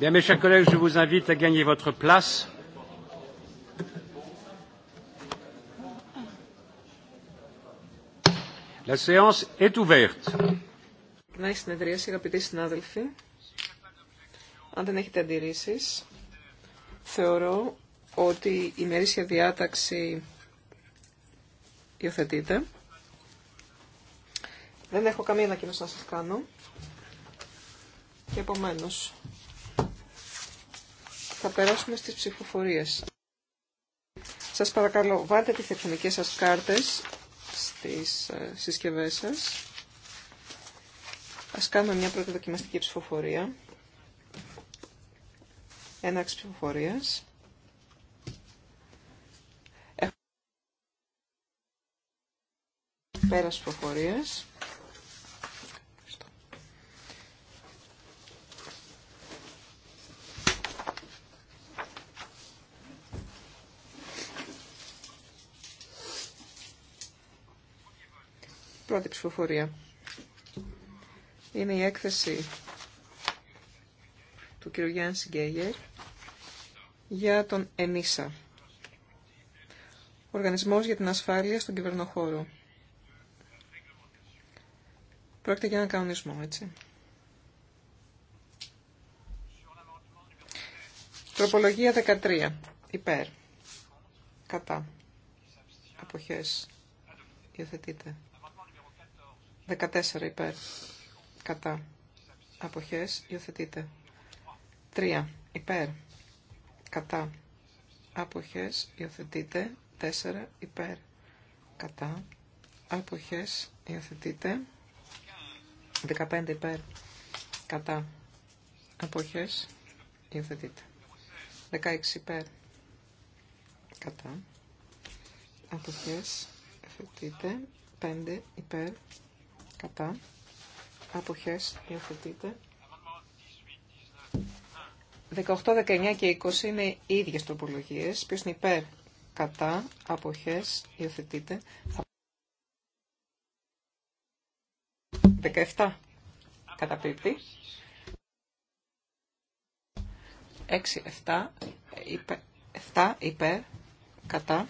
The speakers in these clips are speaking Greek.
Bien, mes chers collègues, je vous invite à gagner votre place. La séance est ouverte. Να έχει συνεδρίαση, αγαπητοί συνάδελφοι. Αν δεν έχετε αντιρρήσει, θεωρώ ότι η μερίσια διάταξη υιοθετείται. Δεν έχω καμία ανακοίνωση να σας κάνω. Και επομένως, θα περάσουμε στις ψηφοφορίες. Σας παρακαλώ, βάλτε τις τεχνικές σας κάρτες στις ε, συσκευές σας. Ας κάνουμε μια πρώτη δοκιμαστική ψηφοφορία. Έναξη ψηφοφορίας. Πέρας ψηφοφορίας. πρώτη ψηφοφορία. Είναι η έκθεση του κ. Γιάννη Σιγκέγερ για τον ΕΝΙΣΑ. Οργανισμός για την ασφάλεια στον κυβερνοχώρο. Πρόκειται για έναν κανονισμό, έτσι. Τροπολογία 13. Υπέρ. Κατά. Αποχές. Υιοθετείται. 14 υπέρ κατά αποχές υιοθετείτε. 3 υπέρ κατά αποχές υιοθετείτε. 4 υπέρ κατά αποχές υιοθετείτε. 15 υπέρ κατά αποχές υιοθετείτε. 16 υπέρ κατά αποχές υιοθετείτε. 5 υπέρ κατά, αποχές, υιοθετείται. 18, 19 και 20 είναι οι ίδιες τροπολογίες. Ποιος είναι υπέρ, κατά, αποχές, υιοθετείται. 17, καταπίπτει. 6, 7, υπέρ, 7 υπέρ, κατά,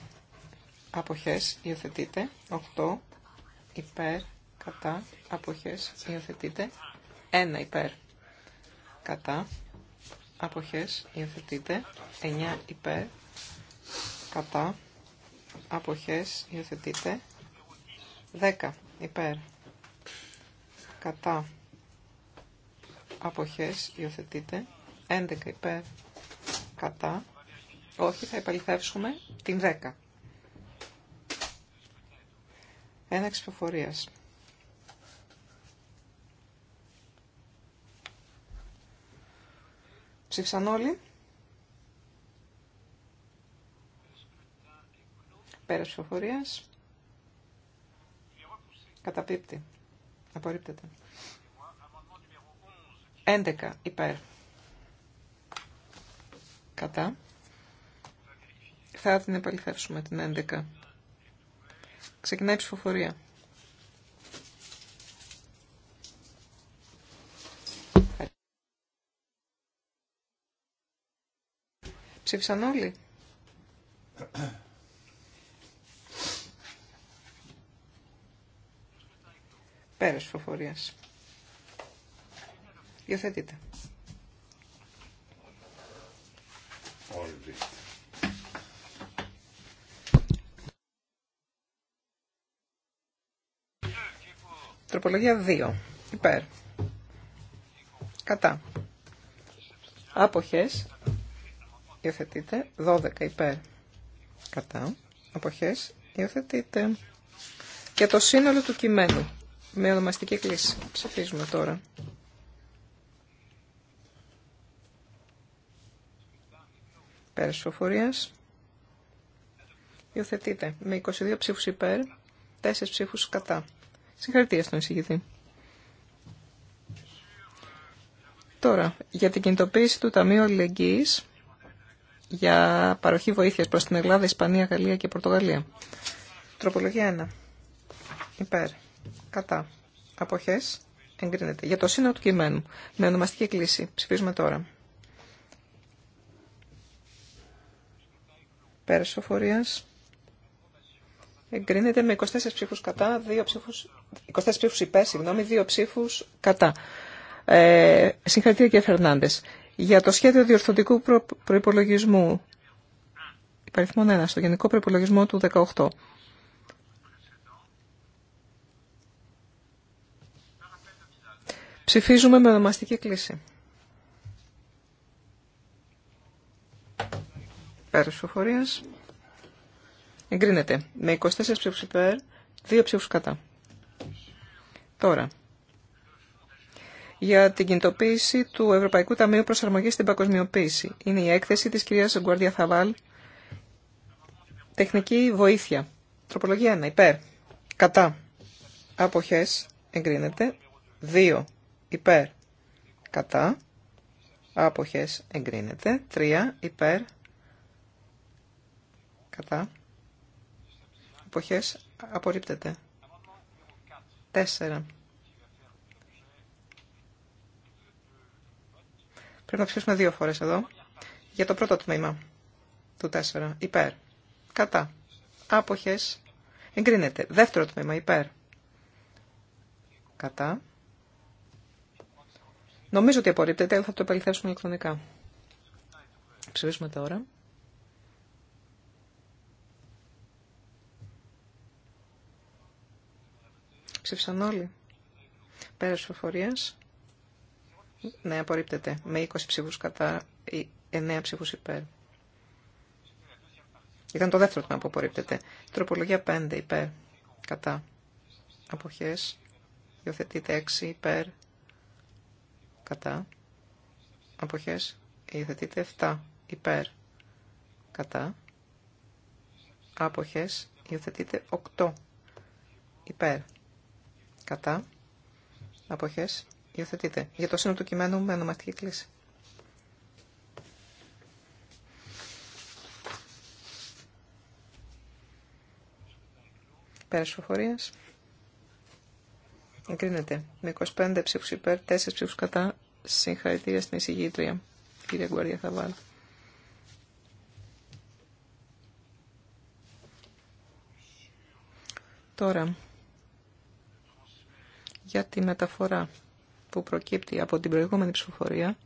αποχές, υιοθετείται. 8 υπέρ, κατά, αποχές, υιοθετείτε, 1 υπέρ, κατά, αποχές, υιοθετείτε, 9 υπέρ, κατά, αποχές, υιοθετείτε. 10 υπέρ, κατά, αποχές, υιοθετείτε, 11 υπέρ, κατά, όχι, θα επαληθεύσουμε την 10. Ένα ψηφοφορίας. Ψήφισαν όλοι. Πέρα ψηφοφορία. Καταπίπτει. Απορρίπτεται. 11 υπέρ. Κατά. Θα την επαληθεύσουμε την 11. Ξεκινάει η ψηφοφορία. Ψήφισαν όλοι. Πέρας φοφορίας. Υιοθετείτε. Τροπολογία 2. Υπέρ. Κατά. Άποχες. Υιοθετείτε 12 υπέρ κατά αποχές Υιοθετείτε Και το σύνολο του κειμένου με ονομαστική κλίση. Ψηφίζουμε τώρα. της ψηφοφορίας. Υιοθετείτε με 22 ψήφους υπέρ, 4 ψήφους κατά. Συγχαρητήρια στον εισηγητή. Τώρα, για την κινητοποίηση του Ταμείου Αλληλεγγύης για παροχή βοήθειας προς την Ελλάδα, Ισπανία, Γαλλία και Πορτογαλία. Τροπολογία 1. Υπέρ. Κατά. Αποχές. Εγκρίνεται. Για το σύνολο του κειμένου. Με ονομαστική κλίση. Ψηφίζουμε τώρα. Πέρσοφοριάς. Εγκρίνεται με 24 ψήφους κατά, 2 ψήφους, 24 ψήφους υπέρ, συγγνώμη, 2 ψήφους κατά. Ε, συγχαρητήρια και Φερνάντες για το σχέδιο διορθωτικού προ... προϋπολογισμού υπαριθμών 1 στο γενικό προϋπολογισμό του 18. Ψηφίζουμε με ονομαστική κλίση. Πέρας ψηφοφορίας. Εγκρίνεται με 24 ψήφους υπέρ, 2 ψήφους κατά. Τώρα, για την κινητοποίηση του Ευρωπαϊκού Ταμείου Προσαρμογής στην Παγκοσμιοποίηση. Είναι η έκθεση της κυρία Γκουαρδία Θαβάλ. Τεχνική βοήθεια. Τροπολογία 1. Υπέρ. Κατά. Αποχές. Εγκρίνεται. 2. Υπέρ. Κατά. Άποχες εγκρίνεται. 3. Υπέρ. Κατά. Αποχές απορρίπτεται. 4. Πρέπει να ψηφίσουμε δύο φορές εδώ. Για το πρώτο τμήμα του 4. Υπέρ. Κατά. Άποχες. Εγκρίνεται. Δεύτερο τμήμα. Υπέρ. Κατά. Νομίζω ότι απορρίπτεται, αλλά θα το επαληθεύσουμε ηλεκτρονικά. Ψηφίσουμε τώρα. Ψήφισαν όλοι. Πέρας ναι, απορρίπτεται. Με 20 ψήφους κατά, 9 ψήφους υπέρ. Ήταν το δεύτερο τμήμα που απορρίπτεται. Τροπολογία 5 υπέρ. Κατά. Αποχές. Υιοθετείται 6 υπέρ. Κατά. Αποχές. Υιοθετείται 7 υπέρ. Κατά. Άποχες. Υιοθετείται 8 υπέρ. Κατά. Αποχές. Υιοθετείτε. Για το σύνολο του κειμένου με ονομαστική κλίση. Πέρας ψηφοφορίας. Εγκρίνεται. Με 25 ψήφου υπέρ, 4 ψήφου κατά. Συγχαρητήρια στην εισηγήτρια. Κύριε Γκουαρία θα Τώρα, για τη μεταφορά που προκύπτει από την προηγούμενη ψηφοφορία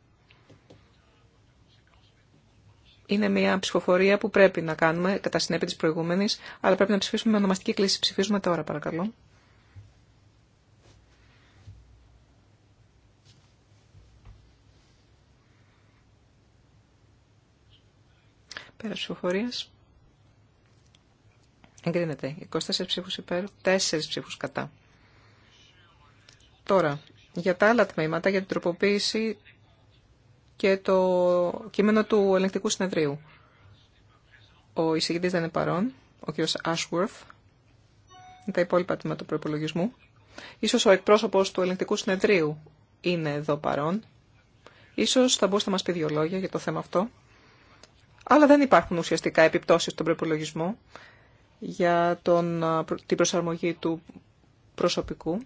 είναι μια ψηφοφορία που πρέπει να κάνουμε κατά συνέπεια της προηγούμενης, αλλά πρέπει να ψηφίσουμε με ονομαστική κλίση. Ψηφίζουμε τώρα, παρακαλώ. Πέρα ψηφοφορίας. Εγκρίνεται. 24 ψήφους υπέρ, 4 ψήφους κατά. Τώρα, για τα άλλα τμήματα, για την τροποποίηση και το κείμενο του ελεγκτικού συνεδρίου. Ο εισηγητής δεν είναι παρόν, ο κ. Ashworth, τα υπόλοιπα τμήματα του προπολογισμού. Ίσως ο εκπρόσωπος του ελεγκτικού συνεδρίου είναι εδώ παρόν. Ίσως θα μπορούσε να μας πει δύο λόγια για το θέμα αυτό. Αλλά δεν υπάρχουν ουσιαστικά επιπτώσεις στον προπολογισμό για τον, την προσαρμογή του προσωπικού.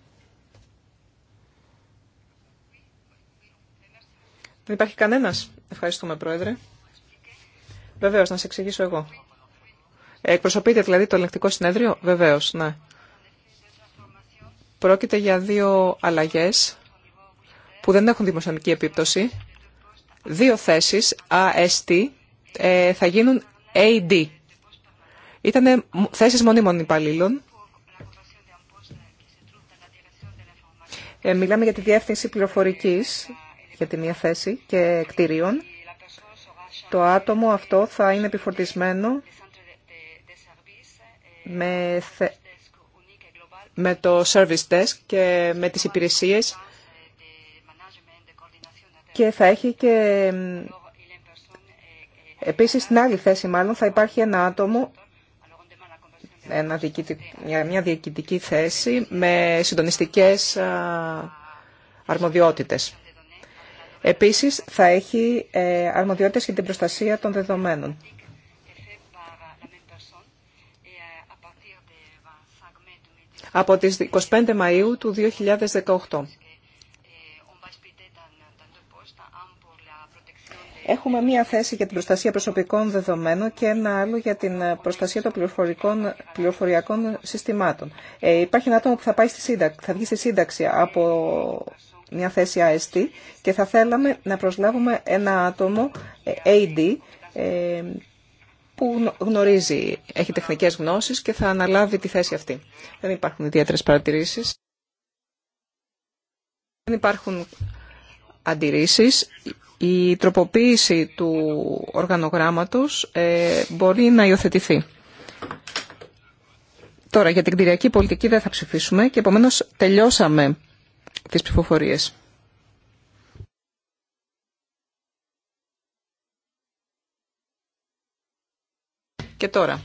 Δεν υπάρχει κανένας. Ευχαριστούμε, Πρόεδρε. Βεβαίως, να σε εξηγήσω εγώ. Εκπροσωπείτε δηλαδή το ελεγκτικό συνέδριο. Βεβαίως, ναι. Πρόκειται για δύο αλλαγές που δεν έχουν δημοσιονομική επίπτωση. Δύο θέσεις, AST, ε, θα γίνουν AD. Ήταν θέσεις μονίμων υπαλλήλων. Ε, μιλάμε για τη διεύθυνση πληροφορικής για τη μία θέση και κτηρίων, το άτομο αυτό θα είναι επιφορτισμένο με, το service desk και με τις υπηρεσίες και θα έχει και επίσης στην άλλη θέση μάλλον θα υπάρχει ένα άτομο μια διοικητική θέση με συντονιστικές αρμοδιότητες. Επίσης, θα έχει ε, αρμοδιότητες για την προστασία των δεδομένων. από τις 25 Μαΐου του 2018. Έχουμε μία θέση για την προστασία προσωπικών δεδομένων και ένα άλλο για την προστασία των πληροφοριακών συστημάτων. Ε, υπάρχει ένα άτομο που θα, πάει στη σύνταξη, θα βγει στη σύνταξη από μια θέση AST και θα θέλαμε να προσλάβουμε ένα άτομο ε, AD ε, που γνωρίζει, έχει τεχνικές γνώσεις και θα αναλάβει τη θέση αυτή. Δεν υπάρχουν ιδιαίτερε παρατηρήσεις. Δεν υπάρχουν αντιρρήσεις. Η τροποποίηση του οργανογράμματος ε, μπορεί να υιοθετηθεί. Τώρα για την κτηριακή πολιτική δεν θα ψηφίσουμε και επομένως τελειώσαμε τις ψηφοφορίες. Και τώρα,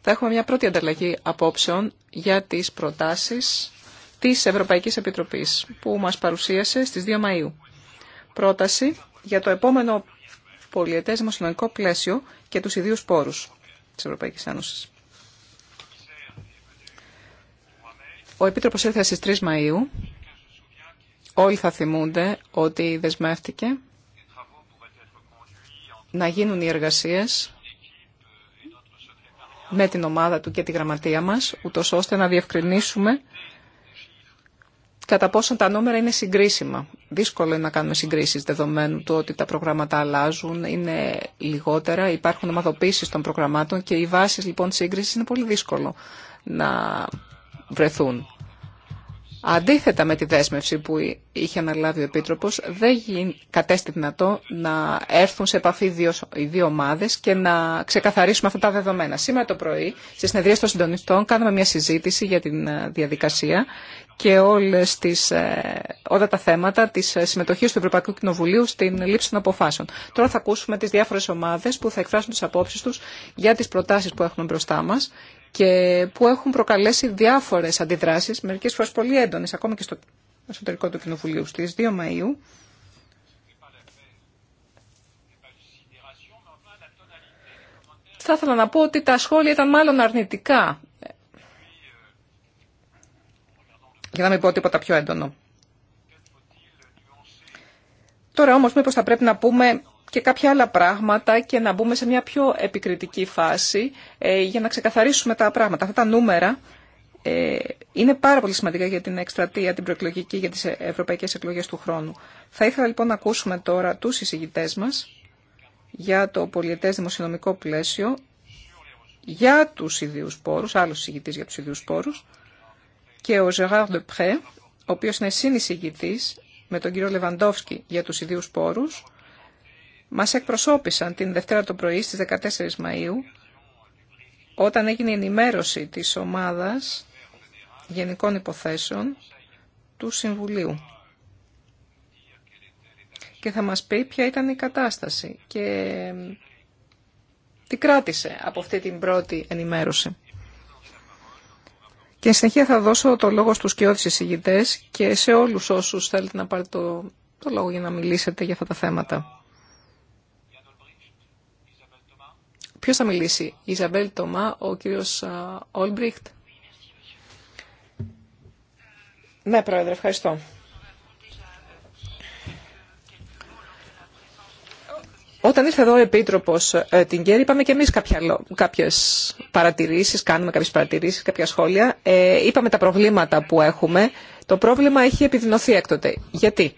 θα έχουμε μια πρώτη ανταλλαγή απόψεων για τις προτάσεις της Ευρωπαϊκής Επιτροπής που μας παρουσίασε στις 2 Μαΐου. Πρόταση για το επόμενο πολιετές δημοσιονομικό πλαίσιο και τους ιδίους πόρους της Ευρωπαϊκής Ένωσης. Ο Επίτροπος ήρθε στις 3 Μαΐου. Όλοι θα θυμούνται ότι δεσμεύτηκε να γίνουν οι εργασίες με την ομάδα του και τη γραμματεία μας, ούτως ώστε να διευκρινίσουμε κατά πόσο τα νούμερα είναι συγκρίσιμα. Δύσκολο είναι να κάνουμε συγκρίσεις δεδομένου του ότι τα προγράμματα αλλάζουν, είναι λιγότερα, υπάρχουν ομαδοποίησεις των προγραμμάτων και οι βάσεις λοιπόν σύγκρισης είναι πολύ δύσκολο να βρεθούν. Αντίθετα με τη δέσμευση που είχε αναλάβει ο Επίτροπος, δεν κατέστη δυνατό να έρθουν σε επαφή δύο, οι δύο ομάδες και να ξεκαθαρίσουμε αυτά τα δεδομένα. Σήμερα το πρωί, στι συνεδρία των συντονιστών, κάναμε μια συζήτηση για την ε, διαδικασία και όλες τις, ε, όλα τα θέματα της ε, συμμετοχής του Ευρωπαϊκού Κοινοβουλίου στην λήψη των αποφάσεων. Τώρα θα ακούσουμε τις διάφορες ομάδες που θα εκφράσουν τις απόψεις τους για τις προτάσεις που έχουν μπροστά μας και που έχουν προκαλέσει διάφορες αντιδράσεις, μερικές φορές πολύ έντονες, ακόμα και στο εσωτερικό του Κοινοβουλίου. Στις 2 Μαΐου θα ήθελα να πω ότι τα σχόλια ήταν μάλλον αρνητικά. Για να μην πω τίποτα πιο έντονο. Τώρα όμως μήπως θα πρέπει να πούμε και κάποια άλλα πράγματα και να μπούμε σε μια πιο επικριτική φάση ε, για να ξεκαθαρίσουμε τα πράγματα. Αυτά τα νούμερα ε, είναι πάρα πολύ σημαντικά για την εκστρατεία, την προεκλογική για τις ευρωπαϊκές εκλογές του χρόνου. Θα ήθελα λοιπόν να ακούσουμε τώρα τους εισηγητές μας για το πολιετές δημοσιονομικό πλαίσιο, για τους ιδίους πόρους, άλλους εισηγητής για τους ιδίους πόρους, και ο Gerard Δεπρέ, ο οποίος είναι συνεισηγητής με τον κύριο Λεβαντόφσκι για τους ιδίους πόρους, μας εκπροσώπησαν την Δευτέρα το πρωί στις 14 Μαΐου, όταν έγινε η ενημέρωση της ομάδας γενικών υποθέσεων του Συμβουλίου. Και θα μας πει ποια ήταν η κατάσταση και τι κράτησε από αυτή την πρώτη ενημέρωση. Και συνεχεία θα δώσω το λόγο στους κοιόδης εισηγητές και σε όλους όσους θέλετε να πάρετε το λόγο για να μιλήσετε για αυτά τα θέματα. Ποιος θα μιλήσει, η Ιζαμπέλ Τωμά, ο κύριος Όλμπριχτ. Ναι, Πρόεδρε, ευχαριστώ. Όταν ήρθε εδώ ο Επίτροπο ε, την Κέρη, είπαμε και εμεί κάποιε παρατηρήσει, κάνουμε κάποιε παρατηρήσει, κάποια σχόλια. Ε, είπαμε τα προβλήματα που έχουμε. Το πρόβλημα έχει επιδεινωθεί έκτοτε. Γιατί?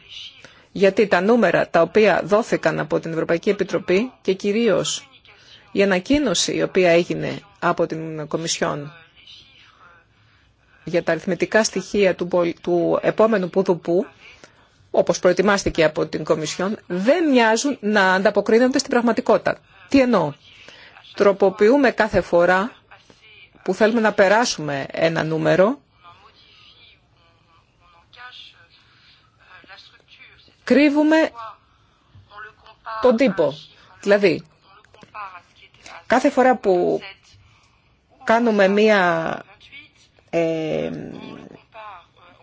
Γιατί τα νούμερα τα οποία δόθηκαν από την Ευρωπαϊκή Επιτροπή και κυρίως η ανακοίνωση η οποία έγινε από την Κομισιόν για τα αριθμητικά στοιχεία του, επόμενου πουδουπού, όπως προετοιμάστηκε από την Κομισιόν, δεν μοιάζουν να ανταποκρίνονται στην πραγματικότητα. Τι εννοώ. Τροποποιούμε κάθε φορά που θέλουμε να περάσουμε ένα νούμερο, κρύβουμε τον τύπο. Δηλαδή, Κάθε φορά που κάνουμε μία... Ε,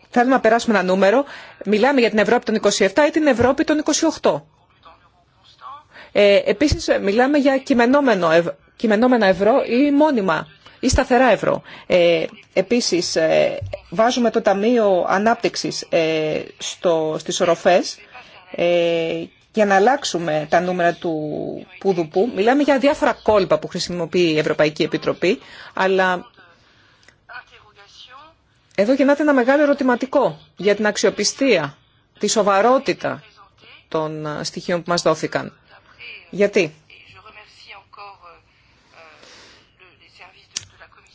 θέλουμε να περάσουμε ένα νούμερο, μιλάμε για την Ευρώπη των 27 ή την Ευρώπη των 28. Ε, επίσης μιλάμε για κειμενόμενο, ευ, κειμενόμενα ευρώ ή μόνιμα ή σταθερά ευρώ. Ε, επίσης ε, βάζουμε το Ταμείο Ανάπτυξης ε, στο, στις οροφές ε, για να αλλάξουμε τα νούμερα του Πουδουπού. Μιλάμε για διάφορα κόλπα που χρησιμοποιεί η Ευρωπαϊκή Επιτροπή, αλλά εδώ γεννάται ένα μεγάλο ερωτηματικό για την αξιοπιστία, τη σοβαρότητα των ε, στοιχείων που μας δόθηκαν. Γιατί.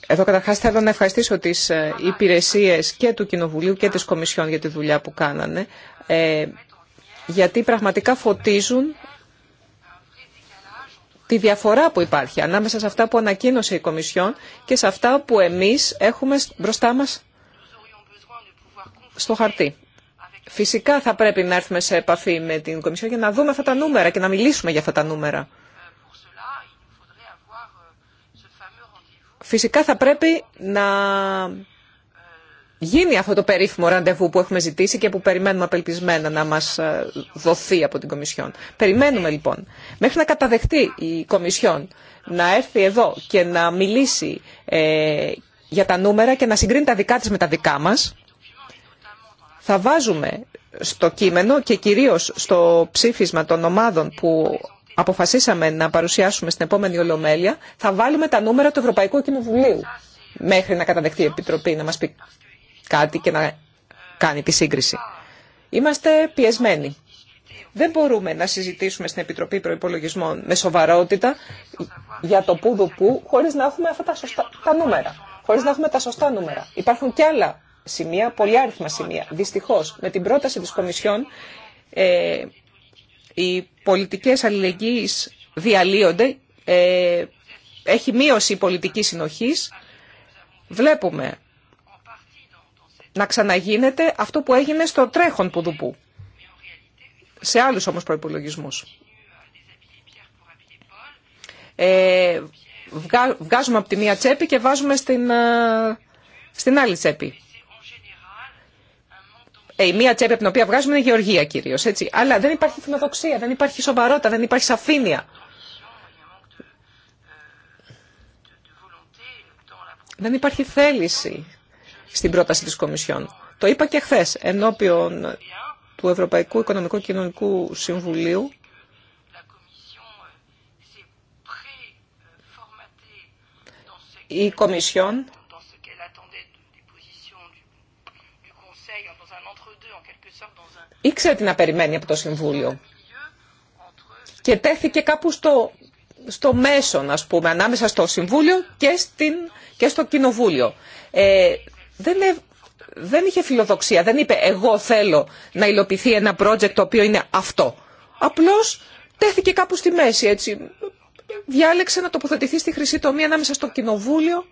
Εδώ καταρχά θέλω να ευχαριστήσω τις ε, υπηρεσίες και του Κοινοβουλίου και της Κομισιόν για τη δουλειά που κάνανε. Ε, γιατί πραγματικά φωτίζουν τη διαφορά που υπάρχει ανάμεσα σε αυτά που ανακοίνωσε η Κομισιόν και σε αυτά που εμείς έχουμε μπροστά μας στο χαρτί. Φυσικά θα πρέπει να έρθουμε σε επαφή με την Κομισιόν για να δούμε αυτά τα νούμερα και να μιλήσουμε για αυτά τα νούμερα. Φυσικά θα πρέπει να γίνει αυτό το περίφημο ραντεβού που έχουμε ζητήσει και που περιμένουμε απελπισμένα να μας ε, δοθεί από την Κομισιόν. Περιμένουμε λοιπόν μέχρι να καταδεχτεί η Κομισιόν να έρθει εδώ και να μιλήσει ε, για τα νούμερα και να συγκρίνει τα δικά της με τα δικά μας. Θα βάζουμε στο κείμενο και κυρίως στο ψήφισμα των ομάδων που αποφασίσαμε να παρουσιάσουμε στην επόμενη Ολομέλεια, θα βάλουμε τα νούμερα του Ευρωπαϊκού Κοινοβουλίου μέχρι να καταδεχτεί η Επιτροπή να μας πει κάτι και να κάνει τη σύγκριση. Είμαστε πιεσμένοι. Δεν μπορούμε να συζητήσουμε στην Επιτροπή Προϋπολογισμών με σοβαρότητα για το που δου που, χωρίς να έχουμε αυτά τα, σωστά, τα νούμερα, χωρίς να έχουμε τα σωστά νούμερα. Υπάρχουν και άλλα σημεία, πολύ σημεία. Δυστυχώς, με την πρόταση της Κομισιόν, ε, οι πολιτικές αλληλεγγύης διαλύονται, ε, έχει μείωση η πολιτική συνοχής. Βλέπουμε να ξαναγίνεται αυτό που έγινε στο τρέχον πουδουπού. Σε άλλους όμως προϋπολογισμούς. Ε, βγάζουμε από τη μία τσέπη και βάζουμε στην, ε, στην άλλη τσέπη. Ε, η μία τσέπη από την οποία βγάζουμε είναι η γεωργία κυρίως, έτσι. Αλλά δεν υπάρχει φιλοδοξία, δεν υπάρχει σοβαρότητα, δεν υπάρχει σαφήνεια. Δεν υπάρχει θέληση στην πρόταση της Κομισιόν. Το είπα και χθε ενώπιον του Ευρωπαϊκού Οικονομικού Κοινωνικού Συμβουλίου η Κομισιόν ήξερε τι να περιμένει από το Συμβούλιο και τέθηκε κάπου στο, στο μέσο, ας πούμε, ανάμεσα στο Συμβούλιο και, στην, και στο Κοινοβούλιο. Ε, δεν, είχε φιλοδοξία, δεν είπε εγώ θέλω να υλοποιηθεί ένα project το οποίο είναι αυτό. Απλώς τέθηκε κάπου στη μέση έτσι. Διάλεξε να τοποθετηθεί στη χρυσή τομή ανάμεσα στο κοινοβούλιο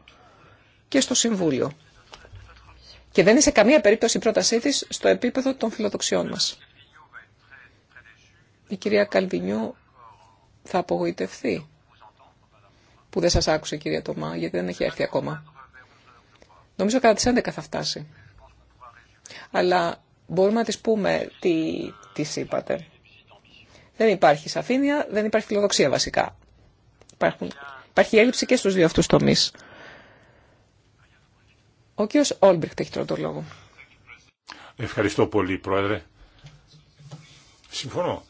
και στο συμβούλιο. Και δεν είναι σε καμία περίπτωση η πρότασή της στο επίπεδο των φιλοδοξιών μας. Η κυρία Καλβινιού θα απογοητευτεί που δεν σας άκουσε κυρία Τωμά γιατί δεν έχει έρθει ακόμα. Νομίζω κατά τις 11 θα φτάσει. Αλλά μπορούμε να τις πούμε τι τις είπατε. Δεν υπάρχει σαφήνεια, δεν υπάρχει φιλοδοξία βασικά. Υπάρχουν, υπάρχει έλλειψη και στους δύο αυτούς τομείς. Ο κ. Όλμπριχτ έχει τώρα τον λόγο. Ευχαριστώ πολύ, Πρόεδρε. Συμφωνώ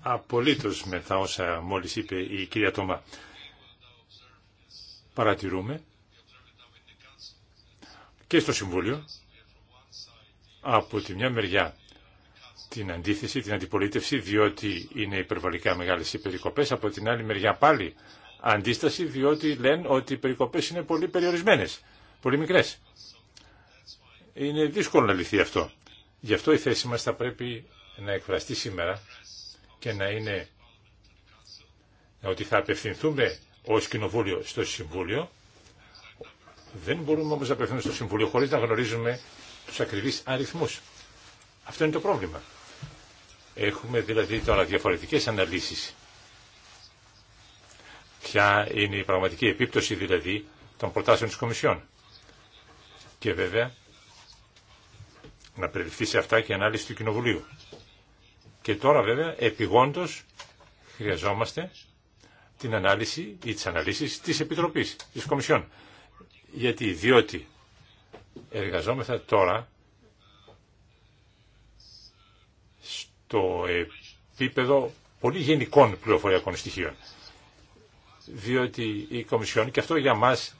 απολύτως με τα όσα μόλις είπε η κυρία Τόμα. Παρατηρούμε και στο Συμβούλιο από τη μια μεριά την αντίθεση, την αντιπολίτευση, διότι είναι υπερβολικά μεγάλες οι περικοπές, από την άλλη μεριά πάλι αντίσταση, διότι λένε ότι οι περικοπές είναι πολύ περιορισμένες, πολύ μικρές. Είναι δύσκολο να λυθεί αυτό. Γι' αυτό η θέση μας θα πρέπει να εκφραστεί σήμερα και να είναι ότι θα απευθυνθούμε ως Κοινοβούλιο στο Συμβούλιο δεν μπορούμε όμως να απευθύνουμε στο Συμβούλιο χωρίς να γνωρίζουμε τους ακριβείς αριθμούς. Αυτό είναι το πρόβλημα. Έχουμε δηλαδή τώρα διαφορετικές αναλύσεις. Ποια είναι η πραγματική επίπτωση δηλαδή των προτάσεων της Κομισιόν. Και βέβαια να περιληφθεί σε αυτά και η ανάλυση του Κοινοβουλίου. Και τώρα βέβαια επιγόντως χρειαζόμαστε την ανάλυση ή τις αναλύσεις της Επιτροπής, της Κομισιόν. Γιατί, διότι εργαζόμεθα τώρα στο επίπεδο πολύ γενικών πληροφοριακών στοιχείων. Διότι η Κομισιόν, και αυτό για μας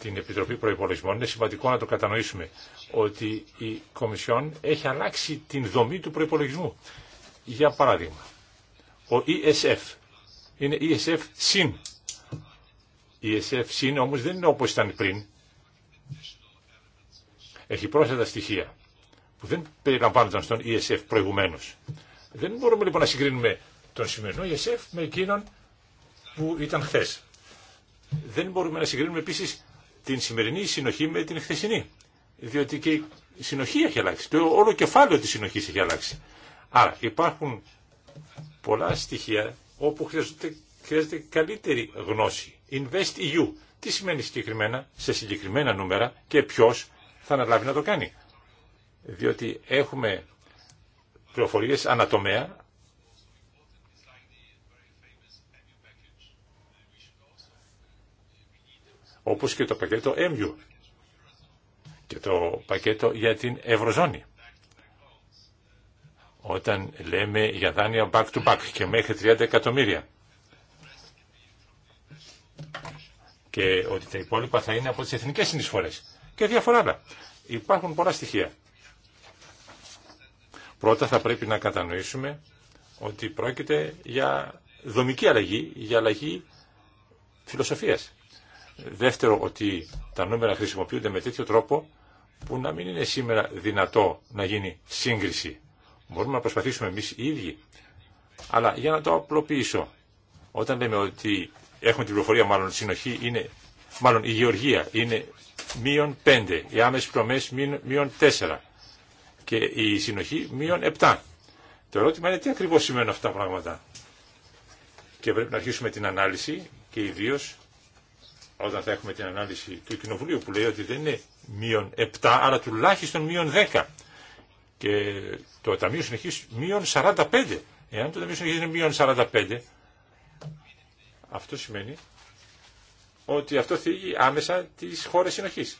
την Επιτροπή Προϋπολογισμών, είναι σημαντικό να το κατανοήσουμε, ότι η Κομισιόν έχει αλλάξει την δομή του προϋπολογισμού. Για παράδειγμα, ο ESF είναι ESF συν η e ΕΣΕΦ, σύν, όμως δεν είναι όπως ήταν πριν. Έχει πρόσθετα στοιχεία που δεν περιλαμβάνονταν στον ΕΣΕΦ e προηγουμένως. Δεν μπορούμε λοιπόν να συγκρίνουμε τον σημερινό ΕΣΕΦ e με εκείνον που ήταν χθε. Δεν μπορούμε να συγκρίνουμε επίσης την σημερινή συνοχή με την χθεσινή. Διότι και η συνοχή έχει αλλάξει. Το όλο κεφάλαιο της συνοχής έχει αλλάξει. Άρα υπάρχουν πολλά στοιχεία όπου χρειάζεται καλύτερη γνώση Invest EU. Τι σημαίνει συγκεκριμένα, σε συγκεκριμένα νούμερα και ποιο θα αναλάβει να το κάνει. Διότι έχουμε πληροφορίε ανατομέα, όπως και το πακέτο EMU και το πακέτο για την Ευρωζώνη. Όταν λέμε για δάνεια to -back και μέχρι 30 εκατομμύρια και ότι τα υπόλοιπα θα είναι από τις εθνικές συνεισφορές και διάφορα άλλα. Υπάρχουν πολλά στοιχεία. Πρώτα θα πρέπει να κατανοήσουμε ότι πρόκειται για δομική αλλαγή, για αλλαγή φιλοσοφίας. Δεύτερο, ότι τα νούμερα χρησιμοποιούνται με τέτοιο τρόπο που να μην είναι σήμερα δυνατό να γίνει σύγκριση. Μπορούμε να προσπαθήσουμε εμείς οι ίδιοι. Αλλά για να το απλοποιήσω, όταν λέμε ότι έχουμε την πληροφορία μάλλον η συνοχή είναι, μάλλον η γεωργία είναι μείον 5, οι άμεσες πληρωμές μείον 4 και η συνοχή μείον 7. Το ερώτημα είναι τι ακριβώς σημαίνουν αυτά τα πράγματα. Και πρέπει να αρχίσουμε την ανάλυση και ιδίω όταν θα έχουμε την ανάλυση του Κοινοβουλίου που λέει ότι δεν είναι μείον 7, αλλά τουλάχιστον μείον 10. Και το Ταμείο Συνεχής μείον 45. Εάν το Ταμείο Συνεχής είναι μείον 45, αυτό σημαίνει ότι αυτό θίγει άμεσα τις χώρες συνοχής.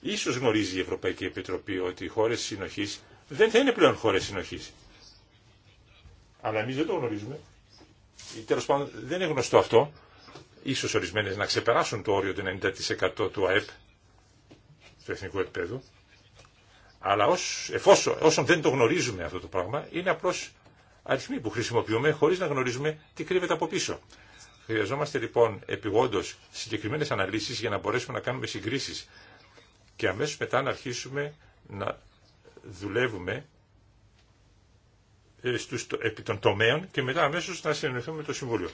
Ίσως γνωρίζει η Ευρωπαϊκή Επιτροπή ότι οι χώρες συνοχής δεν θα είναι πλέον χώρες συνοχής. Αλλά εμείς δεν το γνωρίζουμε. Τέλο πάντων δεν είναι γνωστό αυτό. Ίσως ορισμένες να ξεπεράσουν το όριο του 90% του ΑΕΠ, του εθνικού επίπεδου. Αλλά ως, εφόσον, όσον δεν το γνωρίζουμε αυτό το πράγμα, είναι απλώς αριθμοί που χρησιμοποιούμε χωρίς να γνωρίζουμε τι κρύβεται από πίσω. Χρειαζόμαστε λοιπόν επιγόντω συγκεκριμένες αναλύσεις για να μπορέσουμε να κάνουμε συγκρίσει. και αμέσως μετά να αρχίσουμε να δουλεύουμε ε, στους, επί των τομέων και μετά αμέσως να συνεννοηθούμε με το Συμβούλιο.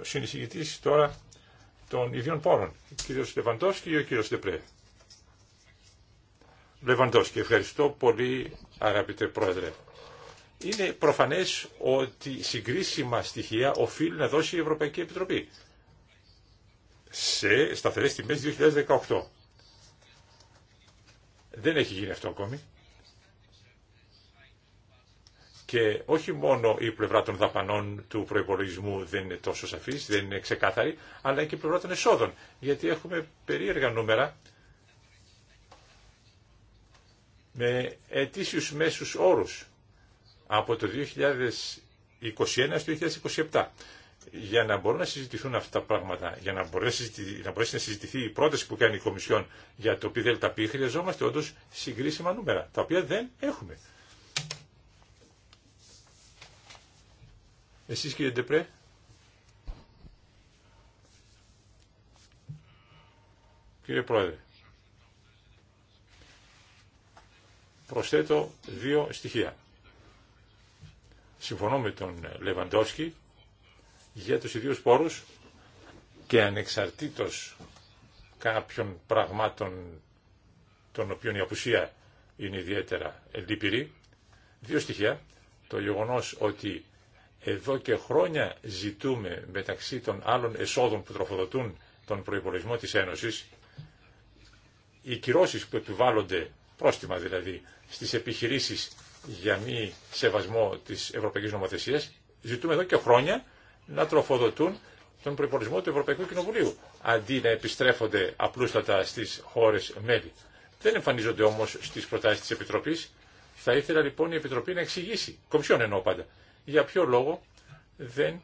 Συνεισηγητή τώρα των ίδιων πόρων, ο κύριος Λεβαντόσκη ή ο κύριος Δεπρέ. Λεβαντόσκη, ευχαριστώ πολύ αγαπητέ Πρόεδρε. Είναι προφανές ότι συγκρίσιμα στοιχεία οφείλει να δώσει η Ευρωπαϊκή Επιτροπή σε σταθερές τιμές 2018. Δεν έχει γίνει αυτό ακόμη. Και όχι μόνο η πλευρά των δαπανών του προπολογισμού δεν είναι τόσο σαφής, δεν είναι ξεκάθαρη, αλλά και η πλευρά των εσόδων. Γιατί έχουμε περίεργα νούμερα με ετήσιους μέσους όρους από το 2021 στο 2027 για να μπορούν να συζητηθούν αυτά τα πράγματα, για να μπορέσει να, συζητηθεί η πρόταση που κάνει η Κομισιόν για το ΠΔΠ, χρειαζόμαστε όντω συγκρίσιμα νούμερα, τα οποία δεν έχουμε. Εσείς κύριε Ντεπρέ. Κύριε Πρόεδρε. Προσθέτω δύο στοιχεία. Συμφωνώ με τον Λεβαντόφσκι για τους ιδίους πόρους και ανεξαρτήτως κάποιων πραγμάτων των οποίων η απουσία είναι ιδιαίτερα εντύπηρη. Δύο στοιχεία. Το γεγονός ότι εδώ και χρόνια ζητούμε μεταξύ των άλλων εσόδων που τροφοδοτούν τον προϋπολογισμό της Ένωσης οι κυρώσεις που επιβάλλονται, πρόστιμα δηλαδή, στις επιχειρήσεις για μη σεβασμό τη Ευρωπαϊκή Νομοθεσία, ζητούμε εδώ και χρόνια να τροφοδοτούν τον προπολογισμό του Ευρωπαϊκού Κοινοβουλίου, αντί να επιστρέφονται απλούστατα στι χώρε μέλη. Δεν εμφανίζονται όμω στι προτάσει τη Επιτροπής. Θα ήθελα λοιπόν η Επιτροπή να εξηγήσει, κομψιόν εννοώ πάντα, για ποιο λόγο δεν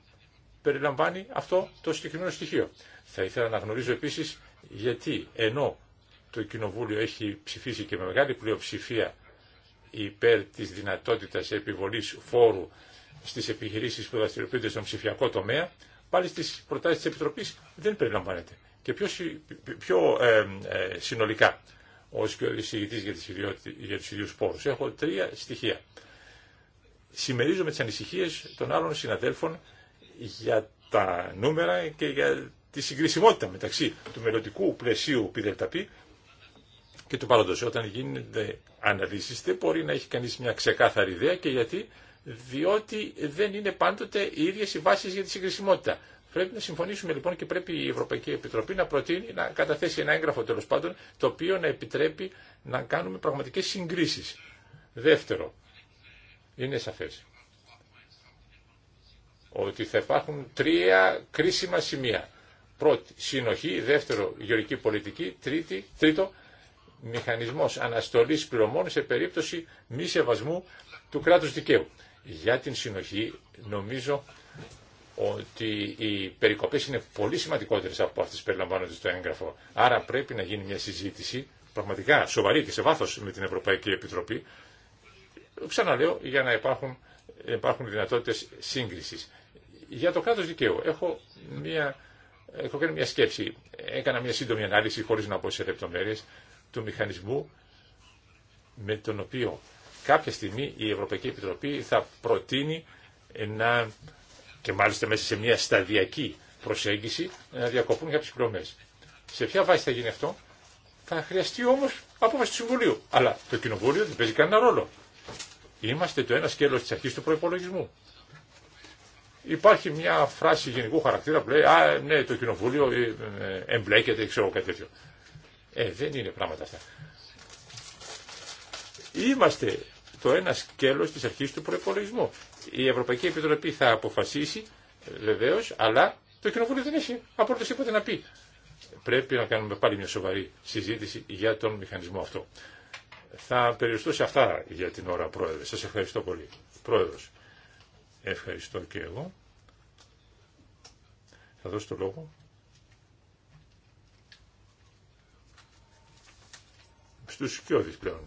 περιλαμβάνει αυτό το συγκεκριμένο στοιχείο. Θα ήθελα να γνωρίζω επίσης γιατί ενώ το Κοινοβούλιο έχει ψηφίσει και με μεγάλη πλειοψηφία υπέρ της δυνατότητας επιβολής φόρου στις επιχειρήσεις που δραστηριοποιούνται στον ψηφιακό τομέα, πάλι στις προτάσεις της Επιτροπής δεν περιλαμβάνεται. Και πιο, πιο ε, ε, συνολικά, ως και ο εισηγητής για, για τους ίδιους πόρους, έχω τρία στοιχεία. Συμμερίζομαι τις ανησυχίες των άλλων συναδέλφων για τα νούμερα και για τη συγκρισιμότητα μεταξύ του μελλοντικού πλαισίου ΠΔΠ και του παρόντος. Όταν γίνονται αναλύσεις δεν μπορεί να έχει κανείς μια ξεκάθαρη ιδέα και γιατί, διότι δεν είναι πάντοτε οι ίδιες οι βάσεις για τη συγκρισιμότητα. Πρέπει να συμφωνήσουμε λοιπόν και πρέπει η Ευρωπαϊκή Επιτροπή να προτείνει να καταθέσει ένα έγγραφο τέλο πάντων το οποίο να επιτρέπει να κάνουμε πραγματικές συγκρίσεις. Δεύτερο, είναι σαφέ ότι θα υπάρχουν τρία κρίσιμα σημεία. Πρώτη, συνοχή. Δεύτερο, γεωρική πολιτική. Τρίτη, τρίτο, μηχανισμός αναστολής πληρωμών σε περίπτωση μη σεβασμού του κράτους δικαίου. Για την συνοχή νομίζω ότι οι περικοπές είναι πολύ σημαντικότερες από αυτές που περιλαμβάνονται στο έγγραφο. Άρα πρέπει να γίνει μια συζήτηση πραγματικά σοβαρή και σε βάθος με την Ευρωπαϊκή Επιτροπή. Ξαναλέω για να υπάρχουν, υπάρχουν δυνατότητες σύγκρισης. Για το κράτος δικαίου έχω μια έχω κάνει μια σκέψη. Έκανα μια σύντομη ανάλυση χωρίς να πω σε λεπτομέρειε του μηχανισμού με τον οποίο κάποια στιγμή η Ευρωπαϊκή Επιτροπή θα προτείνει να, και μάλιστα μέσα σε μια σταδιακή προσέγγιση, να διακοπούν τις πληρωμές. Σε ποια βάση θα γίνει αυτό, θα χρειαστεί όμως απόφαση του Συμβουλίου. Αλλά το Κοινοβούλιο δεν παίζει κανένα ρόλο. Είμαστε το ένα σκέλος της αρχής του προϋπολογισμού. Υπάρχει μια φράση γενικού χαρακτήρα που λέει «Α, ναι, το Κοινοβούλιο ε, ε, εμπλέκεται, ξέρω κάτι τέτοιο». Ε, δεν είναι πράγματα αυτά. Είμαστε το ένα σκέλος της αρχής του προπολογισμού. Η Ευρωπαϊκή Επιτροπή θα αποφασίσει, βεβαίω, αλλά το Κοινοβούλιο δεν έχει απόλυτος τίποτα να πει. Πρέπει να κάνουμε πάλι μια σοβαρή συζήτηση για τον μηχανισμό αυτό. Θα περιοριστώ σε αυτά για την ώρα, Πρόεδρε. Σας ευχαριστώ πολύ. Πρόεδρος, ευχαριστώ και εγώ. Θα δώσω το λόγο στους σκιώδεις πλέον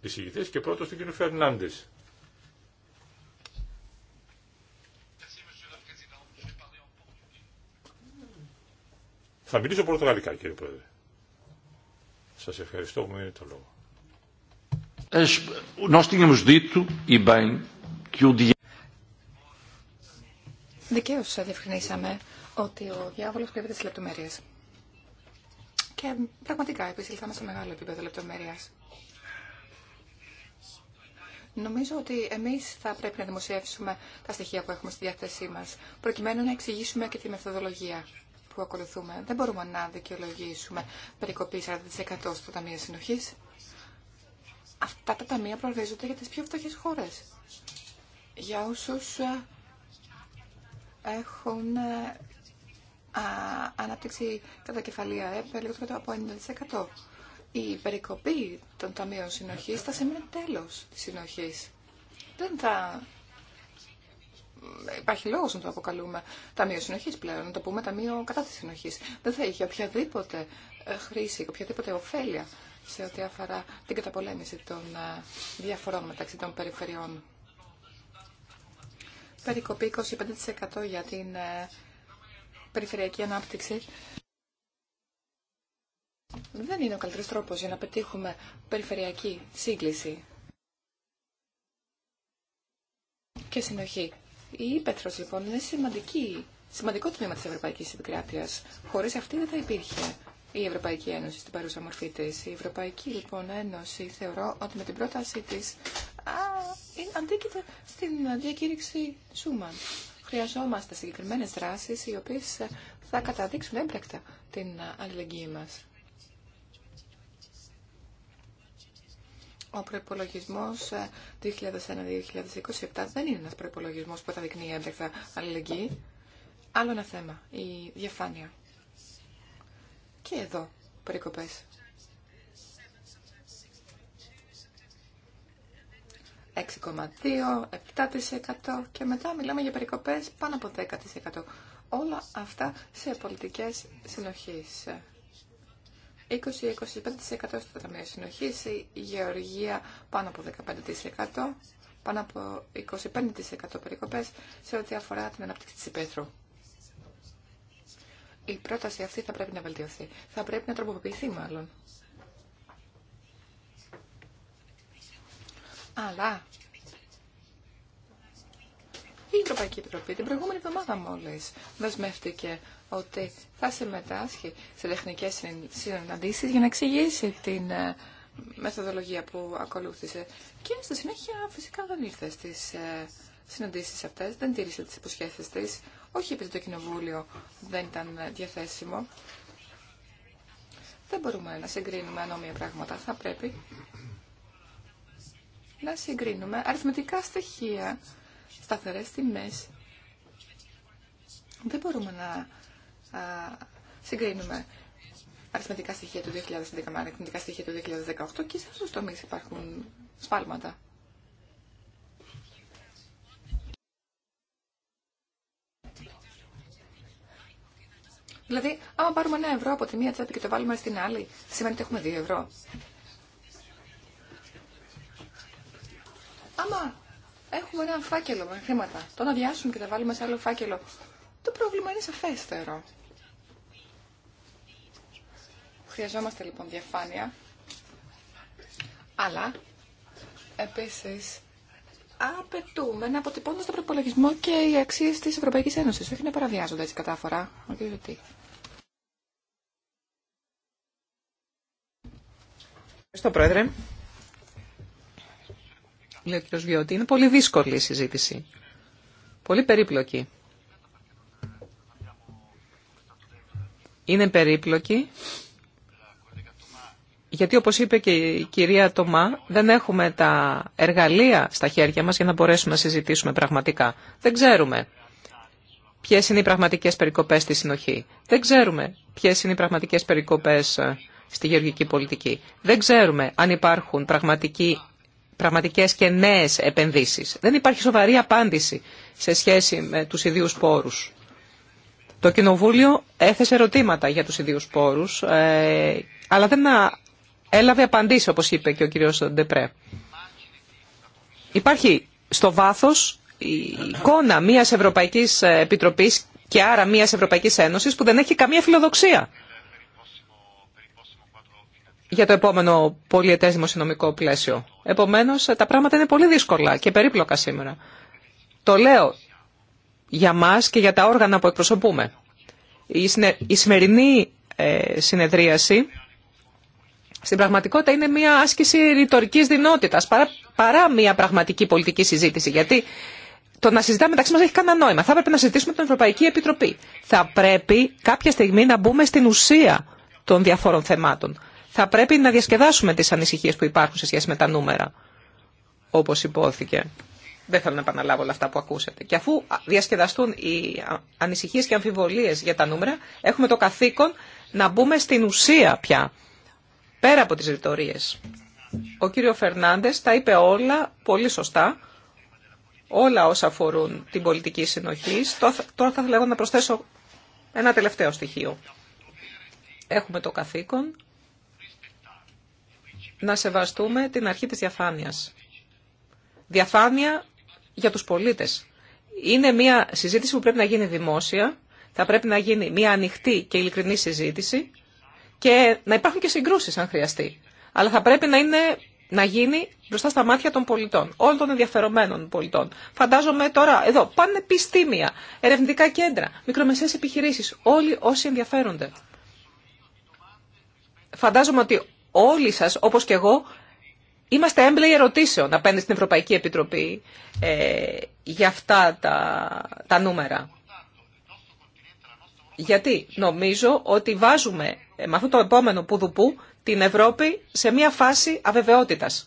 εισηγητές και πρώτος τον κύριο Φερνάντες. Θα μιλήσω πορτογαλικά κύριε Πρόεδρε. Σας ευχαριστώ που μου το λόγο. Δικαίως διευκρινίσαμε ότι ο διάβολος κρύβεται στις λεπτομέρειες. Και πραγματικά επισήλθαμε σε μεγάλο επίπεδο λεπτομέρεια. Νομίζω ότι εμεί θα πρέπει να δημοσιεύσουμε τα στοιχεία που έχουμε στη διάθεσή μα, προκειμένου να εξηγήσουμε και τη μεθοδολογία που ακολουθούμε. Δεν μπορούμε να δικαιολογήσουμε περικοπή 40% στο Ταμείο Συνοχή. Αυτά τα ταμεία προορίζονται για τι πιο φτωχέ χώρε. Για όσου ε, έχουν ε, ανάπτυξη κατά κεφαλία ΕΠ κατώ από 90%. Η περικοπή των ταμείων συνοχής θα σημαίνει τέλος της συνοχής. Δεν θα υπάρχει λόγο να το αποκαλούμε ταμείο συνοχή πλέον, να το πούμε ταμείο κατά τη συνοχή. Δεν θα είχε οποιαδήποτε ε, χρήση, οποιαδήποτε ωφέλεια σε ό,τι αφορά την καταπολέμηση των ε, διαφορών μεταξύ των περιφερειών. Περικοπή 25% για την ε, περιφερειακή ανάπτυξη δεν είναι ο καλύτερος τρόπος για να πετύχουμε περιφερειακή σύγκληση και συνοχή. Η ύπεθρος λοιπόν είναι σημαντική, σημαντικό τμήμα της Ευρωπαϊκής Επικράτειας. Χωρίς αυτή δεν θα υπήρχε η Ευρωπαϊκή Ένωση στην παρούσα μορφή της. Η Ευρωπαϊκή λοιπόν Ένωση θεωρώ ότι με την πρότασή της α, αντίκειται στην διακήρυξη Σούμαν χρειαζόμαστε συγκεκριμένε δράσει οι οποίες θα καταδείξουν έμπρακτα την αλληλεγγύη μας. Ο προπολογισμό 2001-2027 δεν είναι ένα προπολογισμό που θα δείχνει έμπρακτα αλληλεγγύη. Άλλο ένα θέμα, η διαφάνεια. Και εδώ περικοπές. 6,2, 7% και μετά μιλάμε για περικοπές πάνω από 10%. Όλα αυτά σε πολιτικές συνοχής. 20-25% στο Ταμείο Συνοχής, η Γεωργία πάνω από 15%, πάνω από 25% περικοπές σε ό,τι αφορά την ανάπτυξη της υπαίθρου. Η πρόταση αυτή θα πρέπει να βελτιωθεί. Θα πρέπει να τροποποιηθεί μάλλον. Αλλά η Ευρωπαϊκή Επιτροπή την προηγούμενη εβδομάδα μόλι δεσμεύτηκε ότι θα συμμετάσχει σε τεχνικέ συναντήσει για να εξηγήσει την ε, μεθοδολογία που ακολούθησε. Και στη συνέχεια φυσικά δεν ήρθε στι ε, συναντήσει αυτέ, δεν τήρησε τι υποσχέσει τη, όχι επειδή το Κοινοβούλιο δεν ήταν διαθέσιμο. Δεν μπορούμε να συγκρίνουμε ανώμια πράγματα. Θα πρέπει να συγκρίνουμε αριθμητικά στοιχεία, σταθερές τιμές. Δεν μπορούμε να α, συγκρίνουμε αριθμητικά στοιχεία του 2011 με αριθμητικά στοιχεία του 2018 και σε αυτούς τομείς υπάρχουν σπάλματα. Δηλαδή, άμα πάρουμε ένα ευρώ από τη μία τσέπη και το βάλουμε στην άλλη, σημαίνει ότι έχουμε δύο ευρώ. άμα έχουμε ένα φάκελο με χρήματα, το να διάσουμε και θα βάλουμε σε άλλο φάκελο, το πρόβλημα είναι σαφέστερο. Χρειαζόμαστε λοιπόν διαφάνεια, αλλά επίσης απαιτούμε να αποτυπώνουν στον προπολογισμό και οι αξίε τη Ευρωπαϊκή Ένωση, όχι να παραβιάζονται έτσι κατάφορα. Ευχαριστώ, Πρόεδρε λέει ο κ. Βιώτη, είναι πολύ δύσκολη η συζήτηση. Πολύ περίπλοκη. Είναι περίπλοκη, γιατί όπως είπε και η κυρία Τομά, δεν έχουμε τα εργαλεία στα χέρια μας για να μπορέσουμε να συζητήσουμε πραγματικά. Δεν ξέρουμε ποιες είναι οι πραγματικές περικοπές στη συνοχή. Δεν ξέρουμε ποιες είναι οι πραγματικές περικοπές ε, στη γεωργική πολιτική. Δεν ξέρουμε αν υπάρχουν πραγματικοί Πραγματικέ και νέες επενδύσεις. Δεν υπάρχει σοβαρή απάντηση σε σχέση με τους ίδιου πόρους. Το Κοινοβούλιο έθεσε ερωτήματα για τους ιδίους πόρους, ε, αλλά δεν έλαβε απαντήσει, όπως είπε και ο κ. Ντεπρέ. Υπάρχει στο βάθος η εικόνα μία ευρωπαϊκή Επιτροπής και άρα μία ευρωπαϊκή Ένωση που δεν έχει καμία φιλοδοξία για το επόμενο πολιετέ δημοσιονομικό πλαίσιο. Επομένως, τα πράγματα είναι πολύ δύσκολα και περίπλοκα σήμερα. Το λέω για μας και για τα όργανα που εκπροσωπούμε. Η σημερινή ε, συνεδρίαση στην πραγματικότητα είναι μια άσκηση ρητορική δυνότητα παρά, μια πραγματική πολιτική συζήτηση. Γιατί το να συζητάμε μεταξύ μα έχει κανένα νόημα. Θα πρέπει να συζητήσουμε την Ευρωπαϊκή Επιτροπή. Θα πρέπει κάποια στιγμή να μπούμε στην ουσία των διαφόρων θεμάτων θα πρέπει να διασκεδάσουμε τις ανησυχίες που υπάρχουν σε σχέση με τα νούμερα, όπως υπόθηκε. Δεν θέλω να επαναλάβω όλα αυτά που ακούσατε. Και αφού διασκεδαστούν οι ανησυχίες και αμφιβολίες για τα νούμερα, έχουμε το καθήκον να μπούμε στην ουσία πια, πέρα από τις ρητορίε. Ο κύριο Φερνάντες τα είπε όλα πολύ σωστά, όλα όσα αφορούν την πολιτική συνοχή. Τώρα θα ήθελα να προσθέσω ένα τελευταίο στοιχείο. Έχουμε το καθήκον να σεβαστούμε την αρχή της διαφάνειας. Διαφάνεια για τους πολίτες. Είναι μια συζήτηση που πρέπει να γίνει δημόσια, θα πρέπει να γίνει μια ανοιχτή και ειλικρινή συζήτηση και να υπάρχουν και συγκρούσεις αν χρειαστεί. Αλλά θα πρέπει να, είναι, να γίνει μπροστά στα μάτια των πολιτών, όλων των ενδιαφερομένων πολιτών. Φαντάζομαι τώρα εδώ πάνε επιστήμια, ερευνητικά κέντρα, μικρομεσαίες επιχειρήσεις, όλοι όσοι ενδιαφέρονται. Φαντάζομαι ότι όλοι σας, όπως και εγώ, είμαστε έμπλεοι ερωτήσεων απέναντι στην Ευρωπαϊκή Επιτροπή ε, για αυτά τα, τα νούμερα. Γιατί νομίζω ότι βάζουμε ε, με αυτό το επόμενο πουδουπού την Ευρώπη σε μια φάση αβεβαιότητας.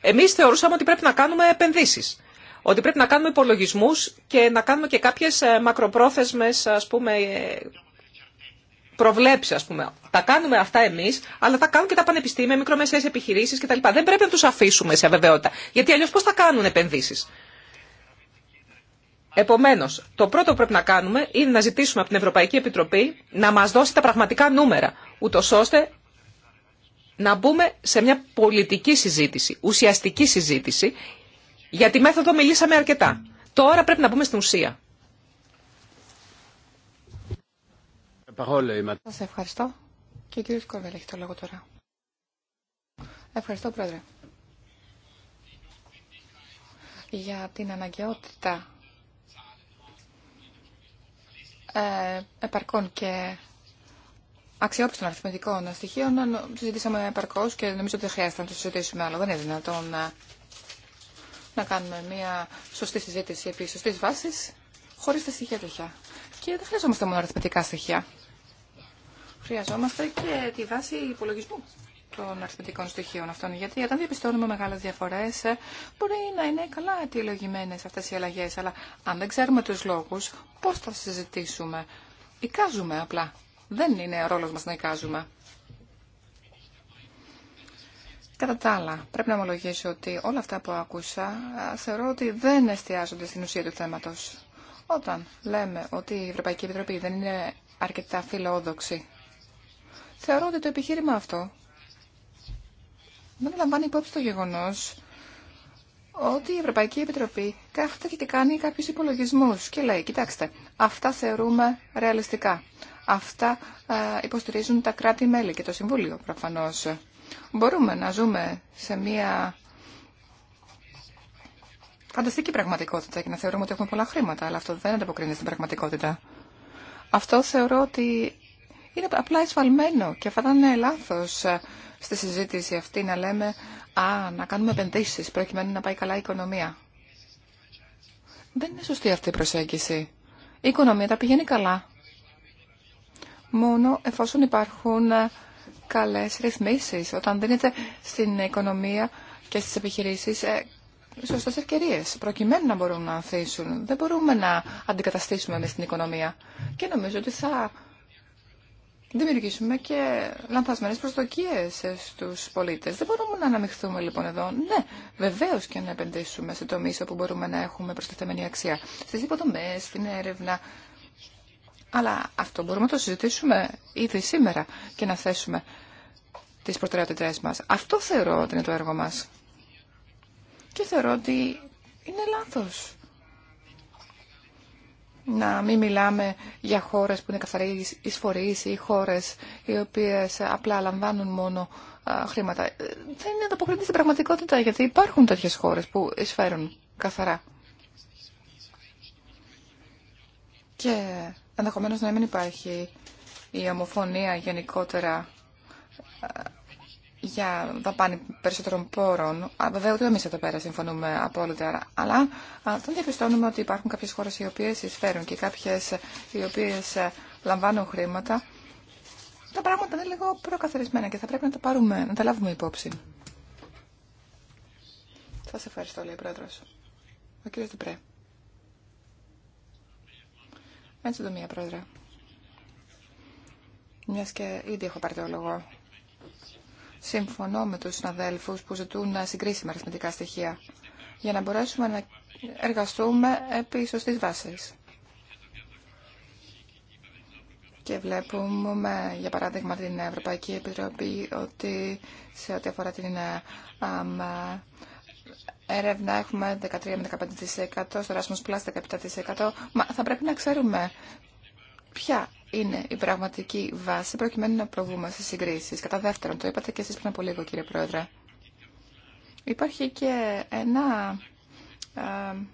Εμείς θεωρούσαμε ότι πρέπει να κάνουμε επενδύσεις, ότι πρέπει να κάνουμε υπολογισμούς και να κάνουμε και κάποιες ε, μακροπρόθεσμες ας πούμε, προβλέψει, α πούμε. Τα κάνουμε αυτά εμεί, αλλά τα κάνουν και τα πανεπιστήμια, μικρομεσαίε επιχειρήσει κτλ. Δεν πρέπει να του αφήσουμε σε αβεβαιότητα. Γιατί αλλιώ πώ θα κάνουν επενδύσει. Επομένω, το πρώτο που πρέπει να κάνουμε είναι να ζητήσουμε από την Ευρωπαϊκή Επιτροπή να μα δώσει τα πραγματικά νούμερα, ούτω ώστε να μπούμε σε μια πολιτική συζήτηση, ουσιαστική συζήτηση. γιατί μέθοδο μιλήσαμε αρκετά. Τώρα πρέπει να μπούμε στην ουσία. Σας ευχαριστώ. Και ο κύριος Κορβέλ έχει το λόγο τώρα. Ευχαριστώ, Πρόεδρε. Για την αναγκαιότητα ε, επαρκών και αξιόπιστων αριθμητικών στοιχείων συζητήσαμε επαρκώ και νομίζω ότι δεν χρειάζεται να το συζητήσουμε άλλο. Δεν είναι δυνατόν να, ε, να κάνουμε μια σωστή συζήτηση επί σωστή βάση χωρί τα στοιχεία τέτοια. Και δεν χρειαζόμαστε μόνο αριθμητικά στοιχεία. Χρειαζόμαστε και τη βάση υπολογισμού των αριθμητικών στοιχείων αυτών. Γιατί όταν διαπιστώνουμε μεγάλε διαφορέ, ε, μπορεί να είναι καλά αιτιολογημένε αυτέ οι αλλαγέ. Αλλά αν δεν ξέρουμε του λόγου, πώ θα συζητήσουμε. Εικάζουμε απλά. Δεν είναι ο ρόλο μα να εικάζουμε. Κατά τα άλλα, πρέπει να ομολογήσω ότι όλα αυτά που άκουσα ε, θεωρώ ότι δεν εστιάζονται στην ουσία του θέματο. Όταν λέμε ότι η Ευρωπαϊκή Επιτροπή δεν είναι αρκετά φιλόδοξη Θεωρώ ότι το επιχείρημα αυτό δεν λαμβάνει υπόψη το γεγονός ότι η Ευρωπαϊκή Επιτροπή κάθεται και κάνει κάποιους υπολογισμούς και λέει, κοιτάξτε, αυτά θεωρούμε ρεαλιστικά. Αυτά υποστηρίζουν τα κράτη-μέλη και το Συμβούλιο, προφανώς. Μπορούμε να ζούμε σε μια φανταστική πραγματικότητα και να θεωρούμε ότι έχουμε πολλά χρήματα, αλλά αυτό δεν ανταποκρίνεται στην πραγματικότητα. Αυτό θεωρώ ότι είναι απλά εσφαλμένο και θα ήταν λάθος ε, στη συζήτηση αυτή να λέμε «Α, να κάνουμε επενδύσεις προκειμένου να πάει καλά η οικονομία». Δεν είναι σωστή αυτή η προσέγγιση. Η οικονομία τα πηγαίνει καλά. Μόνο εφόσον υπάρχουν ε, καλές ρυθμίσεις, όταν δίνεται στην οικονομία και στις επιχειρήσεις ε, σωστέ ευκαιρίε, προκειμένου να μπορούν να ανθίσουν. Δεν μπορούμε να αντικαταστήσουμε εμεί την οικονομία. Και νομίζω ότι θα δημιουργήσουμε και λανθασμένες προσδοκίες στους πολίτες. Δεν μπορούμε να αναμειχθούμε λοιπόν εδώ. Ναι, βεβαίως και να επενδύσουμε σε τομείς όπου μπορούμε να έχουμε προστιθέμενη αξία. Στις υποδομές, στην έρευνα. Αλλά αυτό μπορούμε να το συζητήσουμε ήδη σήμερα και να θέσουμε τις προτεραιότητές μας. Αυτό θεωρώ ότι είναι το έργο μας. Και θεωρώ ότι είναι λάθος να μην μιλάμε για χώρες που είναι καθαροί εισφορείς ή χώρες οι οποίες απλά λαμβάνουν μόνο χρήματα. Ε, δεν είναι ανταποκριτή στην πραγματικότητα γιατί υπάρχουν τέτοιες χώρες που εισφέρουν καθαρά. Και ενδεχομένως να μην υπάρχει η ομοφωνία γενικότερα για δαπάνη περισσότερων πόρων. Βέβαια, ούτε εμεί εδώ πέρα συμφωνούμε απόλυτα. Αλλά όταν διαπιστώνουμε ότι υπάρχουν κάποιε χώρε οι οποίε εισφέρουν και κάποιε οι οποίε ε, λαμβάνουν χρήματα, τα πράγματα είναι λίγο προκαθορισμένα και θα πρέπει να τα, πάρουμε, να τα λάβουμε υπόψη. Σα ευχαριστώ, λέει ο πρόεδρο. Ο κύριο Ντεπρέ. Εν συντομία, πρόεδρε. Μια και ήδη έχω πάρει το λόγο Συμφωνώ με τους συναδέλφους που ζητούν συγκρίσουμε αριθμητικά στοιχεία για να μπορέσουμε να εργαστούμε επί σωστής βάσης. Και βλέπουμε, για παράδειγμα, την Ευρωπαϊκή Επιτροπή ότι σε ό,τι αφορά την έρευνα έχουμε 13 με 15%, στο Rasmus Plus 17%. Μα θα πρέπει να ξέρουμε ποια είναι η πραγματική βάση προκειμένου να προβούμε σε συγκρίσεις. Κατά δεύτερον, το είπατε και εσείς πριν από λίγο κύριε Πρόεδρε, υπάρχει και ένα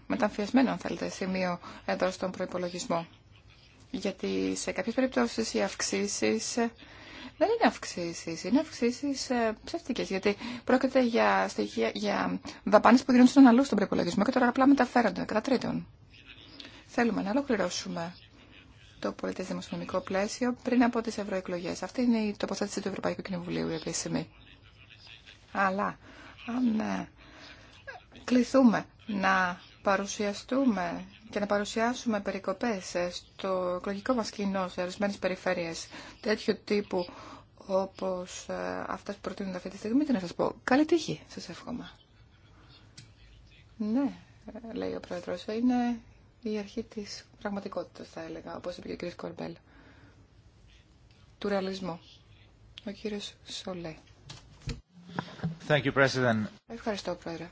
μεταμφιασμένο αν θέλετε σημείο εδώ στον προϋπολογισμό. Γιατί σε κάποιες περιπτώσεις οι αυξήσει δεν είναι αυξήσει, είναι αυξήσει ε, ψεύτικε. Γιατί πρόκειται για, στοιχεία, για δαπάνε που γίνονται στον αλλού στον προπολογισμό και τώρα απλά μεταφέρονται κατά τρίτον. Θέλουμε να ολοκληρώσουμε το πολιτές δημοσιονομικό πλαίσιο πριν από τις ευρωεκλογέ. Αυτή είναι η τοποθέτηση του Ευρωπαϊκού Κοινοβουλίου η επίσημη. Αλλά αν ε, κληθούμε να παρουσιαστούμε και να παρουσιάσουμε περικοπές ε, στο εκλογικό μας κοινό σε ορισμένε περιφέρειες τέτοιου τύπου όπως ε, αυτές που προτείνονται αυτή τη στιγμή, τι να σας πω. Καλή τύχη, σας εύχομαι. Ναι, λέει ο Πρόεδρος, είναι η αρχή της πραγματικότητας, θα έλεγα, όπως είπε και ο κ. Κορμπέλ, του ρεαλισμού. Ο κύριος Σολέ. Thank you, President. Ευχαριστώ, Πρόεδρε.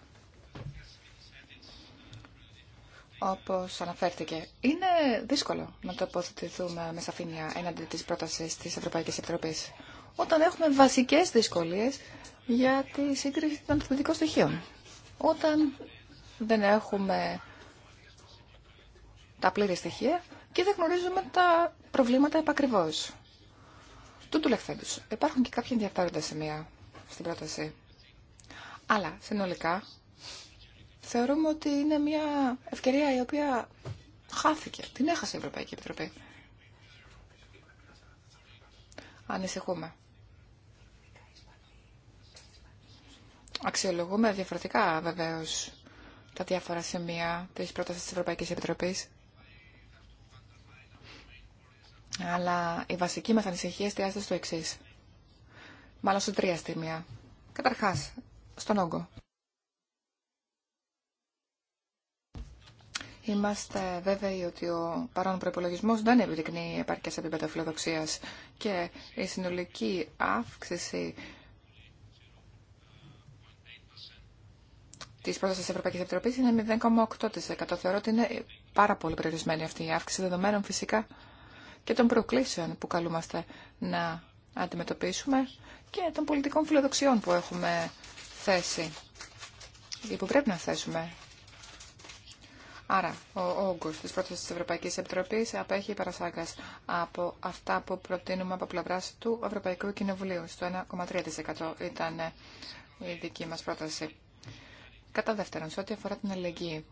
Όπως αναφέρθηκε, είναι δύσκολο να τοποθετηθούμε με σαφήνεια έναντι της πρότασης της Ευρωπαϊκής Επιτροπής όταν έχουμε βασικές δυσκολίες για τη σύγκριση των αριθμητικών στοιχείων. Όταν δεν έχουμε τα πλήρη στοιχεία και δεν γνωρίζουμε τα προβλήματα επακριβώς. Τούτου λεχθέντους. Υπάρχουν και κάποια ενδιαφέροντα σημεία στην πρόταση. Αλλά συνολικά θεωρούμε ότι είναι μια ευκαιρία η οποία χάθηκε. Την έχασε η Ευρωπαϊκή Επιτροπή. Ανησυχούμε. Αξιολογούμε διαφορετικά βεβαίως τα διάφορα σημεία της πρότασης της Ευρωπαϊκής Επιτροπής αλλά η βασική μας ανησυχία εστιάζεται στο εξή. Μάλλον σε τρία στιγμία. Καταρχάς, στον όγκο. Είμαστε βέβαιοι ότι ο παρόν προπολογισμό δεν επιδεικνύει επαρκέ επίπεδο φιλοδοξία και η συνολική αύξηση τη πρόταση τη Ευρωπαϊκή Επιτροπή είναι 0,8%. Θεωρώ ότι είναι πάρα πολύ περιορισμένη αυτή η αύξηση δεδομένων φυσικά και των προκλήσεων που καλούμαστε να αντιμετωπίσουμε και των πολιτικών φιλοδοξιών που έχουμε θέσει ή που πρέπει να θέσουμε. Άρα, ο Όγκος τη πρόταση τη Ευρωπαϊκή Επιτροπής απέχει παρασάγκα από αυτά που προτείνουμε από πλευρά του Ευρωπαϊκού Κοινοβουλίου. Στο 1,3% ήταν η δική μας πρόταση. Κατά δεύτερον, σε ό,τι αφορά την αλληλεγγύη,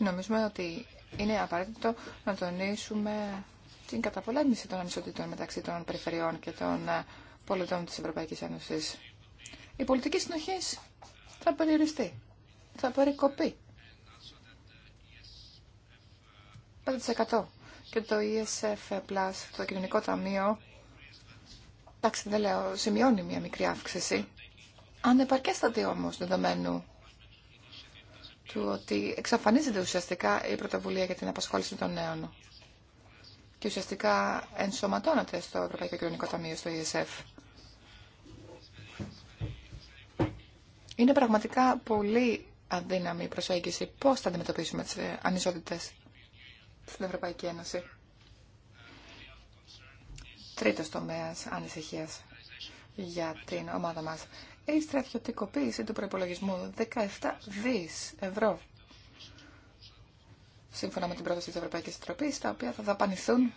Νομίζουμε ότι είναι απαραίτητο να τονίσουμε την καταπολέμηση των ανισοτήτων μεταξύ των περιφερειών και των ε, πολιτών της Ευρωπαϊκής Ένωσης. Η πολιτική συνοχή θα περιοριστεί, θα περικοπεί. 5% και το ESF Plus, το κοινωνικό ταμείο, εντάξει δεν λέω, σημειώνει μια μικρή αύξηση. Ανεπαρκέστατη όμως δεδομένου του ότι εξαφανίζεται ουσιαστικά η πρωτοβουλία για την απασχόληση των νέων και ουσιαστικά ενσωματώνεται στο Ευρωπαϊκό Κοινωνικό Ταμείο, στο ESF. Είναι πραγματικά πολύ αδύναμη η προσέγγιση πώς θα αντιμετωπίσουμε τις ε, ανισότητες στην Ευρωπαϊκή Ένωση. Τρίτος τομέας ανησυχίας για την ομάδα μας η στρατιωτικοποίηση του προπολογισμού 17 δις ευρώ σύμφωνα με την πρόταση της Ευρωπαϊκής Τροπής, τα οποία θα δαπανηθούν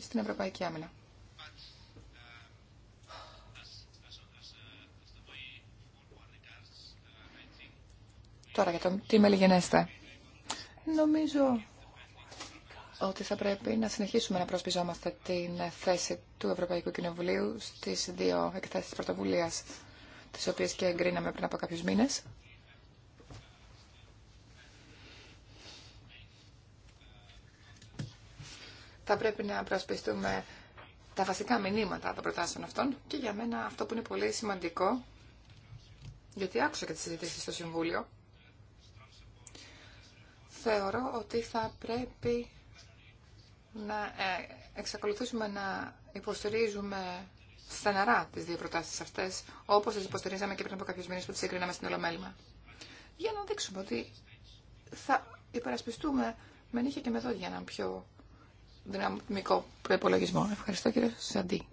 στην Ευρωπαϊκή Άμυνα. Τώρα για το τι με Νομίζω ότι θα πρέπει να συνεχίσουμε να προσπιζόμαστε την θέση του Ευρωπαϊκού Κοινοβουλίου στις δύο εκθέσεις πρωτοβουλίας, τις οποίες και εγκρίναμε πριν από κάποιους μήνες. Θα πρέπει να προσπιστούμε τα βασικά μηνύματα των προτάσεων αυτών και για μένα αυτό που είναι πολύ σημαντικό, γιατί άκουσα και τις συζητήσεις στο Συμβούλιο, θεωρώ ότι θα πρέπει να ε, εξακολουθήσουμε να υποστηρίζουμε στεναρά τις δύο προτάσεις αυτές, όπως τις υποστηρίζαμε και πριν από κάποιους μήνες που τις εγκρίναμε στην Ολομέλημα. Για να δείξουμε ότι θα υπερασπιστούμε με νύχια και με δόντια έναν πιο δυναμικό προπολογισμό. Ευχαριστώ κύριε Σαντή.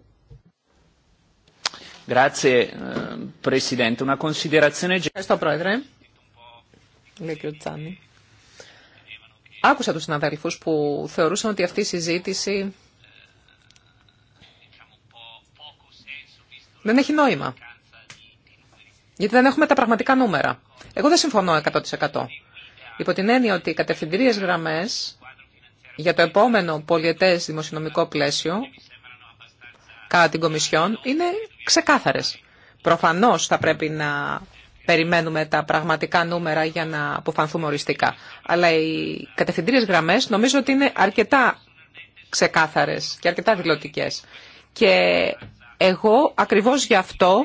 Ε, Ευχαριστώ πρόεδρε. Άκουσα τους συναδέλφους που θεωρούσαν ότι αυτή η συζήτηση δεν έχει νόημα. Γιατί δεν έχουμε τα πραγματικά νούμερα. Εγώ δεν συμφωνώ 100%. Υπό την έννοια ότι οι κατευθυντηρίες γραμμές για το επόμενο πολιετές δημοσιονομικό πλαίσιο κατά την Κομισιόν είναι ξεκάθαρες. Προφανώς θα πρέπει να περιμένουμε τα πραγματικά νούμερα για να αποφανθούμε οριστικά. Αλλά οι κατευθυντήριε γραμμές νομίζω ότι είναι αρκετά ξεκάθαρες και αρκετά δηλωτικές. Και εγώ ακριβώς γι' αυτό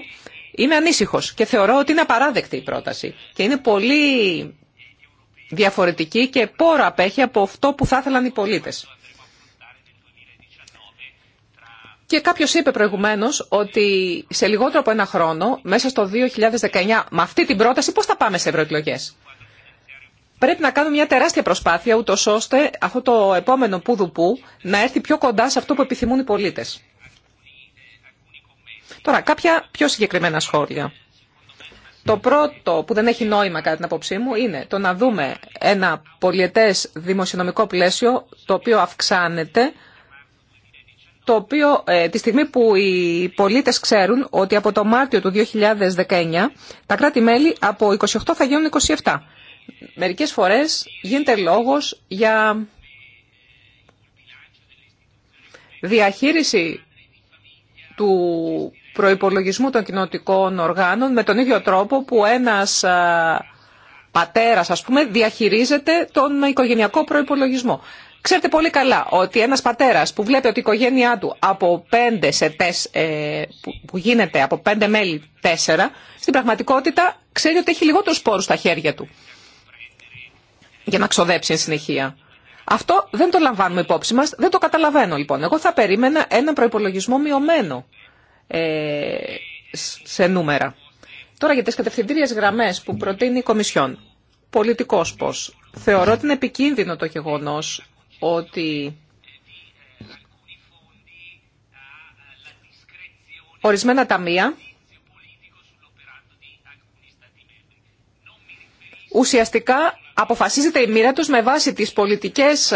είμαι ανήσυχο και θεωρώ ότι είναι απαράδεκτη η πρόταση. Και είναι πολύ διαφορετική και πόρα απέχει από αυτό που θα ήθελαν οι πολίτες. Και κάποιο είπε προηγουμένω ότι σε λιγότερο από ένα χρόνο, μέσα στο 2019, με αυτή την πρόταση, πώ θα πάμε σε ευρωεκλογέ. Πρέπει να κάνουμε μια τεράστια προσπάθεια, ούτω ώστε αυτό το επόμενο πουδουπού να έρθει πιο κοντά σε αυτό που επιθυμούν οι πολίτε. Τώρα, κάποια πιο συγκεκριμένα σχόλια. Το πρώτο που δεν έχει νόημα κατά την απόψή μου είναι το να δούμε ένα πολιετές δημοσιονομικό πλαίσιο το οποίο αυξάνεται το οποίο ε, τη στιγμή που οι πολίτες ξέρουν ότι από το Μάρτιο του 2019 τα κράτη-μέλη από 28 θα γίνουν 27. Μερικές φορές γίνεται λόγος για διαχείριση του προϋπολογισμού των κοινωτικών οργάνων με τον ίδιο τρόπο που ένας πατέρας, ας πούμε, διαχειρίζεται τον οικογενειακό προϋπολογισμό. Ξέρετε πολύ καλά ότι ένα πατέρα που βλέπει ότι η οικογένειά του από πέντε σε τεσ... Ε, που γίνεται από πέντε μέλη τέσσερα, στην πραγματικότητα ξέρει ότι έχει λιγότερου πόρου στα χέρια του για να ξοδέψει εν συνεχεία. Αυτό δεν το λαμβάνουμε υπόψη μα, δεν το καταλαβαίνω λοιπόν. Εγώ θα περίμενα έναν προπολογισμό μειωμένο ε, σε νούμερα. Τώρα για τι κατευθυντήριε γραμμέ που προτείνει η Κομισιόν. πολιτικό πώ. Θεωρώ ότι είναι επικίνδυνο το γεγονό ότι ορισμένα ταμεία ουσιαστικά αποφασίζεται η μοίρα τους με βάση τις πολιτικές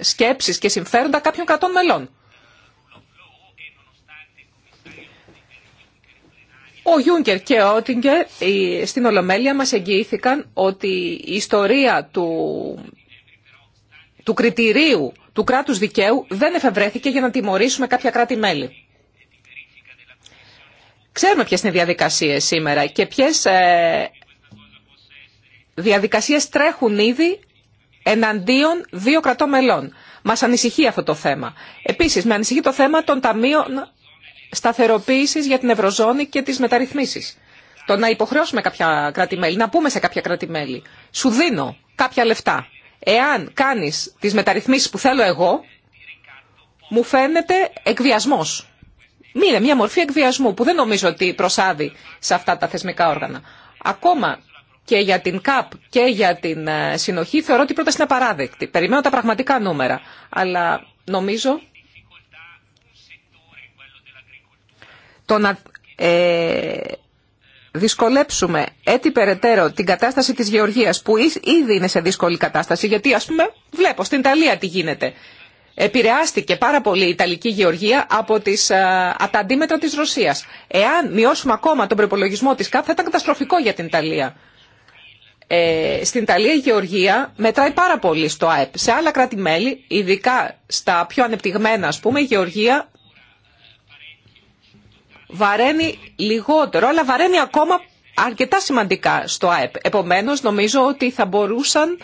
σκέψεις και συμφέροντα κάποιων κρατών μελών. Ο Γιούγκερ και ο Ότιγκερ ε, στην Ολομέλεια μας εγγυήθηκαν ότι η ιστορία του του κριτηρίου του κράτους δικαίου δεν εφευρέθηκε για να τιμωρήσουμε κάποια κράτη-μέλη. Ξέρουμε ποιε είναι οι διαδικασίε σήμερα και ποιες ε, διαδικασίες τρέχουν ήδη εναντίον δύο κρατών μελών. Μας ανησυχεί αυτό το θέμα. Επίσης, με ανησυχεί το θέμα των ταμείων σταθεροποίησης για την Ευρωζώνη και τι μεταρρυθμίσει. Το να υποχρεώσουμε κάποια κράτη-μέλη, να πούμε σε κάποια κράτη-μέλη, σου δίνω κάποια λεφτά εάν κάνεις τις μεταρρυθμίσεις που θέλω εγώ, μου φαίνεται εκβιασμός. Είναι μια μορφή εκβιασμού που δεν νομίζω ότι προσάδει σε αυτά τα θεσμικά όργανα. Ακόμα και για την ΚΑΠ και για την ε, συνοχή θεωρώ ότι η πρόταση είναι απαράδεκτη. Περιμένω τα πραγματικά νούμερα. Αλλά νομίζω το να ε, δυσκολέψουμε έτσι περαιτέρω την κατάσταση της γεωργίας που ήδη είναι σε δύσκολη κατάσταση γιατί ας πούμε βλέπω στην Ιταλία τι γίνεται. Επηρεάστηκε πάρα πολύ η Ιταλική γεωργία από, τις, ε, από τα αντίμετρα της Ρωσίας. Εάν μειώσουμε ακόμα τον προπολογισμό της ΚΑΠ θα ήταν καταστροφικό για την Ιταλία. Ε, στην Ιταλία η γεωργία μετράει πάρα πολύ στο ΑΕΠ. Σε άλλα κράτη-μέλη, ειδικά στα πιο ανεπτυγμένα ας πούμε, η γεωργία βαραίνει λιγότερο, αλλά βαραίνει ακόμα αρκετά σημαντικά στο ΑΕΠ. Επομένω, νομίζω ότι θα μπορούσαν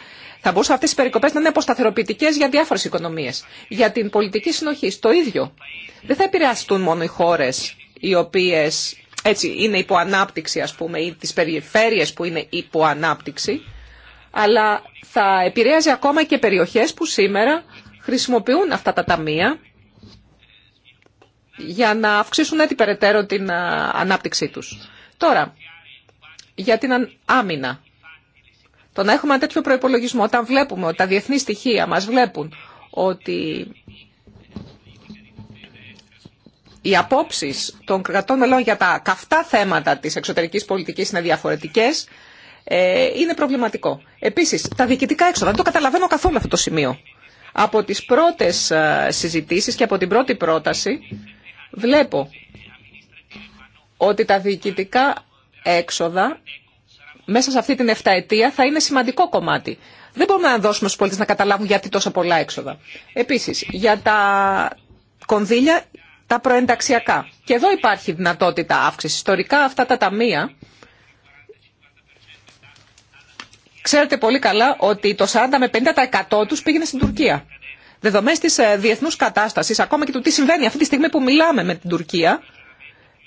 θα μπορούσαν αυτέ οι περικοπέ να είναι αποσταθεροποιητικέ για διάφορε οικονομίε. Για την πολιτική συνοχή, το ίδιο. Δεν θα επηρεαστούν μόνο οι χώρε οι οποίε έτσι είναι ανάπτυξη, ας πούμε, ή τις περιφέρειες που είναι υπό ανάπτυξη, αλλά θα επηρέαζει ακόμα και περιοχές που σήμερα χρησιμοποιούν αυτά τα ταμεία για να αυξήσουν έτσι περαιτέρω την ανάπτυξή τους. Τώρα, για την άμυνα. Το να έχουμε ένα τέτοιο προπολογισμό, όταν βλέπουμε ότι τα διεθνή στοιχεία μας βλέπουν ότι οι απόψει των κρατών μελών για τα καυτά θέματα της εξωτερικής πολιτικής είναι διαφορετικές, ε, είναι προβληματικό. Επίσης, τα διοικητικά έξοδα, δεν το καταλαβαίνω καθόλου αυτό το σημείο. Από τις πρώτες ε, συζητήσεις και από την πρώτη πρόταση, βλέπω ότι τα διοικητικά έξοδα μέσα σε αυτή την εφταετία θα είναι σημαντικό κομμάτι. Δεν μπορούμε να δώσουμε στους πολίτες να καταλάβουν γιατί τόσα πολλά έξοδα. Επίσης, για τα κονδύλια, τα προενταξιακά. Και εδώ υπάρχει δυνατότητα αύξηση. Ιστορικά αυτά τα ταμεία, ξέρετε πολύ καλά ότι το 40 με 50% τους πήγαινε στην Τουρκία δεδομές της ε, διεθνούς κατάσταση, ακόμα και του τι συμβαίνει αυτή τη στιγμή που μιλάμε με την Τουρκία,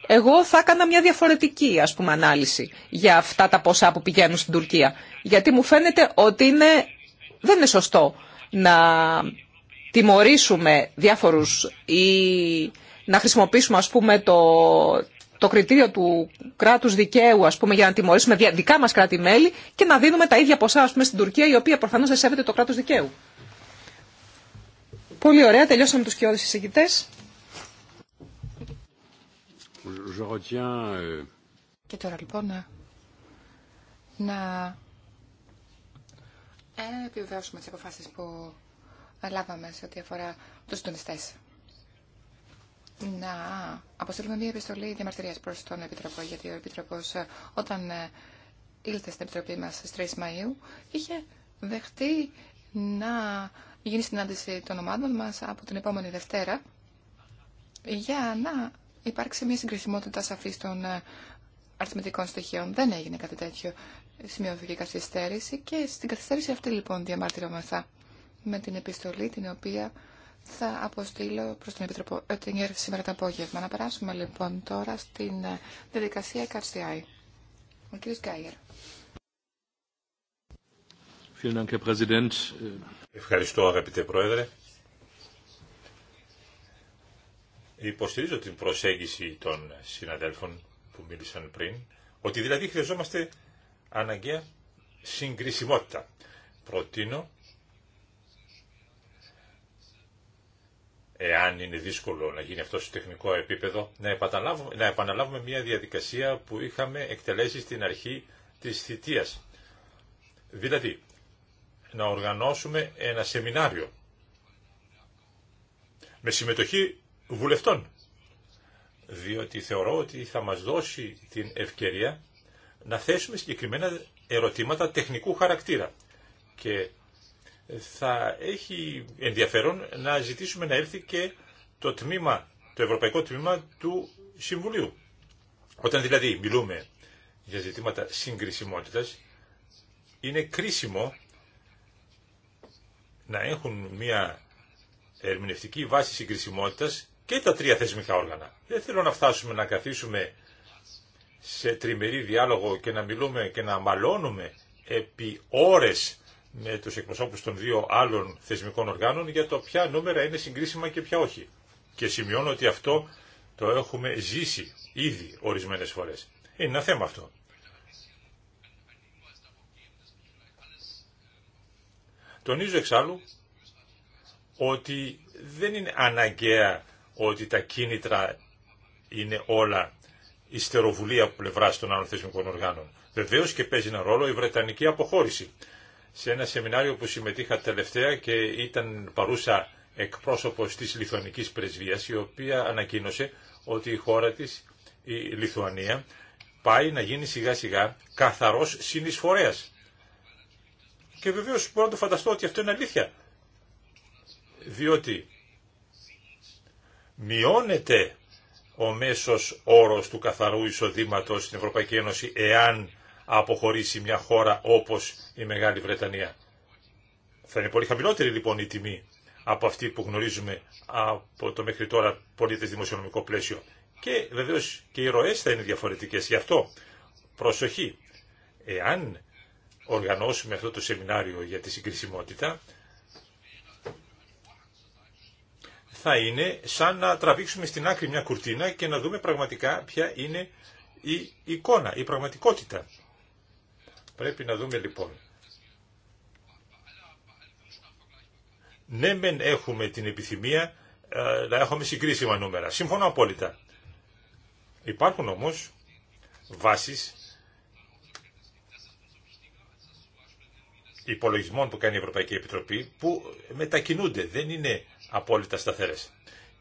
εγώ θα έκανα μια διαφορετική ας ανάλυση για αυτά τα ποσά που πηγαίνουν στην Τουρκία. Γιατί μου φαίνεται ότι είναι... δεν είναι σωστό να τιμωρήσουμε διάφορους ή να χρησιμοποιήσουμε το, το κριτήριο του κράτους δικαίου ας πούμε, για να τιμωρήσουμε δικά μας κράτη-μέλη και να δίνουμε τα ίδια ποσά ας πούμε, στην Τουρκία η οποία προφανώς δεν σέβεται το κράτος δικαίου. Πολύ ωραία, τελειώσαμε τους κοιόδους εισηγητές. Euh, Και τώρα λοιπόν να, να επιβεβαιώσουμε τις αποφάσεις που λάβαμε σε ό,τι αφορά τους συντονιστές. Να αποστελούμε μια επιστολή διαμαρτυρίας προς τον Επιτροπό, γιατί ο Επιτροπός ε, όταν ε, ήλθε στην Επιτροπή μας στις 3 Μαΐου είχε δεχτεί να γίνει συνάντηση των ομάδων μα από την επόμενη Δευτέρα για να υπάρξει μια συγκρισιμότητα σαφής των ε, αριθμητικών στοιχείων. Δεν έγινε κάτι τέτοιο. Σημειώθηκε καθυστέρηση και στην καθυστέρηση αυτή λοιπόν διαμαρτυρόμεθα με την επιστολή την οποία θα αποστείλω προς τον Επιτροπό Έττιγκερ σήμερα το απόγευμα. Να περάσουμε λοιπόν τώρα στην ε, διαδικασία ΚΑΤΣΤΙΑΗ. Ο κύριος Γκάιερ. Ευχαριστώ αγαπητέ Πρόεδρε. Υποστηρίζω την προσέγγιση των συναδέλφων που μίλησαν πριν, ότι δηλαδή χρειαζόμαστε αναγκαία συγκρισιμότητα. Προτείνω, εάν είναι δύσκολο να γίνει αυτό στο τεχνικό επίπεδο, να επαναλάβουμε, μια διαδικασία που είχαμε εκτελέσει στην αρχή της θητείας. Δηλαδή, να οργανώσουμε ένα σεμινάριο με συμμετοχή βουλευτών, διότι θεωρώ ότι θα μας δώσει την ευκαιρία να θέσουμε συγκεκριμένα ερωτήματα τεχνικού χαρακτήρα και θα έχει ενδιαφέρον να ζητήσουμε να έρθει και το τμήμα, το ευρωπαϊκό τμήμα του Συμβουλίου. Όταν δηλαδή μιλούμε για ζητήματα συγκρισιμότητας, είναι κρίσιμο να έχουν μια ερμηνευτική βάση συγκρισιμότητας και τα τρία θεσμικά όργανα. Δεν θέλω να φτάσουμε να καθίσουμε σε τριμερή διάλογο και να μιλούμε και να μαλώνουμε επί ώρες με τους εκπροσώπους των δύο άλλων θεσμικών οργάνων για το ποια νούμερα είναι συγκρίσιμα και ποια όχι. Και σημειώνω ότι αυτό το έχουμε ζήσει ήδη ορισμένες φορές. Είναι ένα θέμα αυτό. Τονίζω εξάλλου ότι δεν είναι αναγκαία ότι τα κίνητρα είναι όλα η στεροβουλία από πλευρά των άλλων θεσμικών οργάνων. Βεβαίω και παίζει ένα ρόλο η Βρετανική αποχώρηση. Σε ένα σεμινάριο που συμμετείχα τελευταία και ήταν παρούσα εκπρόσωπος της Λιθουανικής Πρεσβείας, η οποία ανακοίνωσε ότι η χώρα τη, η Λιθουανία, πάει να γίνει σιγά σιγά καθαρο συνεισφορέα και βεβαίως μπορώ να το φανταστώ ότι αυτό είναι αλήθεια. Διότι μειώνεται ο μέσος όρος του καθαρού εισοδήματος στην Ευρωπαϊκή Ένωση εάν αποχωρήσει μια χώρα όπως η Μεγάλη Βρετανία. Θα είναι πολύ χαμηλότερη λοιπόν η τιμή από αυτή που γνωρίζουμε από το μέχρι τώρα πολίτες δημοσιονομικό πλαίσιο. Και βεβαίως και οι ροές θα είναι διαφορετικές. Γι' αυτό προσοχή. Εάν οργανώσουμε αυτό το σεμινάριο για τη συγκρισιμότητα θα είναι σαν να τραβήξουμε στην άκρη μια κουρτίνα και να δούμε πραγματικά ποια είναι η εικόνα, η πραγματικότητα. Πρέπει να δούμε λοιπόν. Ναι μεν έχουμε την επιθυμία ε, να έχουμε συγκρίσιμα νούμερα. Σύμφωνα απόλυτα. Υπάρχουν όμως βάσεις υπολογισμών που κάνει η Ευρωπαϊκή Επιτροπή που μετακινούνται, δεν είναι απόλυτα σταθερές.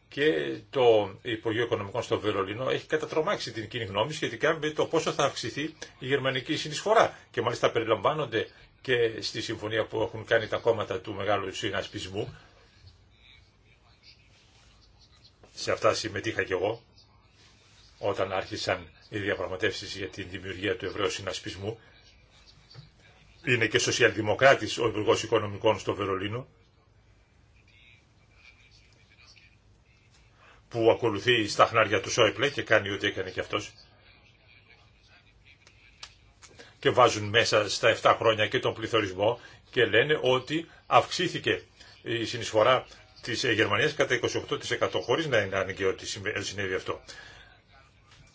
Και το Υπουργείο Οικονομικών στο Βερολίνο έχει κατατρομάξει την κοινή γνώμη σχετικά με το πόσο θα αυξηθεί η γερμανική συνεισφορά. Και μάλιστα περιλαμβάνονται και στη συμφωνία που έχουν κάνει τα κόμματα του μεγάλου συνασπισμού. Σε αυτά συμμετείχα και εγώ όταν άρχισαν οι διαπραγματεύσεις για την δημιουργία του Εβραίου Συνασπισμού είναι και σοσιαλδημοκράτης ο Υπουργό Οικονομικών στο Βερολίνο, που ακολουθεί στα χνάρια του Σόιπλε και κάνει ό,τι έκανε και αυτός. Και βάζουν μέσα στα 7 χρόνια και τον πληθωρισμό και λένε ότι αυξήθηκε η συνεισφορά της Γερμανίας κατά 28% χωρίς να είναι αναγκαίο ότι ε, συνέβη αυτό.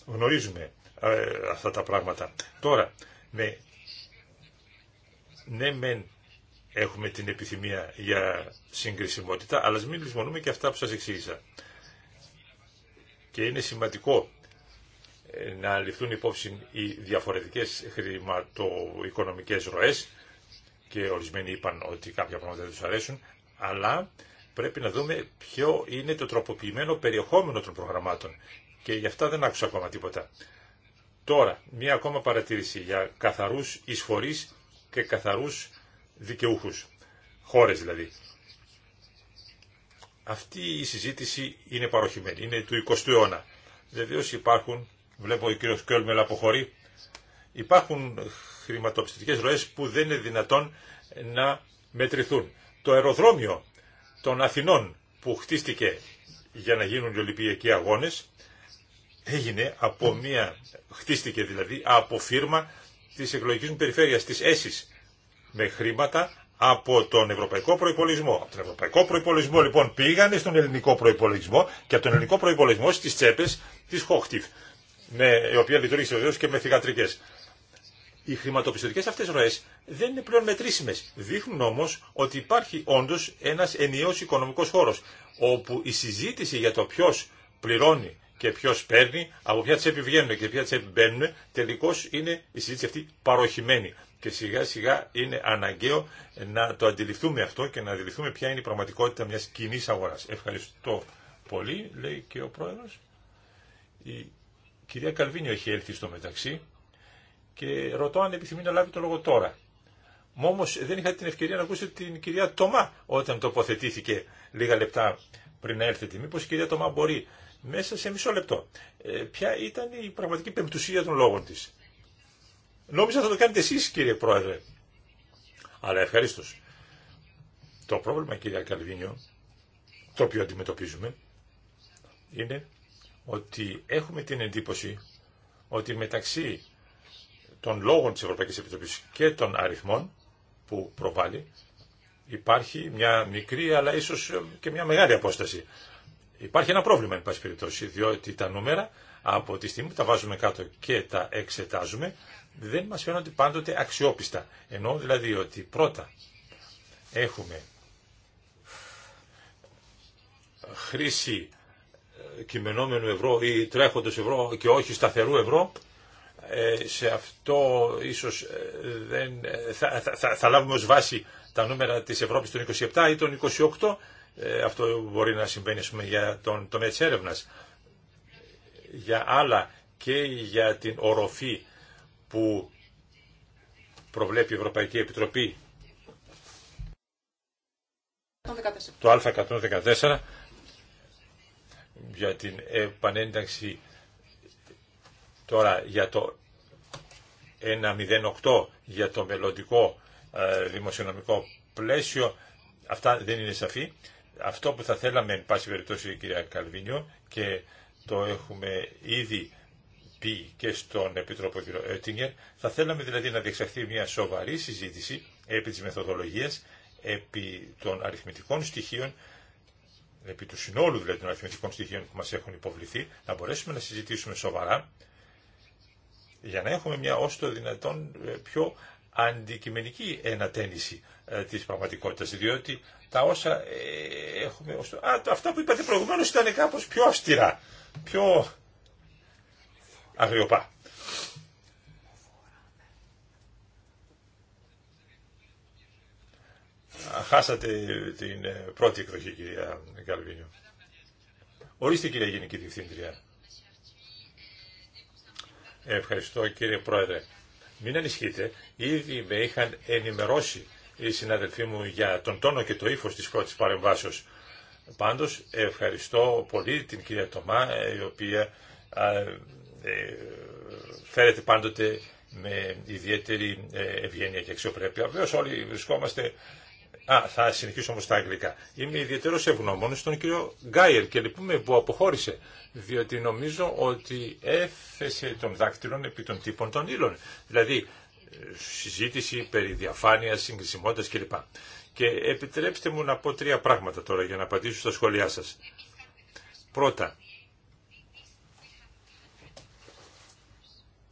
Γνωρίζουμε ε, αυτά τα πράγματα. Τώρα, με ναι μεν έχουμε την επιθυμία για συγκρισιμότητα, αλλά μην λησμονούμε και αυτά που σας εξήγησα. Και είναι σημαντικό ε, να ληφθούν υπόψη οι διαφορετικές χρηματοοικονομικές ροές και ορισμένοι είπαν ότι κάποια πράγματα δεν τους αρέσουν, αλλά πρέπει να δούμε ποιο είναι το τροποποιημένο περιεχόμενο των προγραμμάτων και γι' αυτά δεν άκουσα ακόμα τίποτα. Τώρα, μία ακόμα παρατήρηση για καθαρούς εισφορείς και καθαρούς δικαιούχους, χώρες δηλαδή. Αυτή η συζήτηση είναι παροχημένη, είναι του 20ου αιώνα. Βεβαίω υπάρχουν, βλέπω ο κύριος Κιόλμελ αποχωρεί, υπάρχουν χρηματοπιστωτικές ροές που δεν είναι δυνατόν να μετρηθούν. Το αεροδρόμιο των Αθηνών που χτίστηκε για να γίνουν οι Ολυμπιακοί Αγώνες έγινε από μια, χτίστηκε δηλαδή από φύρμα τη εκλογική μου περιφέρεια, της ΕΣΥΣ, με χρήματα από τον ευρωπαϊκό προπολογισμό. Από τον ευρωπαϊκό προπολογισμό λοιπόν πήγανε στον ελληνικό προπολογισμό και από τον ελληνικό προπολογισμό στι τσέπε τη Χόχτιφ, με, η οποία λειτουργήσε βεβαίω και με θηγατρικέ. Οι χρηματοπιστωτικέ αυτέ ροέ δεν είναι πλέον μετρήσιμε. Δείχνουν όμω ότι υπάρχει όντω ένα ενιαίο οικονομικό χώρο, όπου η συζήτηση για το ποιο πληρώνει και ποιο παίρνει, από ποια τσέπη βγαίνουν και ποια τσέπη μπαίνουν, τελικώ είναι η συζήτηση αυτή παροχημένη. Και σιγά σιγά είναι αναγκαίο να το αντιληφθούμε αυτό και να αντιληφθούμε ποια είναι η πραγματικότητα μια κοινή αγορά. Ευχαριστώ πολύ, λέει και ο πρόεδρο. Η κυρία Καλβίνιο έχει έλθει στο μεταξύ και ρωτώ αν επιθυμεί να λάβει το λόγο τώρα. Μ' όμω δεν είχα την ευκαιρία να ακούσω την κυρία Τωμά όταν τοποθετήθηκε λίγα λεπτά πριν να έρθετε. Μήπω η κυρία Τωμά μπορεί μέσα σε μισό λεπτό. Ε, ποια ήταν η πραγματική πεμπτουσία των λόγων της. Νόμιζα θα το κάνετε εσείς κύριε Πρόεδρε. Αλλά ευχαρίστως. Το πρόβλημα κύριε Καλβίνιο, το οποίο αντιμετωπίζουμε, είναι ότι έχουμε την εντύπωση ότι μεταξύ των λόγων της Ευρωπαϊκής Επιτροπής και των αριθμών που προβάλλει υπάρχει μια μικρή αλλά ίσως και μια μεγάλη απόσταση. Υπάρχει ένα πρόβλημα, εν πάση περιπτώσει, διότι τα νούμερα από τη στιγμή που τα βάζουμε κάτω και τα εξετάζουμε, δεν μας φαίνονται πάντοτε αξιόπιστα. Ενώ δηλαδή ότι πρώτα έχουμε χρήση ε, κειμενόμενου ευρώ ή τρέχοντος ευρώ και όχι σταθερού ευρώ, ε, σε αυτό ίσως ε, δεν, θα, θα, λάβουμε ως βάση τα νούμερα της Ευρώπης των 27 ή των 28 ε, αυτό μπορεί να συμβαίνει για τον τομέα της για άλλα και για την οροφή που προβλέπει η Ευρωπαϊκή Επιτροπή το Α114 για την επανένταξη τώρα για το 108 για το μελλοντικό ε, δημοσιονομικό πλαίσιο αυτά δεν είναι σαφή αυτό που θα θέλαμε, εν πάση περιπτώσει, κυρία Καλβίνιο, και το έχουμε ήδη πει και στον Επίτροπο κ. Έτιγκερ, θα θέλαμε δηλαδή να διεξαχθεί μια σοβαρή συζήτηση επί της μεθοδολογίας, επί των αριθμητικών στοιχείων, επί του συνόλου δηλαδή των αριθμητικών στοιχείων που μας έχουν υποβληθεί, να μπορέσουμε να συζητήσουμε σοβαρά, για να έχουμε μια όσο το δυνατόν ε, πιο αντικειμενική ενατένιση ε, Τη πραγματικότητα, διότι τα όσα ε, έχουμε... Α, αυτά που είπατε προηγουμένως ήταν κάπως πιο αυστηρά, πιο αγριοπά. Χάσατε την ε, πρώτη εκδοχή, κυρία Καλβίνιο. Ορίστε, κυρία Γενική Διευθύντρια. Ευχαριστώ, κύριε Πρόεδρε. Μην ανησυχείτε, ήδη με είχαν ενημερώσει η συναδελφοί μου για τον τόνο και το ύφο τη πρώτη παρεμβάσεω. Πάντω, ευχαριστώ πολύ την κυρία Τομά η οποία ε, φέρεται πάντοτε με ιδιαίτερη ε, ευγένεια και αξιοπρέπεια. Βεβαίω όλοι βρισκόμαστε... Α, θα συνεχίσω όμω στα αγγλικά. Είμαι ιδιαίτερο ευγνώμων στον κύριο Γκάιερ και λυπούμε που αποχώρησε, διότι νομίζω ότι έφεσε τον δάκτυλο επί των τύπων των ύλων. Δηλαδή, συζήτηση περί διαφάνειας, συγκρισιμότητα κλπ. Και επιτρέψτε μου να πω τρία πράγματα τώρα για να απαντήσω στα σχόλιά σα. Πρώτα,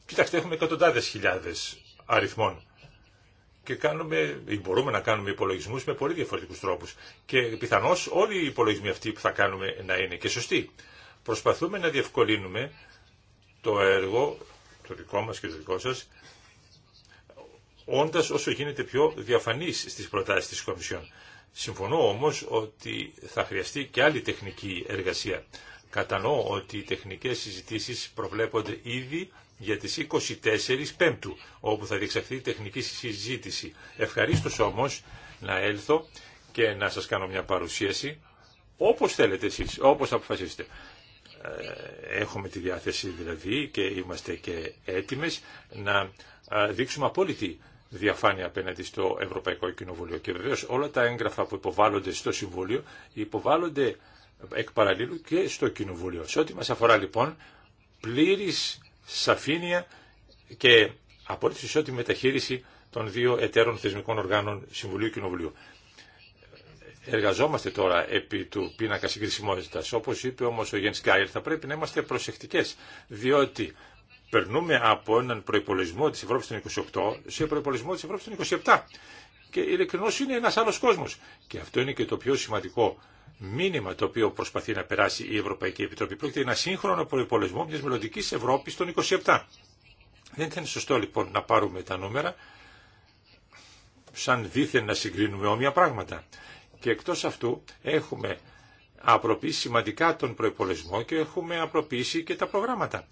Κοιτάξτε, έχουμε εκατοντάδες χιλιάδες αριθμών και κάνουμε, ή μπορούμε να κάνουμε υπολογισμού με πολύ διαφορετικούς τρόπους. Και πιθανώ όλοι οι υπολογισμοί αυτοί που θα κάνουμε να είναι και σωστοί. Προσπαθούμε να διευκολύνουμε το έργο, το δικό μα και το δικό σα όντας όσο γίνεται πιο διαφανής στις προτάσεις της Κομισιόν. Συμφωνώ όμως ότι θα χρειαστεί και άλλη τεχνική εργασία. Κατανοώ ότι οι τεχνικές συζητήσεις προβλέπονται ήδη για τις 24 Πέμπτου, όπου θα διεξαχθεί η τεχνική συζήτηση. Ευχαρίστως όμως να έλθω και να σας κάνω μια παρουσίαση, όπως θέλετε εσείς, όπως αποφασίσετε. Ε, έχουμε τη διάθεση δηλαδή και είμαστε και έτοιμες να ε, δείξουμε απόλυτη διαφάνεια απέναντι στο Ευρωπαϊκό Κοινοβούλιο. Και βεβαίω όλα τα έγγραφα που υποβάλλονται στο Συμβούλιο υποβάλλονται εκ παραλλήλου και στο Κοινοβούλιο. Σε ό,τι μα αφορά λοιπόν, πλήρη σαφήνεια και απόλυτη ισότιμη μεταχείριση των δύο εταίρων θεσμικών οργάνων Συμβουλίου Κοινοβουλίου. Εργαζόμαστε τώρα επί του πίνακα συγκρισιμότητα. Όπω είπε όμω ο Γιάννη θα πρέπει να είμαστε προσεκτικέ, διότι περνούμε από έναν προπολογισμό τη Ευρώπη των 28 σε προπολογισμό τη Ευρώπη των 27. Και ειλικρινώ είναι ένα άλλο κόσμο. Και αυτό είναι και το πιο σημαντικό μήνυμα το οποίο προσπαθεί να περάσει η Ευρωπαϊκή Επιτροπή. Πρόκειται για ένα σύγχρονο προπολογισμό μια μελλοντική Ευρώπη των 27. Δεν ήταν σωστό λοιπόν να πάρουμε τα νούμερα σαν δίθεν να συγκρίνουμε όμοια πράγματα. Και εκτός αυτού έχουμε απροποιήσει σημαντικά τον προπολογισμό και έχουμε απροποιήσει και τα προγράμματα.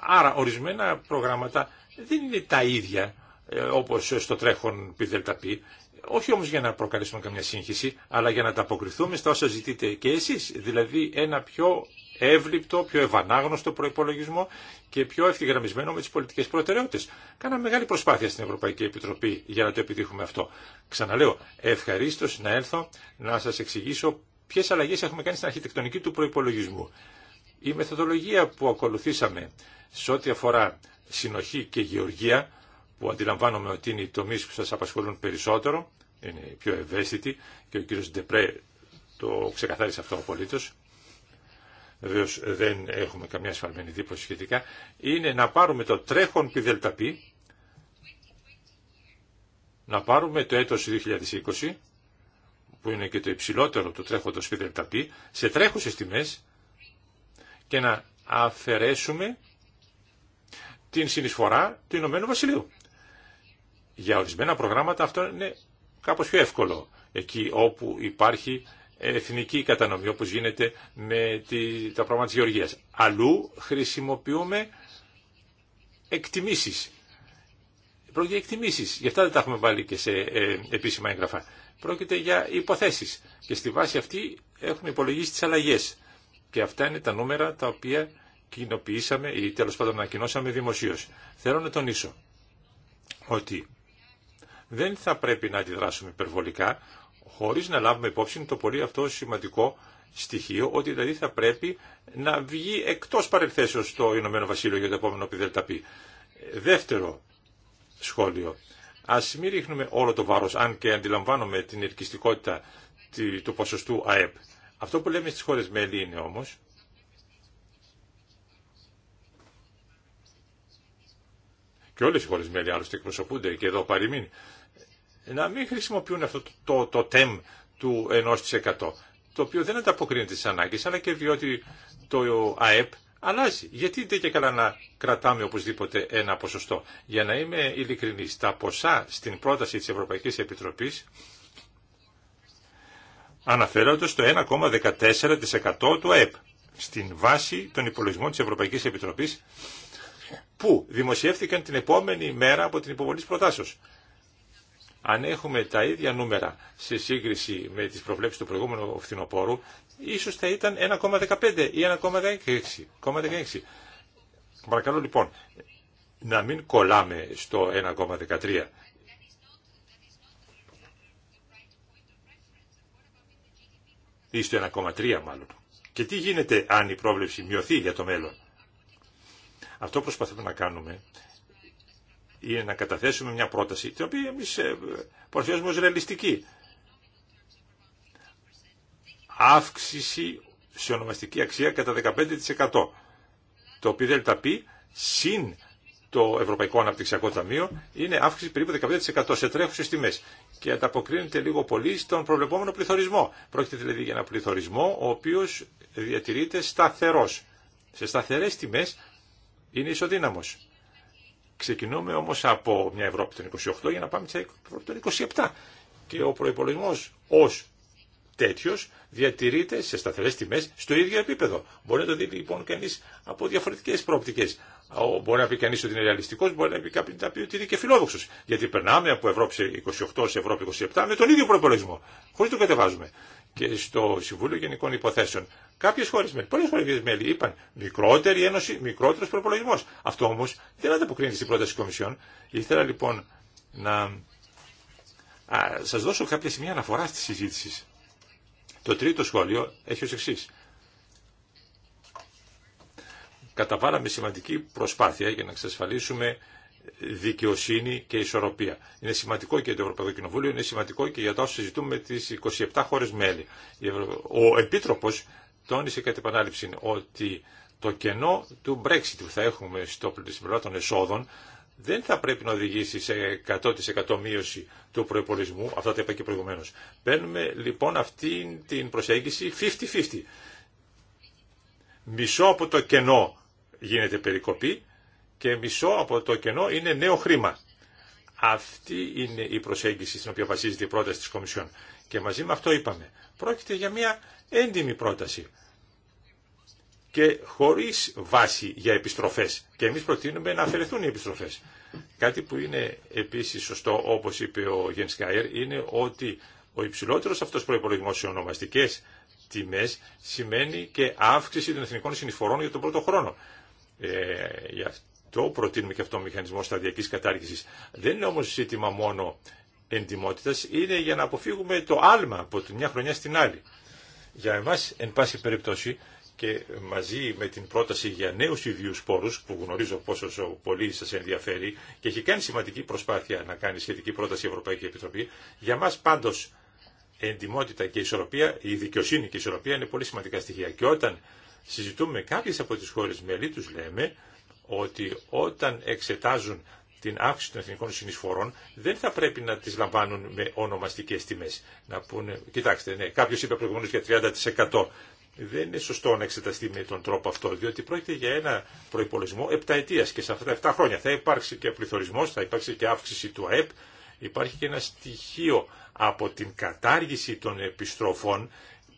Άρα ορισμένα προγράμματα δεν είναι τα ίδια ε, όπως στο τρέχον πι όχι όμως για να προκαλέσουμε καμιά σύγχυση, αλλά για να τα αποκριθούμε στα όσα ζητείτε και εσείς, δηλαδή ένα πιο εύληπτο, πιο ευανάγνωστο προπολογισμό και πιο ευθυγραμμισμένο με τις πολιτικές προτεραιότητες. Κάναμε μεγάλη προσπάθεια στην Ευρωπαϊκή Επιτροπή για να το επιτύχουμε αυτό. Ξαναλέω, ευχαρίστω να έλθω να σας εξηγήσω ποιε αλλαγέ έχουμε κάνει στην αρχιτεκτονική του προπολογισμού. Η μεθοδολογία που ακολουθήσαμε σε ό,τι αφορά συνοχή και γεωργία, που αντιλαμβάνομαι ότι είναι οι τομείς που σας απασχολούν περισσότερο, είναι πιο ευαίσθητοι και ο κύριος Ντεπρέ το ξεκαθάρισε αυτό απολύτως, βεβαίω δεν έχουμε καμιά ασφαλμένη δίποση σχετικά, είναι να πάρουμε το τρέχον δελταπί, να πάρουμε το έτος 2020, που είναι και το υψηλότερο του τρέχοντος πιδελταπή, σε τρέχουσες τιμές, και να αφαιρέσουμε την συνεισφορά του Ηνωμένου Βασιλείου. Για ορισμένα προγράμματα αυτό είναι κάπως πιο εύκολο. Εκεί όπου υπάρχει εθνική κατανομή, όπως γίνεται με τη, τα πράγματα της Γεωργίας. Αλλού χρησιμοποιούμε εκτιμήσεις. Πρόκειται για εκτιμήσεις. Γι' αυτά δεν τα έχουμε βάλει και σε ε, επίσημα έγγραφα. Πρόκειται για υποθέσεις. Και στη βάση αυτή έχουμε υπολογίσει τις αλλαγές. Και αυτά είναι τα νούμερα τα οποία κοινοποιήσαμε ή τέλο πάντων ανακοινώσαμε δημοσίω. Θέλω να τονίσω ότι δεν θα πρέπει να αντιδράσουμε υπερβολικά χωρίς να λάβουμε υπόψη το πολύ αυτό σημαντικό στοιχείο ότι δηλαδή θα πρέπει να βγει εκτός παρελθέσεως το Ηνωμένο Βασίλειο για το επόμενο ΠΔΠ. Δεύτερο σχόλιο. Α μην ρίχνουμε όλο το βάρο αν και αντιλαμβάνομαι την ελκυστικότητα του ποσοστού ΑΕΠ. Αυτό που λέμε στις χώρες μέλη είναι όμως και όλες οι χώρες μέλη άλλωστε εκπροσωπούνται και εδώ παροιμήν να μην χρησιμοποιούν αυτό το, το, το τεμ του 1% το οποίο δεν ανταποκρίνεται στις ανάγκες αλλά και διότι το ΑΕΠ αλλάζει. Γιατί δεν και καλά να κρατάμε οπωσδήποτε ένα ποσοστό. Για να είμαι ειλικρινής, τα ποσά στην πρόταση της Ευρωπαϊκής Επιτροπής Αναφέροντας το 1,14% του ΑΕΠ στην βάση των υπολογισμών της Ευρωπαϊκής Επιτροπής που δημοσιεύθηκαν την επόμενη μέρα από την υποβολή της προτάσεως. Αν έχουμε τα ίδια νούμερα σε σύγκριση με τις προβλέψεις του προηγούμενου φθινοπόρου, ίσως θα ήταν 1,15 ή 1,16. Παρακαλώ λοιπόν να μην κολλάμε στο 1,13 ή στο 1,3 μάλλον. Και τι γίνεται αν η πρόβλεψη μειωθεί για το μέλλον. Αυτό που προσπαθούμε να κάνουμε είναι να καταθέσουμε μια πρόταση, την οποία εμείς ε, παρουσιάζουμε ως ρεαλιστική. Αύξηση σε ονομαστική αξία κατά 15%. Το οποίο τα πει συν το Ευρωπαϊκό Αναπτυξιακό Ταμείο είναι αύξηση περίπου 15% σε τρέχουσε τιμέ και ανταποκρίνεται λίγο πολύ στον προβλεπόμενο πληθωρισμό. Πρόκειται δηλαδή για ένα πληθωρισμό ο οποίο διατηρείται σταθερό. Σε σταθερέ τιμέ είναι ισοδύναμο. Ξεκινούμε όμω από μια Ευρώπη των 28 για να πάμε σε Ευρώπη των 27. Και ο προπολογισμό ω Τέτοιο διατηρείται σε σταθερέ τιμέ στο ίδιο επίπεδο. Μπορεί να το δει λοιπόν κανεί από διαφορετικέ πρόπτικε. Μπορεί να πει κανεί ότι είναι ρεαλιστικό, μπορεί να πει κάποιο να πει ότι είναι και φιλόδοξο. Γιατί περνάμε από Ευρώπη 28 σε Ευρώπη 27 με τον ίδιο προπολογισμό, Χωρί το κατεβάζουμε. Και στο Συμβούλιο Γενικών Υποθέσεων κάποιε χώρε μέλη, πολλέ χώρε μέλη είπαν μικρότερη ένωση, μικρότερο προπολογισμό. Αυτό όμω δεν ανταποκρίνει στην πρόταση Κομισιόν. Ήθελα λοιπόν να σα δώσω κάποια σημεία αναφορά στη συζήτηση. Το τρίτο σχόλιο έχει ως εξής. Καταβάλαμε σημαντική προσπάθεια για να εξασφαλίσουμε δικαιοσύνη και ισορροπία. Είναι σημαντικό και για το Ευρωπαϊκό Κοινοβούλιο, είναι σημαντικό και για το όσο συζητούμε με τις 27 χώρες μέλη. Ο Επίτροπος τόνισε κατά επανάληψη ότι το κενό του Brexit που θα έχουμε στο πλευρά των εσόδων δεν θα πρέπει να οδηγήσει σε 100% μείωση του προπολογισμού. Αυτά τα είπα και προηγουμένω. Παίρνουμε λοιπόν αυτή την προσέγγιση 50-50. Μισό από το κενό γίνεται περικοπή και μισό από το κενό είναι νέο χρήμα. Αυτή είναι η προσέγγιση στην οποία βασίζεται η πρόταση της Κομισιόν. Και μαζί με αυτό είπαμε, πρόκειται για μια έντιμη πρόταση και χωρί βάση για επιστροφέ. Και εμεί προτείνουμε να αφαιρεθούν οι επιστροφέ. Κάτι που είναι επίση σωστό, όπω είπε ο Γιάννη Κάιερ, είναι ότι ο υψηλότερο αυτό προπολογισμό σε ονομαστικέ τιμέ, σημαίνει και αύξηση των εθνικών συνεισφορών για τον πρώτο χρόνο. Ε, γι' αυτό προτείνουμε και αυτό ο μηχανισμό σταδιακής κατάργηση. Δεν είναι όμω ζήτημα μόνο εντιμότητα, είναι για να αποφύγουμε το άλμα από τη μια χρονιά στην άλλη. Για εμά, εν πάση περιπτώσει, και μαζί με την πρόταση για νέους ιδίους πόρους που γνωρίζω πόσο πολύ σας ενδιαφέρει και έχει κάνει σημαντική προσπάθεια να κάνει σχετική πρόταση η Ευρωπαϊκή Επιτροπή. Για μας πάντως εντιμότητα και ισορροπία, η δικαιοσύνη και η ισορροπία είναι πολύ σημαντικά στοιχεία. Και όταν συζητούμε κάποιε από τις χώρες μέλη του λέμε ότι όταν εξετάζουν την αύξηση των εθνικών συνεισφορών, δεν θα πρέπει να τις λαμβάνουν με ονομαστικές τιμές. Να πούνε, κοιτάξτε, ναι, είπε προηγουμένως για 30% δεν είναι σωστό να εξεταστεί με τον τρόπο αυτό, διότι πρόκειται για ένα προπολογισμό επταετία και σε αυτά τα 7 χρόνια θα υπάρξει και πληθωρισμό, θα υπάρξει και αύξηση του ΑΕΠ. Υπάρχει και ένα στοιχείο από την κατάργηση των επιστροφών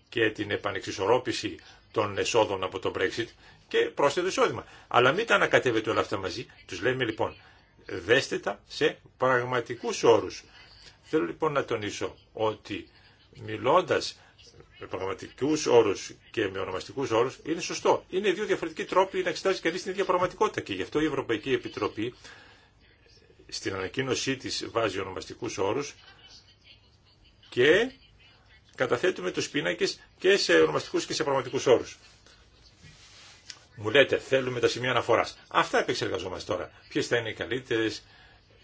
και την επανεξισορρόπηση των εσόδων από τον Brexit και πρόσθετο εισόδημα. Αλλά μην τα ανακατεύετε όλα αυτά μαζί. Του λέμε λοιπόν, δέστε τα σε πραγματικού όρου. Θέλω λοιπόν να τονίσω ότι μιλώντα με πραγματικού όρου και με ονομαστικού όρου, είναι σωστό. Είναι δύο διαφορετικοί τρόποι να εξετάζει κανεί την ίδια πραγματικότητα. Και γι' αυτό η Ευρωπαϊκή Επιτροπή στην ανακοίνωσή τη βάζει ονομαστικού όρου και καταθέτουμε του πίνακε και σε ονομαστικού και σε πραγματικού όρου. Μου λέτε, θέλουμε τα σημεία αναφορά. Αυτά επεξεργαζόμαστε τώρα. Ποιε θα είναι οι καλύτερε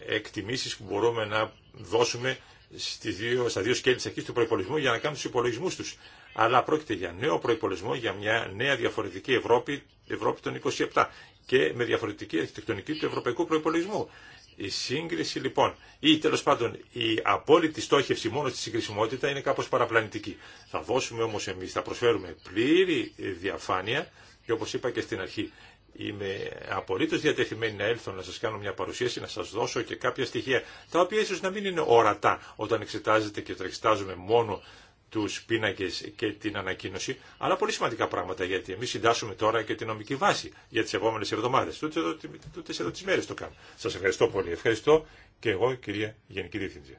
εκτιμήσει που μπορούμε να δώσουμε στις δύο, στα δύο σκέλη της αρχής του προϋπολογισμού για να κάνουν τους υπολογισμούς τους. Αλλά πρόκειται για νέο προϋπολογισμό, για μια νέα διαφορετική Ευρώπη, Ευρώπη των 27 και με διαφορετική αρχιτεκτονική του ευρωπαϊκού προϋπολογισμού. Η σύγκριση λοιπόν ή τέλος πάντων η απόλυτη στόχευση μόνο στη συγκρισιμότητα είναι κάπως παραπλανητική. Θα δώσουμε όμως εμείς, θα προσφέρουμε πλήρη διαφάνεια και όπως είπα και στην αρχή Είμαι απολύτως διατεθειμένη να έλθω να σας κάνω μια παρουσίαση, να σας δώσω και κάποια στοιχεία, τα οποία ίσως να μην είναι ορατά όταν εξετάζετε και όταν μόνο τους πίνακες και την ανακοίνωση, αλλά πολύ σημαντικά πράγματα, γιατί εμείς συντάσσουμε τώρα και την νομική βάση για τις επόμενες εβδομάδες. Τούτε εδώ, τούτες εδώ μέρες το κάνω. Σας ευχαριστώ πολύ. Ευχαριστώ και εγώ, κυρία Γενική Διευθυντή.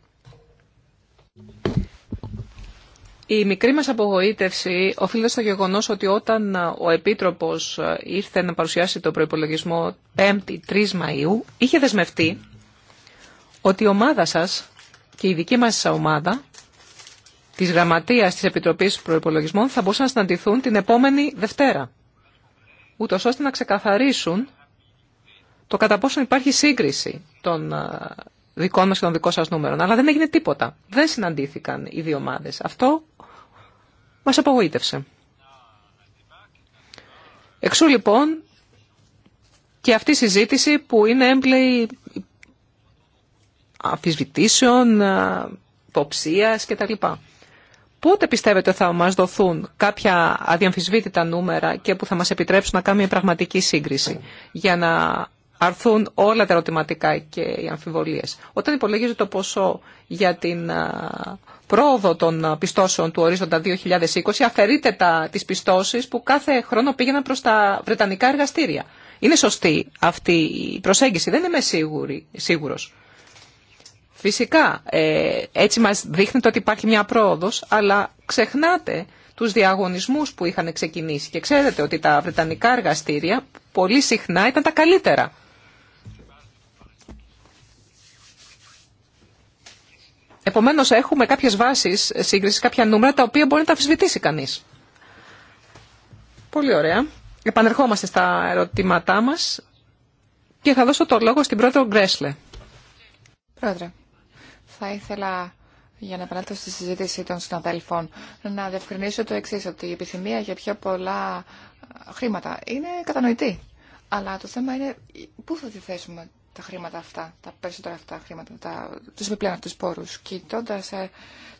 Η μικρή μας απογοήτευση οφείλεται στο γεγονός ότι όταν ο Επίτροπος ήρθε να παρουσιάσει το προϋπολογισμό 5η 3 Μαΐου, είχε δεσμευτεί ότι η ομάδα σας και η δική μας ομάδα της Γραμματείας της Επιτροπής Προϋπολογισμών θα μπορούσαν να συναντηθούν την επόμενη Δευτέρα, ούτως ώστε να ξεκαθαρίσουν το κατά πόσο υπάρχει σύγκριση των ε, δικών μας και των δικών σας νούμερων. Αλλά δεν έγινε τίποτα. Δεν συναντήθηκαν οι δύο ομάδες. Αυτό μας απογοήτευσε. Εξού λοιπόν και αυτή η συζήτηση που είναι έμπλεη αμφισβητήσεων, υποψία κτλ. Πότε πιστεύετε θα μας δοθούν κάποια αδιαμφισβήτητα νούμερα και που θα μας επιτρέψουν να κάνουμε μια πραγματική σύγκριση για να αρθούν όλα τα ερωτηματικά και οι αμφιβολίες. Όταν υπολογίζετε το ποσό για την πρόοδο των ε, πιστώσεων του ορίζοντα 2020, αφαιρείται τα, τις πιστώσεις που κάθε χρόνο πήγαιναν προς τα βρετανικά εργαστήρια. Είναι σωστή αυτή η προσέγγιση, δεν είμαι σίγουρη, σίγουρος. Φυσικά, ε, έτσι μας δείχνετε ότι υπάρχει μια πρόοδος, αλλά ξεχνάτε τους διαγωνισμούς που είχαν ξεκινήσει. Και ξέρετε ότι τα βρετανικά εργαστήρια πολύ συχνά ήταν τα καλύτερα Επομένω, έχουμε κάποιε βάσει σύγκριση, κάποια νούμερα τα οποία μπορεί να τα αμφισβητήσει κανεί. Πολύ ωραία. Επανερχόμαστε στα ερωτήματά μα και θα δώσω το λόγο στην πρόεδρο Γκρέσλε. Πρόεδρε, θα ήθελα για να επανέλθω στη συζήτηση των συναδέλφων να διευκρινίσω το εξή, ότι η επιθυμία για πιο πολλά χρήματα είναι κατανοητή. Αλλά το θέμα είναι πού θα τη θέσουμε τα χρήματα αυτά, τα περισσότερα αυτά χρήματα, τα, τους επιπλέον αυτούς πόρους, κοιτώντας ε,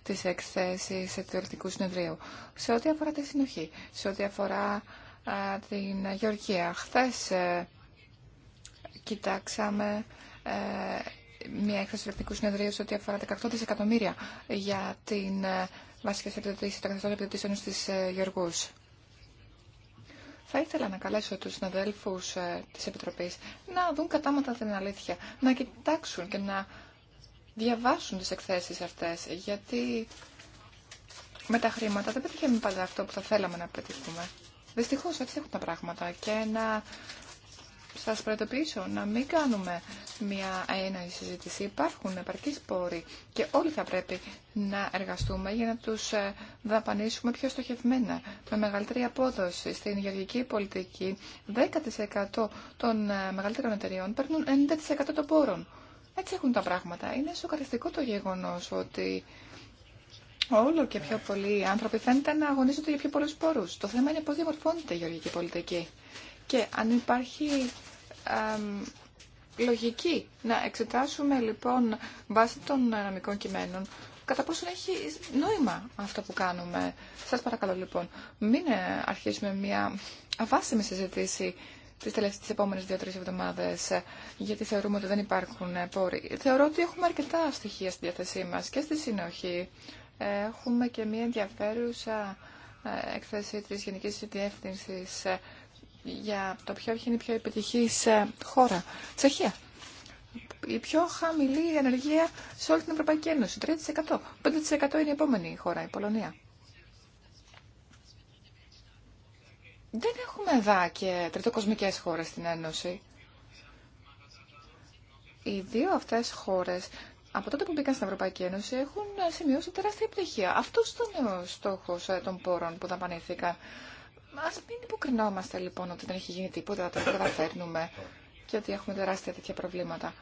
τις εκθέσεις του θεωρητικού συνεδρίου, σε ό,τι αφορά τη συνοχή, σε ό,τι αφορά την Γεωργία. Χθες ε, κοιτάξαμε ε, μια έκθεση του Εθνικού Συνεδρίου σε ό,τι αφορά 18 δισεκατομμύρια για την ε, βασική επιδοτήση των καθεστών επιδοτήσεων στι Γεωργού. Θα ήθελα να καλέσω τους συναδέλφους ε, της Επιτροπής να δουν κατάματα την αλήθεια, να κοιτάξουν και να διαβάσουν τις εκθέσεις αυτές, γιατί με τα χρήματα δεν πετύχαμε πάντα αυτό που θα θέλαμε να πετύχουμε. Δυστυχώς έτσι έχουν τα πράγματα και να σας προειδοποιήσω να μην κάνουμε μια έννοια συζήτηση. Υπάρχουν επαρκή πόροι και όλοι θα πρέπει να εργαστούμε για να τους ε, δαπανίσουμε πιο στοχευμένα. Με μεγαλύτερη απόδοση στην γεωργική πολιτική, 10% των ε, μεγαλύτερων εταιριών παίρνουν 90% των πόρων. Έτσι έχουν τα πράγματα. Είναι σοκαριστικό το γεγονός ότι όλο και πιο πολλοί άνθρωποι φαίνεται να αγωνίζονται για πιο πολλούς πόρους. Το θέμα είναι πώς διαμορφώνεται η γεωργική πολιτική. Και αν υπάρχει λογική. Να εξετάσουμε λοιπόν βάσει των νομικών κειμένων κατά πόσο έχει νόημα αυτό που κάνουμε. Σας παρακαλώ λοιπόν μην ε, αρχίσουμε μια αβάσιμη συζήτηση τις, τελευταίες, τις επόμενες δύο-τρεις εβδομάδες ε, γιατί θεωρούμε ότι δεν υπάρχουν ε, πόροι. Θεωρώ ότι έχουμε αρκετά στοιχεία στη διάθεσή μας και στη συνοχή. Έχουμε και μια ενδιαφέρουσα έκθεση της Γενικής Διεύθυνσης για το ποιο είναι η πιο επιτυχής ε, χώρα. Τσεχία. Η πιο χαμηλή ενεργεια σε όλη την Ευρωπαϊκή Ένωση. 3%. 5% είναι η επόμενη χώρα, η Πολωνία. Δεν έχουμε εδώ και τριτοκοσμικές χώρες στην Ένωση. Οι δύο αυτές χώρες από τότε που μπήκαν στην Ευρωπαϊκή Ένωση έχουν σημειώσει τεράστια επιτυχία. Αυτό ήταν ο στόχο ε, των πόρων που δαπανήθηκαν Α μην υποκρινόμαστε λοιπόν ότι δεν έχει γίνει τίποτα, ότι δεν καταφέρνουμε και ότι έχουμε τεράστια τέτοια προβλήματα.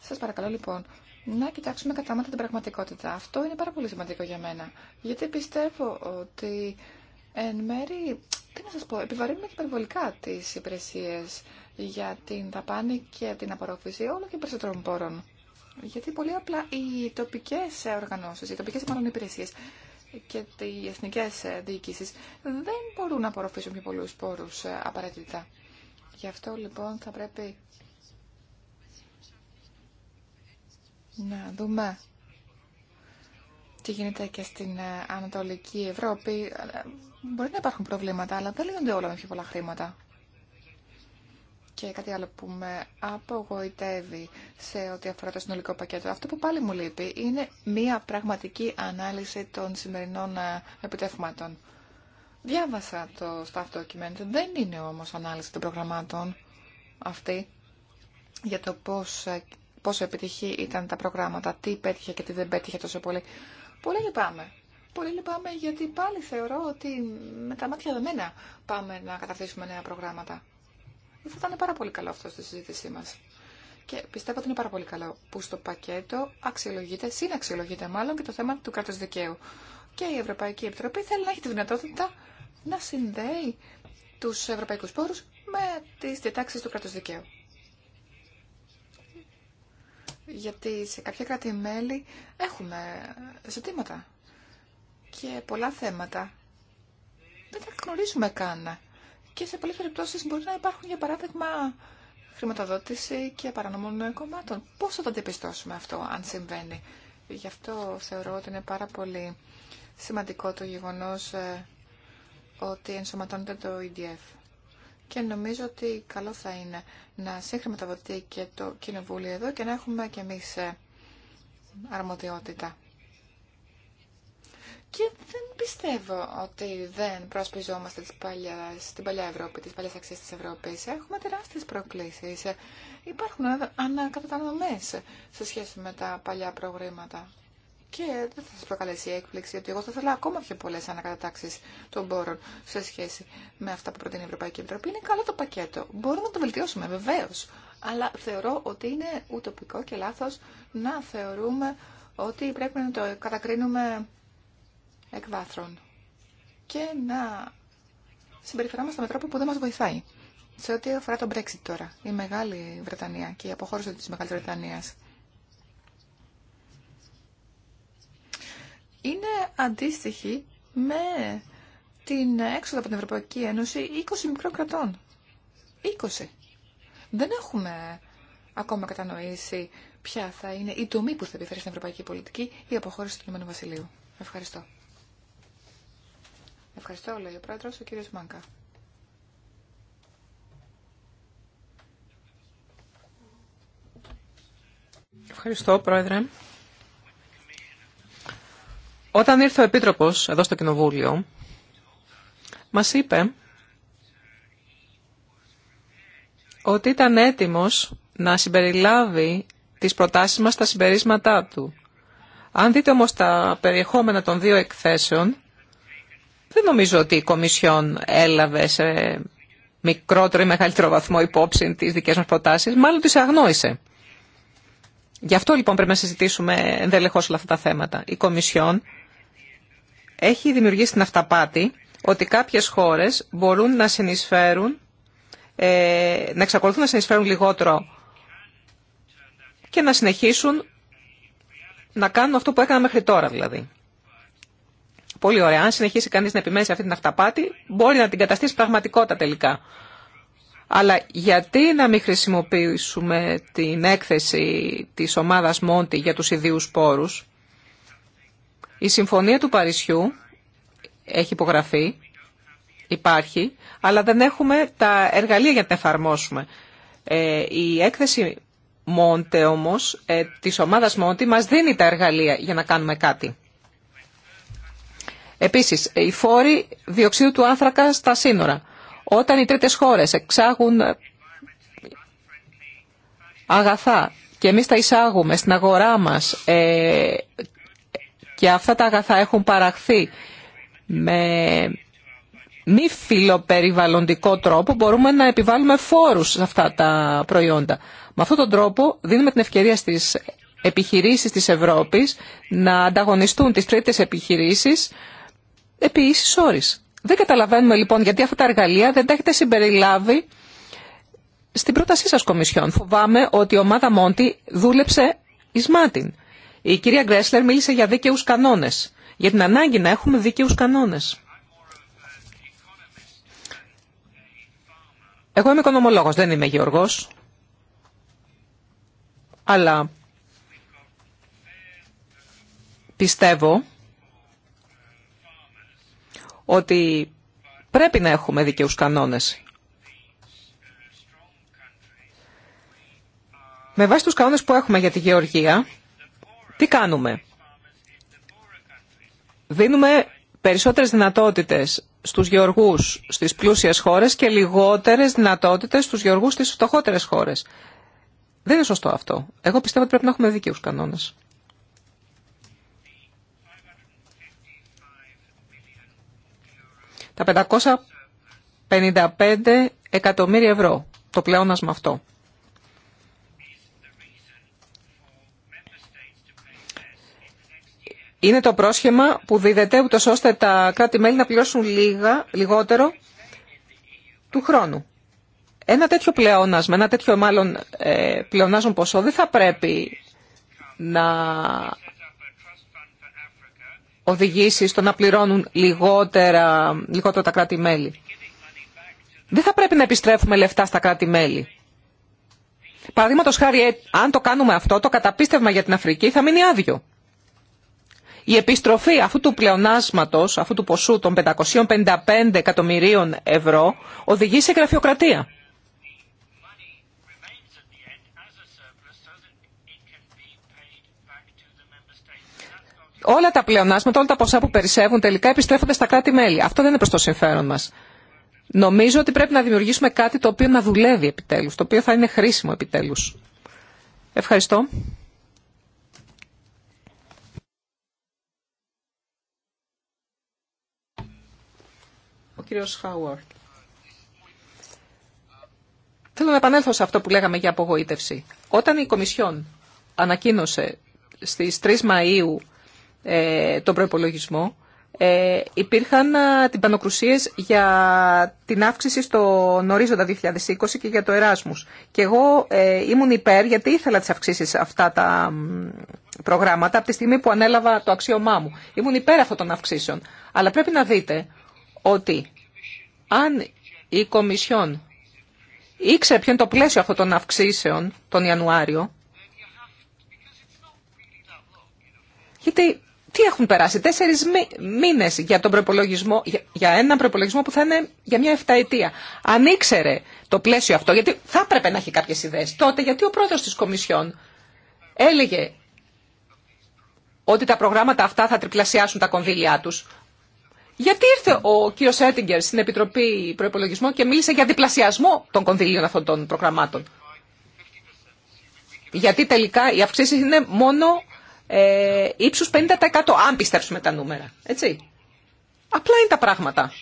Σα παρακαλώ λοιπόν να κοιτάξουμε κατάματα την πραγματικότητα. Αυτό είναι πάρα πολύ σημαντικό για μένα. Γιατί πιστεύω ότι εν μέρη, τι να σα πω, επιβαρύνουμε και υπερβολικά τι υπηρεσίε για την δαπάνη και την απορρόφηση όλων και περισσότερων πόρων. Γιατί πολύ απλά οι τοπικέ οργανώσει, οι τοπικέ μάλλον υπηρεσίε και οι εθνικές ε, διοίκησει δεν μπορούν να απορροφήσουν πιο πολλού πόρου ε, απαραίτητα. Γι' αυτό λοιπόν θα πρέπει να δούμε τι γίνεται και στην ε, Ανατολική Ευρώπη. Μπορεί να υπάρχουν προβλήματα, αλλά δεν λύνονται όλα με πιο πολλά χρήματα. Και κάτι άλλο που με απογοητεύει σε ό,τι αφορά το συνολικό πακέτο. Αυτό που πάλι μου λείπει είναι μία πραγματική ανάλυση των σημερινών ε, επιτεύγματων. Διάβασα το staff document, δεν είναι όμως ανάλυση των προγραμμάτων αυτή για το πώς, ε, πόσο επιτυχή ήταν τα προγράμματα, τι πέτυχε και τι δεν πέτυχε τόσο πολύ. Πολύ λυπάμαι. Πολύ λυπάμαι γιατί πάλι θεωρώ ότι με τα μάτια δεμένα πάμε να καταθέσουμε νέα προγράμματα. Θα ήταν πάρα πολύ καλό αυτό στη συζήτησή μα. Και πιστεύω ότι είναι πάρα πολύ καλό που στο πακέτο αξιολογείται, συναξιολογείται μάλλον και το θέμα του κράτους δικαίου. Και η Ευρωπαϊκή Επιτροπή θέλει να έχει τη δυνατότητα να συνδέει τους ευρωπαϊκούς πόρους με τις διατάξει του κράτους δικαίου. Γιατί σε κάποια κράτη-μέλη έχουμε ζητήματα και πολλά θέματα. Δεν τα γνωρίζουμε καν και σε πολλές περιπτώσεις μπορεί να υπάρχουν, για παράδειγμα, χρηματοδότηση και παρανομών κομμάτων. Πώς θα το αντιπιστώσουμε αυτό, αν συμβαίνει. Γι' αυτό θεωρώ ότι είναι πάρα πολύ σημαντικό το γεγονός ε, ότι ενσωματώνεται το EDF. Και νομίζω ότι καλό θα είναι να συγχρηματοδοτεί και το Κοινοβούλιο εδώ και να έχουμε και εμείς ε, αρμοδιότητα. Και δεν πιστεύω ότι δεν προσπιζόμαστε τις παλιές, την παλιά Ευρώπη, τις παλιές αξίες της Ευρώπης. Έχουμε τεράστιες προκλήσεις. Υπάρχουν ανακατανομές σε σχέση με τα παλιά προγράμματα. Και δεν θα σα προκαλέσει η έκπληξη ότι εγώ θα ήθελα ακόμα πιο πολλέ ανακατατάξει των πόρων σε σχέση με αυτά που προτείνει η Ευρωπαϊκή Επιτροπή. Είναι καλό το πακέτο. Μπορούμε να το βελτιώσουμε βεβαίω. Αλλά θεωρώ ότι είναι ουτοπικό και λάθο να θεωρούμε ότι πρέπει να το κατακρίνουμε Εκβάθρων και να συμπεριφερόμαστε με τρόπο που δεν μας βοηθάει. Σε ό,τι αφορά το Brexit τώρα, η Μεγάλη Βρετανία και η αποχώρηση της μεγάλη Βρετανία. Είναι αντίστοιχη με την έξοδο από την Ευρωπαϊκή Ένωση 20 μικρών κρατών. 20. Δεν έχουμε ακόμα κατανοήσει ποια θα είναι η τομή που θα επιφέρει στην ευρωπαϊκή πολιτική η αποχώρηση του Ηνωμένου Βασιλείου. Ευχαριστώ. Ευχαριστώ, λέει ο πρόεδρος, ο κύριος Μάνκα. Ευχαριστώ, πρόεδρε. Όταν ήρθε ο Επίτροπος εδώ στο Κοινοβούλιο, μας είπε ότι ήταν έτοιμος να συμπεριλάβει τις προτάσεις μας στα συμπερίσματά του. Αν δείτε όμως τα περιεχόμενα των δύο εκθέσεων, δεν νομίζω ότι η Κομισιόν έλαβε σε μικρότερο ή μεγαλύτερο βαθμό υπόψη τις δικές μας προτάσεις, μάλλον τις αγνόησε. Γι' αυτό λοιπόν πρέπει να συζητήσουμε ενδελεχώς όλα αυτά τα θέματα. Η Κομισιόν έχει δημιουργήσει την αυταπάτη ότι κάποιες χώρες μπορούν να συνεισφέρουν, ε, να εξακολουθούν να συνεισφέρουν λιγότερο και να συνεχίσουν να κάνουν αυτό που έκαναν μέχρι τώρα δηλαδή. Πολύ ωραία. Αν συνεχίσει κανείς να επιμένει σε αυτή την αυταπάτη, μπορεί να την καταστήσει πραγματικότητα τελικά. Αλλά γιατί να μην χρησιμοποιήσουμε την έκθεση της ομάδας Μόντι για τους ιδίους πόρους. Η Συμφωνία του Παρισιού έχει υπογραφεί, υπάρχει, αλλά δεν έχουμε τα εργαλεία για να την εφαρμόσουμε. Ε, η έκθεση Μόντε όμως, ε, της ομάδας Μόντι, μας δίνει τα εργαλεία για να κάνουμε κάτι. Επίσης, οι φόροι διοξείδου του άνθρακα στα σύνορα. Όταν οι τρίτες χώρες εξάγουν ε, αγαθά και εμείς τα εισάγουμε στην αγορά μας ε, και αυτά τα αγαθά έχουν παραχθεί με μη φιλοπεριβαλλοντικό τρόπο μπορούμε να επιβάλλουμε φόρους σε αυτά τα προϊόντα. Με αυτόν τον τρόπο δίνουμε την ευκαιρία στις επιχειρήσεις της Ευρώπης να ανταγωνιστούν τις τρίτες επιχειρήσεις επί ίσης Δεν καταλαβαίνουμε λοιπόν γιατί αυτά τα εργαλεία δεν τα έχετε συμπεριλάβει στην πρότασή σας Κομισιόν. Φοβάμαι ότι η ομάδα Μόντι δούλεψε ει μάτιν. Η κυρία Γκρέσλερ μίλησε για δίκαιου κανόνε. για την ανάγκη να έχουμε δίκαιους κανόνε. Εγώ είμαι οικονομολόγο, δεν είμαι γεωργό. Αλλά πιστεύω ότι πρέπει να έχουμε δικαιούς κανόνες. Με βάση τους κανόνες που έχουμε για τη γεωργία, τι κάνουμε. Δίνουμε περισσότερες δυνατότητες στους γεωργούς στις πλούσιες χώρες και λιγότερες δυνατότητες στους γεωργούς στις φτωχότερες χώρες. Δεν είναι σωστό αυτό. Εγώ πιστεύω ότι πρέπει να έχουμε δικαίους κανόνες. τα 555 εκατομμύρια ευρώ, το πλεόνασμα αυτό. Είναι το πρόσχημα που δίδεται ούτως ώστε τα κράτη-μέλη να πληρώσουν λίγα, λιγότερο του χρόνου. Ένα τέτοιο πλεόνασμα, ένα τέτοιο μάλλον ε, πλεονάζον ποσό δεν θα πρέπει να οδηγήσει στο να πληρώνουν λιγότερα, λιγότερα τα κράτη-μέλη. Δεν θα πρέπει να επιστρέφουμε λεφτά στα κράτη-μέλη. Παραδείγματο χάρη, ε, αν το κάνουμε αυτό, το καταπίστευμα για την Αφρική θα μείνει άδειο. Η επιστροφή αυτού του πλεονάσματος, αυτού του ποσού των 555 εκατομμυρίων ευρώ, οδηγεί σε γραφειοκρατία. όλα τα πλεονάσματα, όλα τα ποσά που περισσεύουν τελικά επιστρέφονται στα κράτη-μέλη. Αυτό δεν είναι προ το συμφέρον μα. Νομίζω ότι πρέπει να δημιουργήσουμε κάτι το οποίο να δουλεύει επιτέλου, το οποίο θα είναι χρήσιμο επιτέλου. Ευχαριστώ. Ο κύριος Χάουαρτ. Θέλω να επανέλθω σε αυτό που λέγαμε για απογοήτευση. Όταν η Κομισιόν ανακοίνωσε στις 3 Μαΐου ε, τον προπολογισμό, ε, υπήρχαν τυμπανοκρουσίες για την αύξηση στο νορίζοντα 2020 και για το Εράσμους. Και εγώ ε, ήμουν υπέρ γιατί ήθελα τις αυξήσεις αυτά τα προγράμματα από τη στιγμή που ανέλαβα το αξίωμά μου. Ήμουν υπέρ αυτών των αυξήσεων. Αλλά πρέπει να δείτε ότι αν η Κομισιόν ήξερε ποιο είναι το πλαίσιο αυτών των αυξήσεων τον Ιανουάριο, γιατί τι έχουν περάσει, τέσσερις μήνες για, τον προπολογισμό, για έναν προπολογισμό που θα είναι για μια εφταετία. Αν ήξερε το πλαίσιο αυτό, γιατί θα έπρεπε να έχει κάποιες ιδέες τότε, γιατί ο πρόεδρος της Κομισιόν έλεγε ότι τα προγράμματα αυτά θα τριπλασιάσουν τα κονδύλια τους. Γιατί ήρθε ο κύριο Έτιγκερ στην Επιτροπή Προπολογισμού και μίλησε για διπλασιασμό των κονδυλίων αυτών των προγραμμάτων. Γιατί τελικά οι αυξήσει είναι μόνο ε, ύψους 50% αν πιστέψουμε τα νούμερα. Έτσι. Απλά είναι τα πράγματα.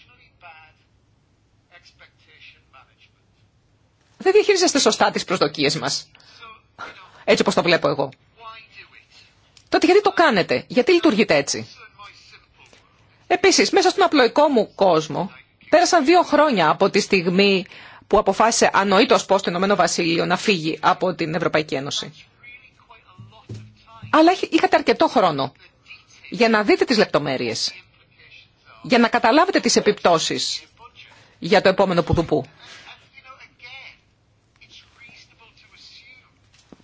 Δεν διαχείριζεστε σωστά τις προσδοκίες μας. Έτσι όπως το βλέπω εγώ. Τότε γιατί το κάνετε, γιατί λειτουργείτε έτσι. Επίσης, μέσα στον απλοϊκό μου κόσμο, πέρασαν δύο χρόνια από τη στιγμή που αποφάσισε ανοήτως πώς το Ηνωμένο Βασίλειο να φύγει από την Ευρωπαϊκή Ένωση αλλά είχατε αρκετό χρόνο για να δείτε τις λεπτομέρειες, για να καταλάβετε τις επιπτώσεις για το επόμενο πουδουπού.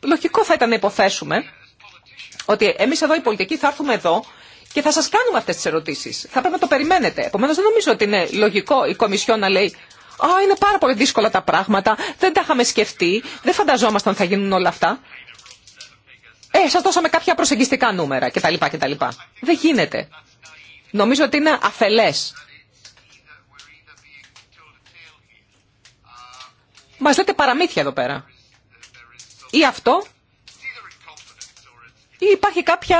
Λογικό θα ήταν να υποθέσουμε ότι εμείς εδώ οι πολιτικοί θα έρθουμε εδώ και θα σας κάνουμε αυτές τις ερωτήσεις. Θα πρέπει να το περιμένετε. Επομένως δεν νομίζω ότι είναι λογικό η Κομισιό να λέει «Α, είναι πάρα πολύ δύσκολα τα πράγματα, δεν τα είχαμε σκεφτεί, δεν φανταζόμασταν θα γίνουν όλα αυτά». Ε, σα δώσαμε κάποια προσεγγιστικά νούμερα κτλ. κτλ. Δεν γίνεται. Νομίζω ότι είναι αφελές. Μα λέτε παραμύθια εδώ πέρα. Ή αυτό, ή υπάρχει κάποια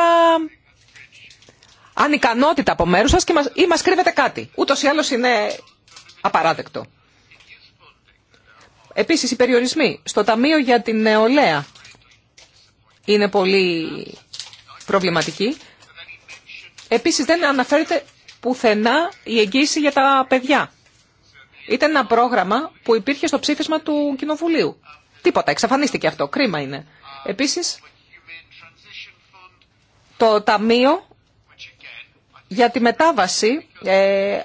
ανικανότητα από μέρους σας και μας, ή μας κρύβεται κάτι. Ούτως ή άλλως είναι απαράδεκτο. Επίσης, οι περιορισμοί στο Ταμείο για την Νεολαία είναι πολύ προβληματική. Επίσης δεν αναφέρεται πουθενά η εγγύηση για τα παιδιά. Ήταν ένα πρόγραμμα που υπήρχε στο ψήφισμα του Κοινοβουλίου. Τίποτα, εξαφανίστηκε αυτό, κρίμα είναι. Επίσης, το Ταμείο για τη μετάβαση ε,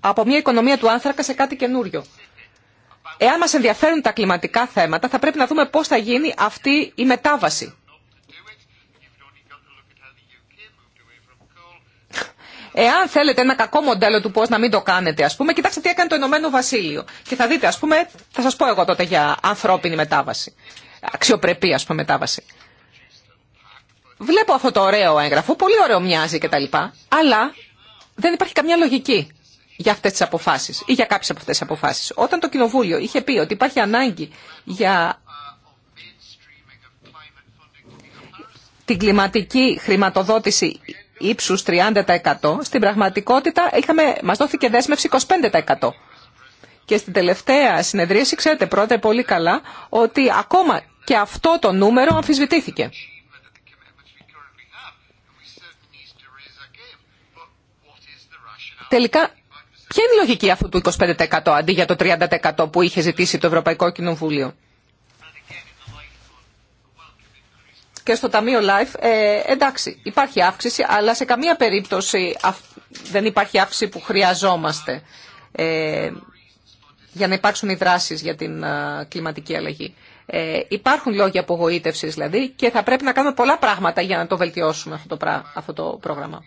από μια οικονομία του άνθρακα σε κάτι καινούριο. Εάν μας ενδιαφέρουν τα κλιματικά θέματα, θα πρέπει να δούμε πώς θα γίνει αυτή η μετάβαση. Εάν θέλετε ένα κακό μοντέλο του πώς να μην το κάνετε, ας πούμε, κοιτάξτε τι έκανε το Ηνωμένο Βασίλειο. Και θα δείτε, ας πούμε, θα σας πω εγώ τότε για ανθρώπινη μετάβαση. Αξιοπρεπή, ας πούμε, μετάβαση. Βλέπω αυτό το ωραίο έγγραφο, πολύ ωραίο μοιάζει κτλ. Αλλά δεν υπάρχει καμιά λογική για αυτές τις αποφάσεις ή για κάποιες από αυτές τις αποφάσεις. Όταν το Κοινοβούλιο είχε πει ότι υπάρχει ανάγκη για την κλιματική χρηματοδότηση ύψου 30%, στην πραγματικότητα είχαμε, μας δόθηκε δέσμευση 25%. Και στην τελευταία συνεδρίαση, ξέρετε πρώτα πολύ καλά, ότι ακόμα και αυτό το νούμερο αμφισβητήθηκε. Τελικά Ποια είναι η λογική αυτού του 25% αντί για το 30% που είχε ζητήσει το Ευρωπαϊκό Κοινοβούλιο. Και στο Ταμείο Life, ε, εντάξει, υπάρχει αύξηση, αλλά σε καμία περίπτωση δεν υπάρχει αύξηση που χρειαζόμαστε ε, για να υπάρξουν οι δράσεις για την κλιματική αλλαγή. Ε, υπάρχουν λόγια απογοήτευσης δηλαδή και θα πρέπει να κάνουμε πολλά πράγματα για να το βελτιώσουμε αυτό το, αυτό το πρόγραμμα.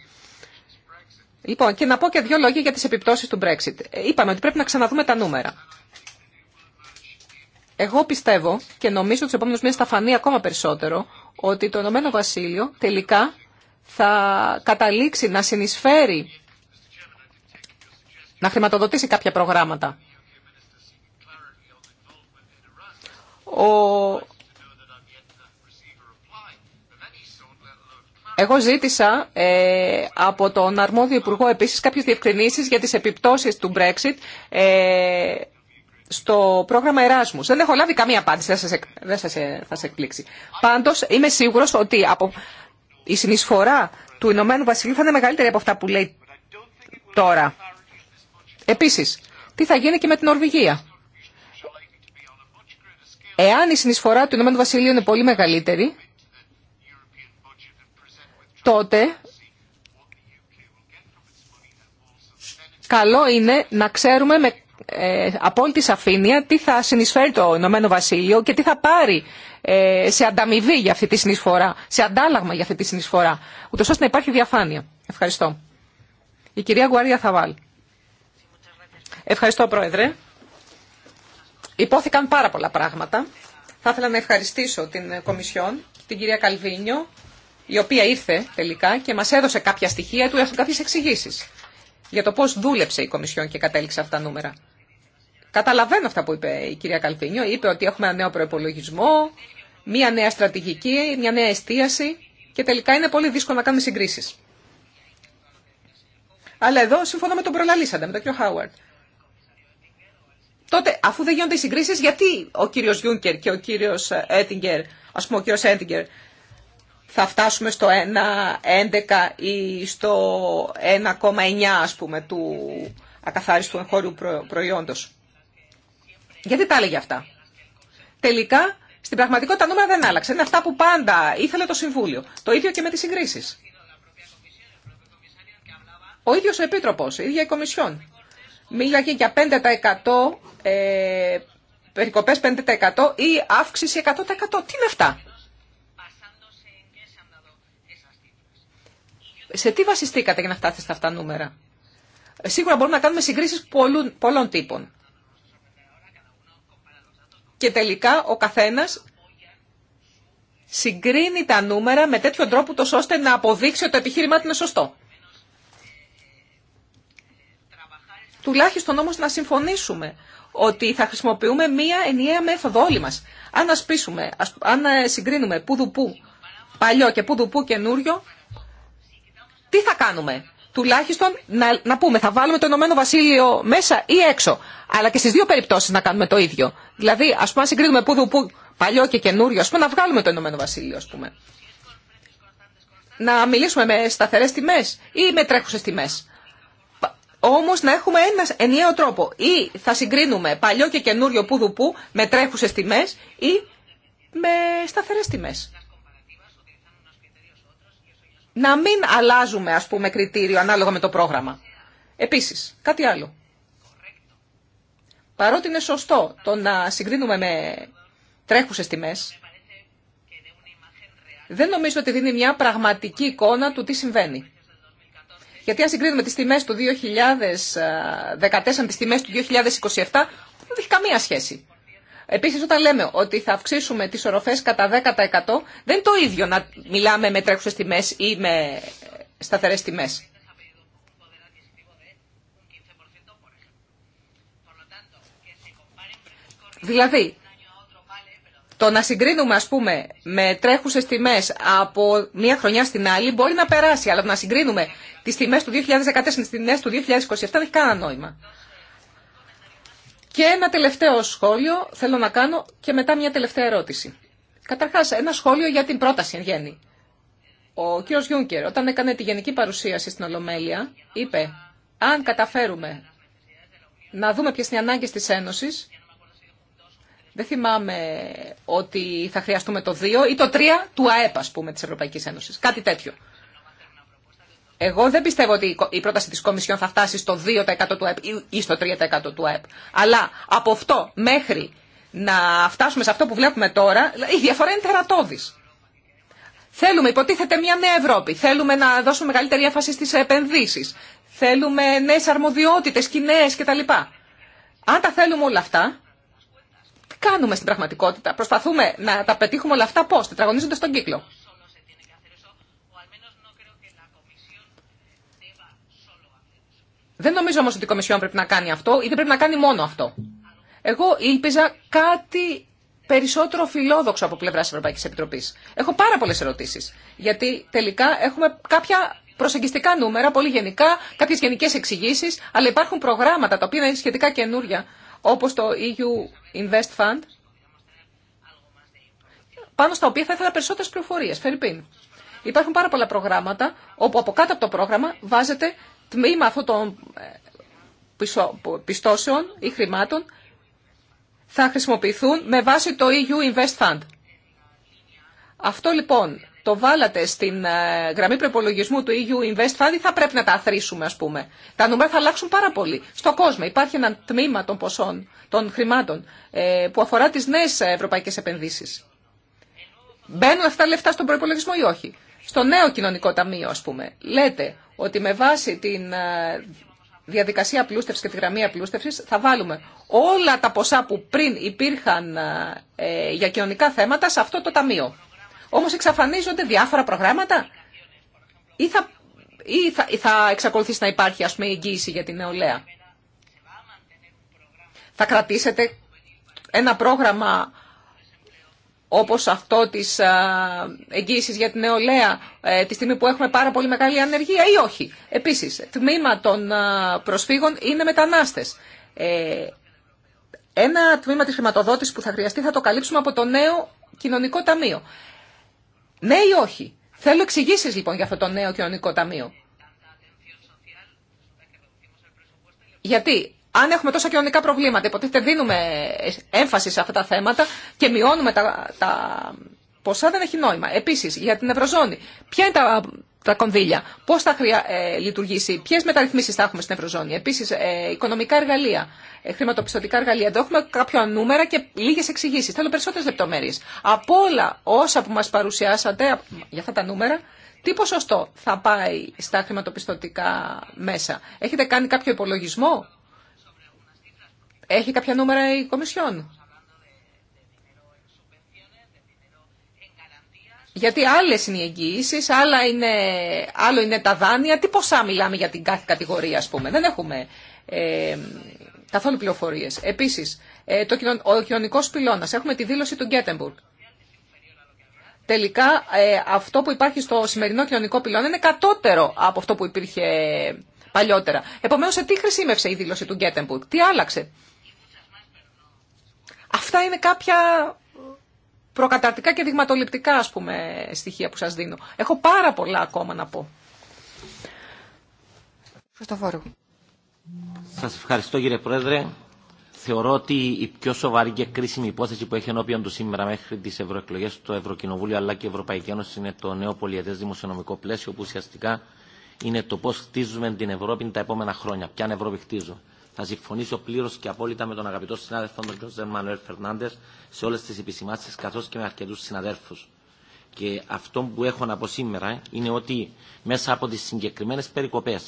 Λοιπόν, και να πω και δύο λόγια για τις επιπτώσεις του Brexit. Ε, είπαμε ότι πρέπει να ξαναδούμε τα νούμερα. Εγώ πιστεύω και νομίζω ότι του επόμενου μήνε θα φανεί ακόμα περισσότερο ότι το Ηνωμένο Βασίλειο τελικά θα καταλήξει να συνεισφέρει να χρηματοδοτήσει κάποια προγράμματα. Ο Εγώ ζήτησα ε, από τον αρμόδιο υπουργό επίσης κάποιες διευκρινήσεις για τις επιπτώσεις του Brexit ε, στο πρόγραμμα Εράσμους. Δεν έχω λάβει καμία απάντηση, δεν σας, σας ε, θα σε εκπλήξει. Πάντως είμαι σίγουρος ότι από, η συνεισφορά του Ηνωμένου Βασιλείου θα είναι μεγαλύτερη από αυτά που λέει τώρα. Επίσης, τι θα γίνει και με την Ορβηγία. Εάν η συνεισφορά του Ηνωμένου Βασιλείου είναι πολύ μεγαλύτερη, τότε καλό είναι να ξέρουμε με ε, απόλυτη σαφήνεια τι θα συνεισφέρει το Ηνωμένο Βασίλειο και τι θα πάρει ε, σε ανταμοιβή για αυτή τη συνεισφορά, σε αντάλλαγμα για αυτή τη συνεισφορά, ούτως ώστε να υπάρχει διαφάνεια. Ευχαριστώ. Η κυρία Γουαρία Θαβάλ. Ευχαριστώ, Πρόεδρε. Υπόθηκαν πάρα πολλά πράγματα. Θα ήθελα να ευχαριστήσω την Κομισιόν, την κυρία Καλβίνιο, η οποία ήρθε τελικά και μας έδωσε κάποια στοιχεία, του τουλάχιστον κάποιες εξηγήσεις για το πώς δούλεψε η Κομισιόν και κατέληξε αυτά τα νούμερα. Καταλαβαίνω αυτά που είπε η κυρία Καλφίνιο. Είπε ότι έχουμε ένα νέο προπολογισμό, μια νέα στρατηγική, μια νέα εστίαση και τελικά είναι πολύ δύσκολο να κάνουμε συγκρίσεις. Αλλά εδώ συμφωνώ με τον προλαλήσαντα, με τον κύριο Χάουαρντ. Τότε, αφού δεν γίνονται οι συγκρίσει, γιατί ο κύριο Γιούνκερ και ο κύριο Έτιγκερ, α πούμε ο κύριο Έτιγκερ, θα φτάσουμε στο 1,11 ή στο 1,9 ας πούμε του ακαθάριστου εγχώριου προϊόντος. Γιατί τα έλεγε αυτά. Τελικά, στην πραγματικότητα τα νούμερα δεν άλλαξε. Είναι αυτά που πάντα ήθελε το Συμβούλιο. Το ίδιο και με τις συγκρίσεις. Ο ίδιος ο Επίτροπος, η ίδια η Κομισιόν. Μίλαγε για 5% ε, περικοπές 5% ή αύξηση 100%. Τι είναι αυτά. σε τι βασιστήκατε για να φτάσετε σε αυτά τα νούμερα. Σίγουρα μπορούμε να κάνουμε συγκρίσεις πολλών, τύπων. Και τελικά ο καθένας συγκρίνει τα νούμερα με τέτοιο τρόπο τόσο ώστε να αποδείξει ότι το επιχείρημά του είναι σωστό. Τουλάχιστον όμως να συμφωνήσουμε ότι θα χρησιμοποιούμε μία ενιαία μέθοδο όλοι μας. Αν ασπίσουμε, αν ε, συγκρίνουμε πού παλιό και πού καινούριο, τι θα κάνουμε. Τουλάχιστον να, να πούμε, θα βάλουμε το Ηνωμένο Βασίλειο μέσα ή έξω. Αλλά και στι δύο περιπτώσει να κάνουμε το ίδιο. Δηλαδή, α πούμε, αν συγκρίνουμε πού, πού, παλιό και καινούριο, α πούμε, να βγάλουμε το Ηνωμένο Βασίλειο, α πούμε. Να μιλήσουμε με σταθερέ τιμέ ή με τρέχουσε τιμέ. Όμω να έχουμε ένα ενιαίο τρόπο. Ή θα συγκρίνουμε παλιό και καινούριο πού με τρέχουσε τιμέ ή με σταθερέ τιμέ να μην αλλάζουμε, ας πούμε, κριτήριο ανάλογα με το πρόγραμμα. Επίσης, κάτι άλλο. Παρότι είναι σωστό το να συγκρίνουμε με τρέχουσες τιμές, δεν νομίζω ότι δίνει μια πραγματική εικόνα του τι συμβαίνει. Γιατί αν συγκρίνουμε τις τιμές του 2014 με τις τιμές του 2027, δεν έχει καμία σχέση. Επίση, όταν λέμε ότι θα αυξήσουμε τι οροφέ κατά 10%, δεν είναι το ίδιο να μιλάμε με τρέχουσε τιμέ ή με σταθερέ τιμέ. Δηλαδή, το να συγκρίνουμε, ας πούμε, με τρέχουσες τιμές από μία χρονιά στην άλλη μπορεί να περάσει, αλλά να συγκρίνουμε τις τιμές του 2014 με τις τιμές του 2027 δεν έχει κανένα νόημα. Και ένα τελευταίο σχόλιο θέλω να κάνω και μετά μια τελευταία ερώτηση. Καταρχάς, ένα σχόλιο για την πρόταση εν γέννη. Ο κ. Γιούνκερ, όταν έκανε τη γενική παρουσίαση στην Ολομέλεια, είπε, αν καταφέρουμε να δούμε ποιες είναι οι ανάγκες της Ένωσης, δεν θυμάμαι ότι θα χρειαστούμε το 2 ή το 3 του ΑΕΠ, ας πούμε, της Ευρωπαϊκής Ένωσης. Κάτι τέτοιο. Εγώ δεν πιστεύω ότι η πρόταση της Κομισιόν θα φτάσει στο 2% του ΕΠ ή στο 3% του ΕΠ. Αλλά από αυτό μέχρι να φτάσουμε σε αυτό που βλέπουμε τώρα, η διαφορά είναι τερατώδης. Θέλουμε, υποτίθεται, μια νέα Ευρώπη. Θέλουμε να δώσουμε μεγαλύτερη έμφαση στις επενδύσεις. Θέλουμε νέες αρμοδιότητες, κοινέ κτλ. Αν τα θέλουμε όλα αυτά, τι κάνουμε στην πραγματικότητα. Προσπαθούμε να τα πετύχουμε όλα αυτά πώς, τετραγωνίζοντας τον κύκλο. Δεν νομίζω όμω ότι η Κομισιόν πρέπει να κάνει αυτό ή δεν πρέπει να κάνει μόνο αυτό. Εγώ ήλπιζα κάτι περισσότερο φιλόδοξο από πλευρά τη Ευρωπαϊκή Επιτροπή. Έχω πάρα πολλέ ερωτήσει. Γιατί τελικά έχουμε κάποια προσεγγιστικά νούμερα, πολύ γενικά, κάποιε γενικέ εξηγήσει, αλλά υπάρχουν προγράμματα τα οποία είναι σχετικά καινούρια, όπω το EU Invest Fund, πάνω στα οποία θα ήθελα περισσότερε πληροφορίε. Υπάρχουν πάρα πολλά προγράμματα όπου από κάτω από το πρόγραμμα βάζεται τμήμα αυτών των ε, πιστώσεων ή χρημάτων θα χρησιμοποιηθούν με βάση το EU Invest Fund. Αυτό λοιπόν το βάλατε στην ε, γραμμή προπολογισμού του EU Invest Fund ή θα πρέπει να τα αθροίσουμε ας πούμε. Τα νούμερα θα αλλάξουν πάρα πολύ. Στο κόσμο υπάρχει ένα τμήμα των ποσών, των χρημάτων ε, που αφορά τις νέες ευρωπαϊκές επενδύσεις. Μπαίνουν αυτά τα λεφτά στον προπολογισμό ή όχι. Στο νέο κοινωνικό ταμείο ας πούμε. Λέτε ότι με βάση την ε, διαδικασία πλούστευσης και τη γραμμή απλούστευσης θα βάλουμε όλα τα ποσά που πριν υπήρχαν ε, ε, για κοινωνικά θέματα σε αυτό το ταμείο. Όμως εξαφανίζονται διάφορα προγράμματα ή θα, ή θα, ή θα εξακολουθήσει να υπάρχει ας πούμε, η θα η θα εξακολουθησει να υπαρχει ας πουμε εγγυηση για την νεολαία. Θα κρατήσετε ένα πρόγραμμα όπως αυτό της εγγύησης για την νεολαία ε, τη στιγμή που έχουμε πάρα πολύ μεγάλη ανεργία ή όχι. Επίσης, τμήμα των προσφύγων είναι μετανάστες. Ε, ένα τμήμα της χρηματοδότησης που θα χρειαστεί θα το καλύψουμε από το νέο κοινωνικό ταμείο. Ναι ή όχι. Θέλω εξηγήσει λοιπόν για αυτό το νέο κοινωνικό ταμείο. Γιατί αν έχουμε τόσα κοινωνικά προβλήματα, υποτίθεται δίνουμε έμφαση σε αυτά τα θέματα και μειώνουμε τα, τα ποσά, δεν έχει νόημα. Επίση, για την Ευρωζώνη, ποια είναι τα, τα κονδύλια, πώ θα ε, λειτουργήσει, ποιε μεταρρυθμίσει θα έχουμε στην Ευρωζώνη. Επίση, ε, οικονομικά εργαλεία, ε, χρηματοπιστωτικά εργαλεία. Εδώ έχουμε κάποια νούμερα και λίγε εξηγήσει. Θέλω περισσότερε λεπτομέρειε. Από όλα όσα που μα παρουσιάσατε για αυτά τα νούμερα, τι ποσοστό θα πάει στα χρηματοπιστωτικά μέσα. Έχετε κάνει κάποιο υπολογισμό έχει κάποια νούμερα η Κομισιόν. Γιατί άλλε είναι οι εγγυήσει, άλλο είναι τα δάνεια. Τι ποσά μιλάμε για την κάθε κατηγορία, α πούμε. Δεν έχουμε ε, καθόλου πληροφορίε. Επίση, ε, ο κοινωνικό πυλώνα. Έχουμε τη δήλωση του Γκέτεμπουργκ. Τελικά, ε, αυτό που υπάρχει στο σημερινό κοινωνικό πυλώνα είναι κατώτερο από αυτό που υπήρχε παλιότερα. Επομένω, σε τι χρησιμεύσε η δήλωση του Γκέτεμπουργκ, τι άλλαξε. Αυτά είναι κάποια προκαταρτικά και δειγματοληπτικά ας πούμε, στοιχεία που σας δίνω. Έχω πάρα πολλά ακόμα να πω. Χρυστοφόρου. Σας ευχαριστώ κύριε Πρόεδρε. Θεωρώ ότι η πιο σοβαρή και κρίσιμη υπόθεση που έχει ενώπιον του σήμερα μέχρι τι ευρωεκλογέ στο Ευρωκοινοβούλιο αλλά και η Ευρωπαϊκή Ένωση είναι το νέο πολιετέ δημοσιονομικό πλαίσιο που ουσιαστικά είναι το πώ χτίζουμε την Ευρώπη τα επόμενα χρόνια. Ποια Ευρώπη χτίζουμε. Θα συμφωνήσω πλήρω και απόλυτα με τον αγαπητό συνάδελφο τον κ. Μανουέλ Φερνάντε σε όλε τι επισημάνσει καθώ και με αρκετού συναδέλφου. Και αυτό που έχω να πω σήμερα είναι ότι μέσα από τι συγκεκριμένε περικοπέ,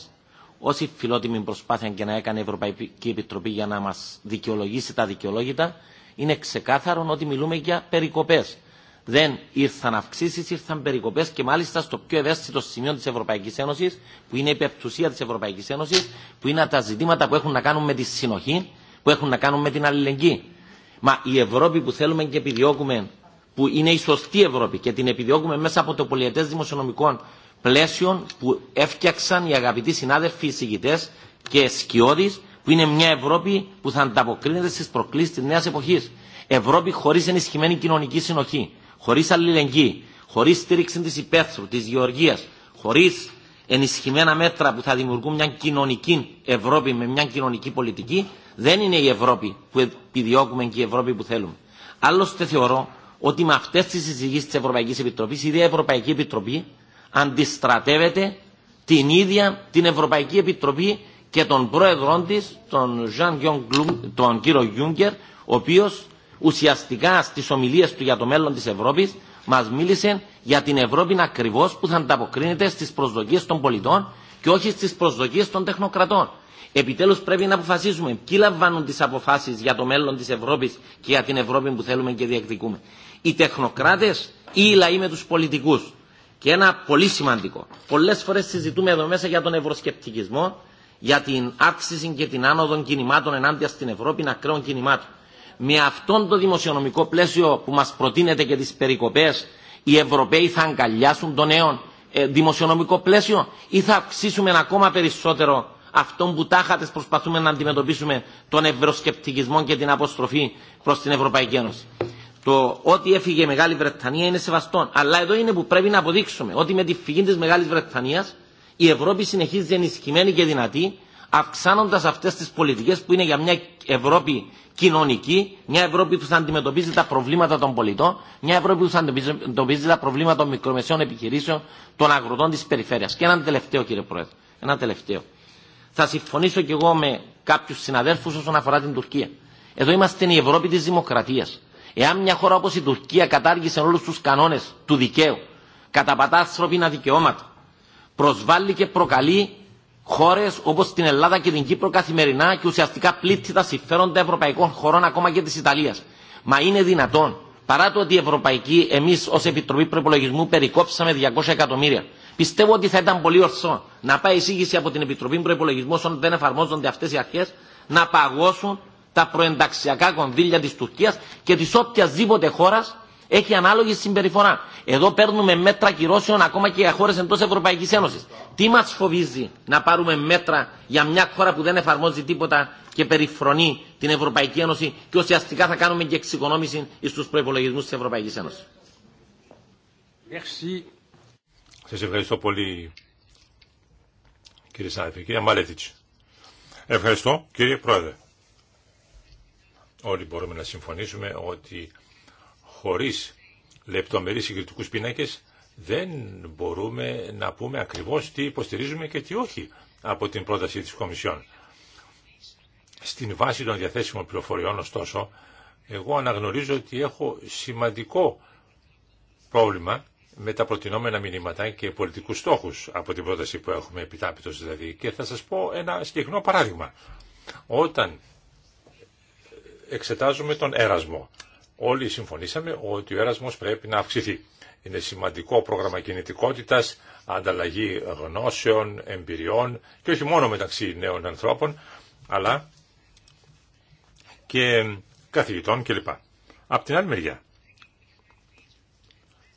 όσοι φιλότιμη προσπάθεια και να έκανε η Ευρωπαϊκή Επιτροπή για να μα δικαιολογήσει τα δικαιολόγητα, είναι ξεκάθαρο ότι μιλούμε για περικοπέ δεν ήρθαν αυξήσει, ήρθαν περικοπέ και μάλιστα στο πιο ευαίσθητο σημείο τη Ευρωπαϊκή Ένωση, που είναι η υπερτουσία τη Ευρωπαϊκή Ένωση, που είναι τα ζητήματα που έχουν να κάνουν με τη συνοχή, που έχουν να κάνουν με την αλληλεγγύη. Μα η Ευρώπη που θέλουμε και επιδιώκουμε, που είναι η σωστή Ευρώπη και την επιδιώκουμε μέσα από το πολιετέ δημοσιονομικών πλαίσιων που έφτιαξαν οι αγαπητοί συνάδελφοι εισηγητέ και σκιώδει, που είναι μια Ευρώπη που θα ανταποκρίνεται στι προκλήσει τη νέα εποχή. Ευρώπη χωρί ενισχυμένη κοινωνική συνοχή χωρίς αλληλεγγύη, χωρίς στήριξη τη υπαίθρου, της γεωργίας, χωρίς ενισχυμένα μέτρα που θα δημιουργούν μια κοινωνική Ευρώπη με μια κοινωνική πολιτική, δεν είναι η Ευρώπη που επιδιώκουμε και η Ευρώπη που θέλουμε. Άλλωστε θεωρώ ότι με αυτέ τι συζητήσει τη Ευρωπαϊκή Επιτροπή, η ίδια Ευρωπαϊκή Επιτροπή αντιστρατεύεται την ίδια την Ευρωπαϊκή Επιτροπή και τον πρόεδρό τη, τον, τον κύριο Γιούγκερ, ο οποίο ουσιαστικά στι ομιλίε του για το μέλλον τη Ευρώπη μα μίλησε για την Ευρώπη ακριβώ που θα ανταποκρίνεται στι προσδοκίε των πολιτών και όχι στι προσδοκίες των τεχνοκρατών. Επιτέλου πρέπει να αποφασίσουμε ποιοι λαμβάνουν τι αποφάσει για το μέλλον τη Ευρώπη και για την Ευρώπη που θέλουμε και διεκδικούμε. Οι τεχνοκράτε ή ή οι λαοί με του πολιτικού. Και ένα πολύ σημαντικό. Πολλέ φορέ συζητούμε εδώ μέσα για τον ευρωσκεπτικισμό, για την αύξηση και την άνοδο κινημάτων ενάντια στην Ευρώπη, ακραίων κινημάτων με αυτόν το δημοσιονομικό πλαίσιο που μας προτείνεται και τις περικοπές οι Ευρωπαίοι θα αγκαλιάσουν το νέο ε, δημοσιονομικό πλαίσιο ή θα αυξήσουμε ακόμα περισσότερο αυτόν που τάχατες προσπαθούμε να αντιμετωπίσουμε τον ευρωσκεπτικισμό και την αποστροφή προς την Ευρωπαϊκή Ένωση. Το ότι έφυγε η Μεγάλη Βρετανία είναι σεβαστό. Αλλά εδώ είναι που πρέπει να αποδείξουμε ότι με τη φυγή τη Μεγάλη Βρετανία η Ευρώπη συνεχίζει ενισχυμένη και δυνατή αυξάνοντας αυτές τις πολιτικές που είναι για μια Ευρώπη κοινωνική, μια Ευρώπη που θα αντιμετωπίζει τα προβλήματα των πολιτών, μια Ευρώπη που θα αντιμετωπίζει τα προβλήματα των μικρομεσαίων επιχειρήσεων, των αγροτών της περιφέρειας. Και ένα τελευταίο κύριε Πρόεδρε, ένα τελευταίο. Θα συμφωνήσω κι εγώ με κάποιους συναδέλφους όσον αφορά την Τουρκία. Εδώ είμαστε η Ευρώπη της δημοκρατίας. Εάν μια χώρα όπως η Τουρκία κατάργησε όλους τους κανόνες του δικαίου, καταπατά ανθρώπινα δικαιώματα, προσβάλλει και προκαλεί χώρε όπω την Ελλάδα και την Κύπρο καθημερινά και ουσιαστικά πλήττει τα συμφέροντα ευρωπαϊκών χωρών ακόμα και τη Ιταλία. Μα είναι δυνατόν, παρά το ότι η Ευρωπαϊκή, εμεί ω Επιτροπή Προπολογισμού περικόψαμε 200 εκατομμύρια. Πιστεύω ότι θα ήταν πολύ ορθό να πάει εισήγηση από την Επιτροπή Προπολογισμού όταν δεν εφαρμόζονται αυτέ οι αρχέ να παγώσουν τα προενταξιακά κονδύλια τη Τουρκία και τη οποιασδήποτε χώρα έχει ανάλογη συμπεριφορά. Εδώ παίρνουμε μέτρα κυρώσεων ακόμα και για χώρε εντό Ευρωπαϊκή Ένωση. Τι μα φοβίζει να πάρουμε μέτρα για μια χώρα που δεν εφαρμόζει τίποτα και περιφρονεί την Ευρωπαϊκή Ένωση και ουσιαστικά θα κάνουμε και εξοικονόμηση στου προπολογισμού τη Ευρωπαϊκή Ένωση. Σα ευχαριστώ πολύ, κύριε Κύριε Μαλέτιτ. Ευχαριστώ, κύριε Πρόεδρε. Όλοι μπορούμε να συμφωνήσουμε ότι χωρίς λεπτομερείς συγκριτικούς πίνακες δεν μπορούμε να πούμε ακριβώς τι υποστηρίζουμε και τι όχι από την πρόταση της Κομισιόν. Στην βάση των διαθέσιμων πληροφοριών, ωστόσο, εγώ αναγνωρίζω ότι έχω σημαντικό πρόβλημα με τα προτινόμενα μηνύματα και πολιτικούς στόχους από την πρόταση που έχουμε επιτάπητος δηλαδή. Και θα σας πω ένα συγκεκριμένο παράδειγμα. Όταν εξετάζουμε τον έρασμο, όλοι συμφωνήσαμε ότι ο έρασμος πρέπει να αυξηθεί. Είναι σημαντικό πρόγραμμα κινητικότητας, ανταλλαγή γνώσεων, εμπειριών και όχι μόνο μεταξύ νέων ανθρώπων, αλλά και καθηγητών κλπ. Απ' την άλλη μεριά,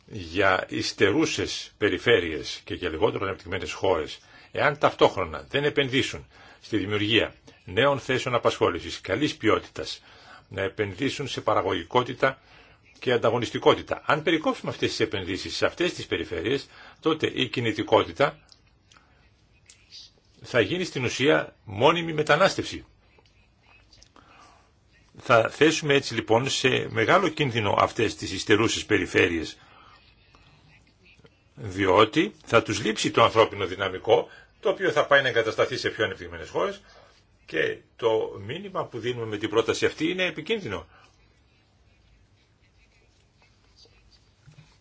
για ιστερούσες περιφέρειες και για λιγότερο ανεπτυγμένες χώρες, εάν ταυτόχρονα δεν επενδύσουν στη δημιουργία νέων θέσεων απασχόλησης καλής ποιότητας να επενδύσουν σε παραγωγικότητα και ανταγωνιστικότητα. Αν περικόψουμε αυτές τις επενδύσεις σε αυτές τις περιφέρειες, τότε η κινητικότητα θα γίνει στην ουσία μόνιμη μετανάστευση. Θα θέσουμε έτσι λοιπόν σε μεγάλο κίνδυνο αυτές τις ιστερούσες περιφέρειες, διότι θα τους λείψει το ανθρώπινο δυναμικό, το οποίο θα πάει να εγκατασταθεί σε πιο ανεπτυγμένες χώρες και το μήνυμα που δίνουμε με την πρόταση αυτή είναι επικίνδυνο.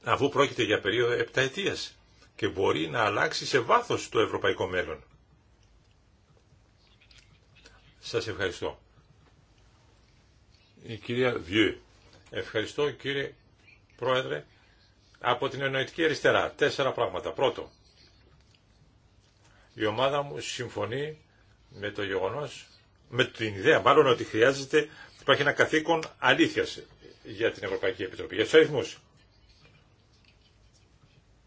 Αφού πρόκειται για περίοδο επταετίας και μπορεί να αλλάξει σε βάθος το ευρωπαϊκό μέλλον. Σας ευχαριστώ. Η κυρία Βιού. Ευχαριστώ κύριε Πρόεδρε. Από την Εννοητική Αριστερά. Τέσσερα πράγματα. Πρώτο. Η ομάδα μου συμφωνεί με το γεγονό, με την ιδέα μάλλον ότι χρειάζεται, υπάρχει ένα καθήκον αλήθεια για την Ευρωπαϊκή Επιτροπή, για του αριθμού,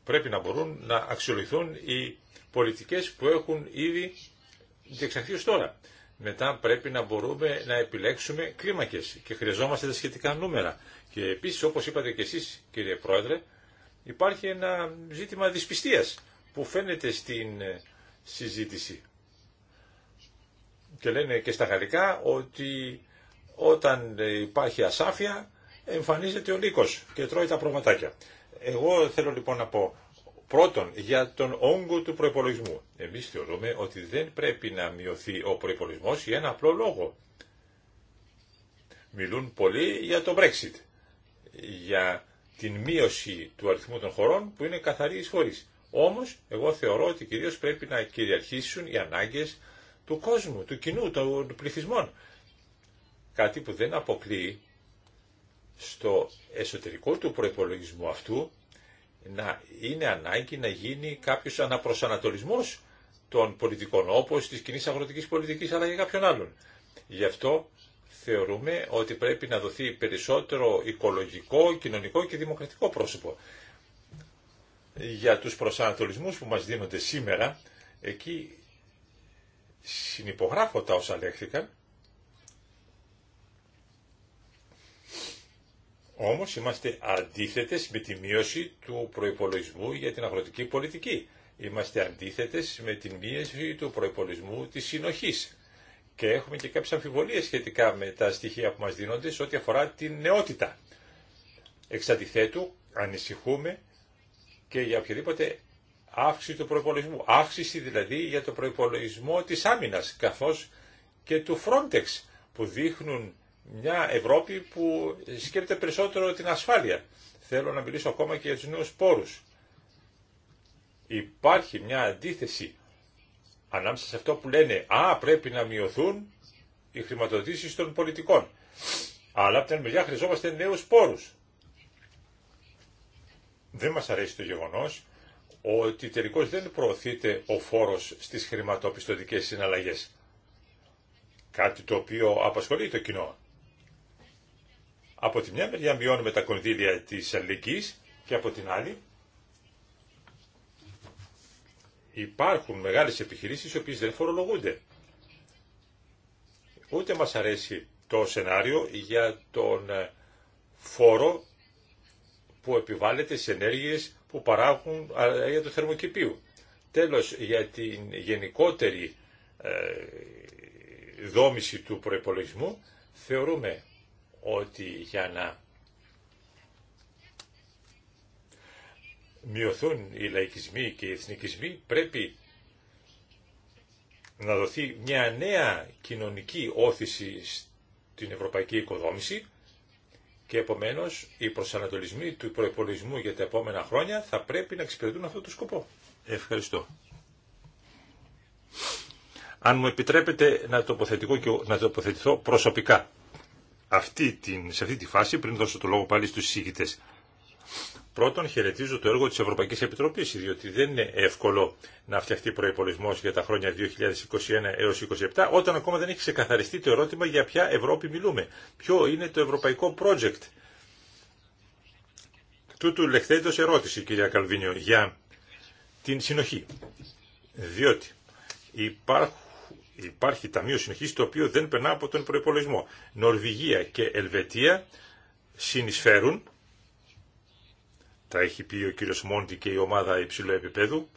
Πρέπει να μπορούν να αξιολογηθούν οι πολιτικές που έχουν ήδη διεξαχθεί τώρα. Μετά πρέπει να μπορούμε να επιλέξουμε κλίμακες και χρειαζόμαστε τα σχετικά νούμερα. Και επίσης, όπως είπατε και εσείς κύριε Πρόεδρε, υπάρχει ένα ζήτημα δυσπιστίας που φαίνεται στην ε, συζήτηση και λένε και στα γαλλικά ότι όταν υπάρχει ασάφεια εμφανίζεται ο λύκος και τρώει τα προβατάκια. Εγώ θέλω λοιπόν να πω πρώτον για τον όγκο του προπολογισμού. Εμείς θεωρούμε ότι δεν πρέπει να μειωθεί ο προπολογισμό για ένα απλό λόγο. Μιλούν πολλοί για το Brexit, για την μείωση του αριθμού των χωρών που είναι καθαρή εισφορής. Όμως, εγώ θεωρώ ότι κυρίως πρέπει να κυριαρχήσουν οι ανάγκες του κόσμου, του κοινού, των πληθυσμών. Κάτι που δεν αποκλείει στο εσωτερικό του προϋπολογισμού αυτού να είναι ανάγκη να γίνει κάποιος αναπροσανατολισμός των πολιτικών όπως της κοινή αγροτικής πολιτικής αλλά και κάποιων άλλων. Γι' αυτό θεωρούμε ότι πρέπει να δοθεί περισσότερο οικολογικό, κοινωνικό και δημοκρατικό πρόσωπο. Για τους προσανατολισμούς που μας δίνονται σήμερα, εκεί συνυπογράφω τα όσα λέχθηκαν, όμως είμαστε αντίθετες με τη μείωση του προϋπολογισμού για την αγροτική πολιτική. Είμαστε αντίθετες με τη μείωση του προϋπολογισμού της συνοχής. Και έχουμε και κάποιες αμφιβολίες σχετικά με τα στοιχεία που μας δίνονται σε ό,τι αφορά την νεότητα. Εξ αντιθέτου, ανησυχούμε και για οποιαδήποτε αύξηση του προϋπολογισμού. Αύξηση δηλαδή για το προϋπολογισμό της άμυνας, καθώς και του Frontex, που δείχνουν μια Ευρώπη που σκέφτεται περισσότερο την ασφάλεια. Θέλω να μιλήσω ακόμα και για τους νέους πόρους. Υπάρχει μια αντίθεση ανάμεσα σε αυτό που λένε «Α, πρέπει να μειωθούν οι χρηματοδοτήσεις των πολιτικών». Αλλά από την άλλη μεριά χρειαζόμαστε νέους πόρους. Δεν μας αρέσει το γεγονός ότι τελικώς δεν προωθείται ο φόρος στις χρηματοπιστωτικές συναλλαγές. Κάτι το οποίο απασχολεί το κοινό. Από τη μια μεριά μειώνουμε τα κονδύλια της αλληλεγγύης και από την άλλη υπάρχουν μεγάλες επιχειρήσεις οι οποίες δεν φορολογούνται. Ούτε μας αρέσει το σενάριο για τον ε, φόρο που επιβάλλεται σε ενέργειες που παράγουν για του θερμοκηπίου. Τέλος, για την γενικότερη ε, δόμηση του προϋπολογισμού, θεωρούμε ότι για να μειωθούν οι λαϊκισμοί και οι εθνικισμοί, πρέπει να δοθεί μια νέα κοινωνική όθηση στην ευρωπαϊκή οικοδόμηση, και επομένω, οι προσανατολισμοί του προπολογισμού για τα επόμενα χρόνια θα πρέπει να εξυπηρετούν αυτό το σκοπό. Ευχαριστώ. Αν μου επιτρέπετε να, και, να τοποθετηθώ προσωπικά αυτή την, σε αυτή τη φάση, πριν δώσω το λόγο πάλι στους συζήτητες. Πρώτον, χαιρετίζω το έργο της Ευρωπαϊκής Επιτροπής, διότι δεν είναι εύκολο να φτιαχτεί προπολογισμό για τα χρόνια 2021 έω 2027, όταν ακόμα δεν έχει ξεκαθαριστεί το ερώτημα για ποια Ευρώπη μιλούμε. Ποιο είναι το ευρωπαϊκό project. Τούτου λεχθέντος ερώτηση, κυρία Καλβίνιο, για την συνοχή. Διότι Υπάρχει ταμείο συνοχή το οποίο δεν περνά από τον προπολογισμό. Νορβηγία και Ελβετία συνεισφέρουν τα έχει πει ο κύριος Μόντι και η ομάδα υψηλού επίπεδου,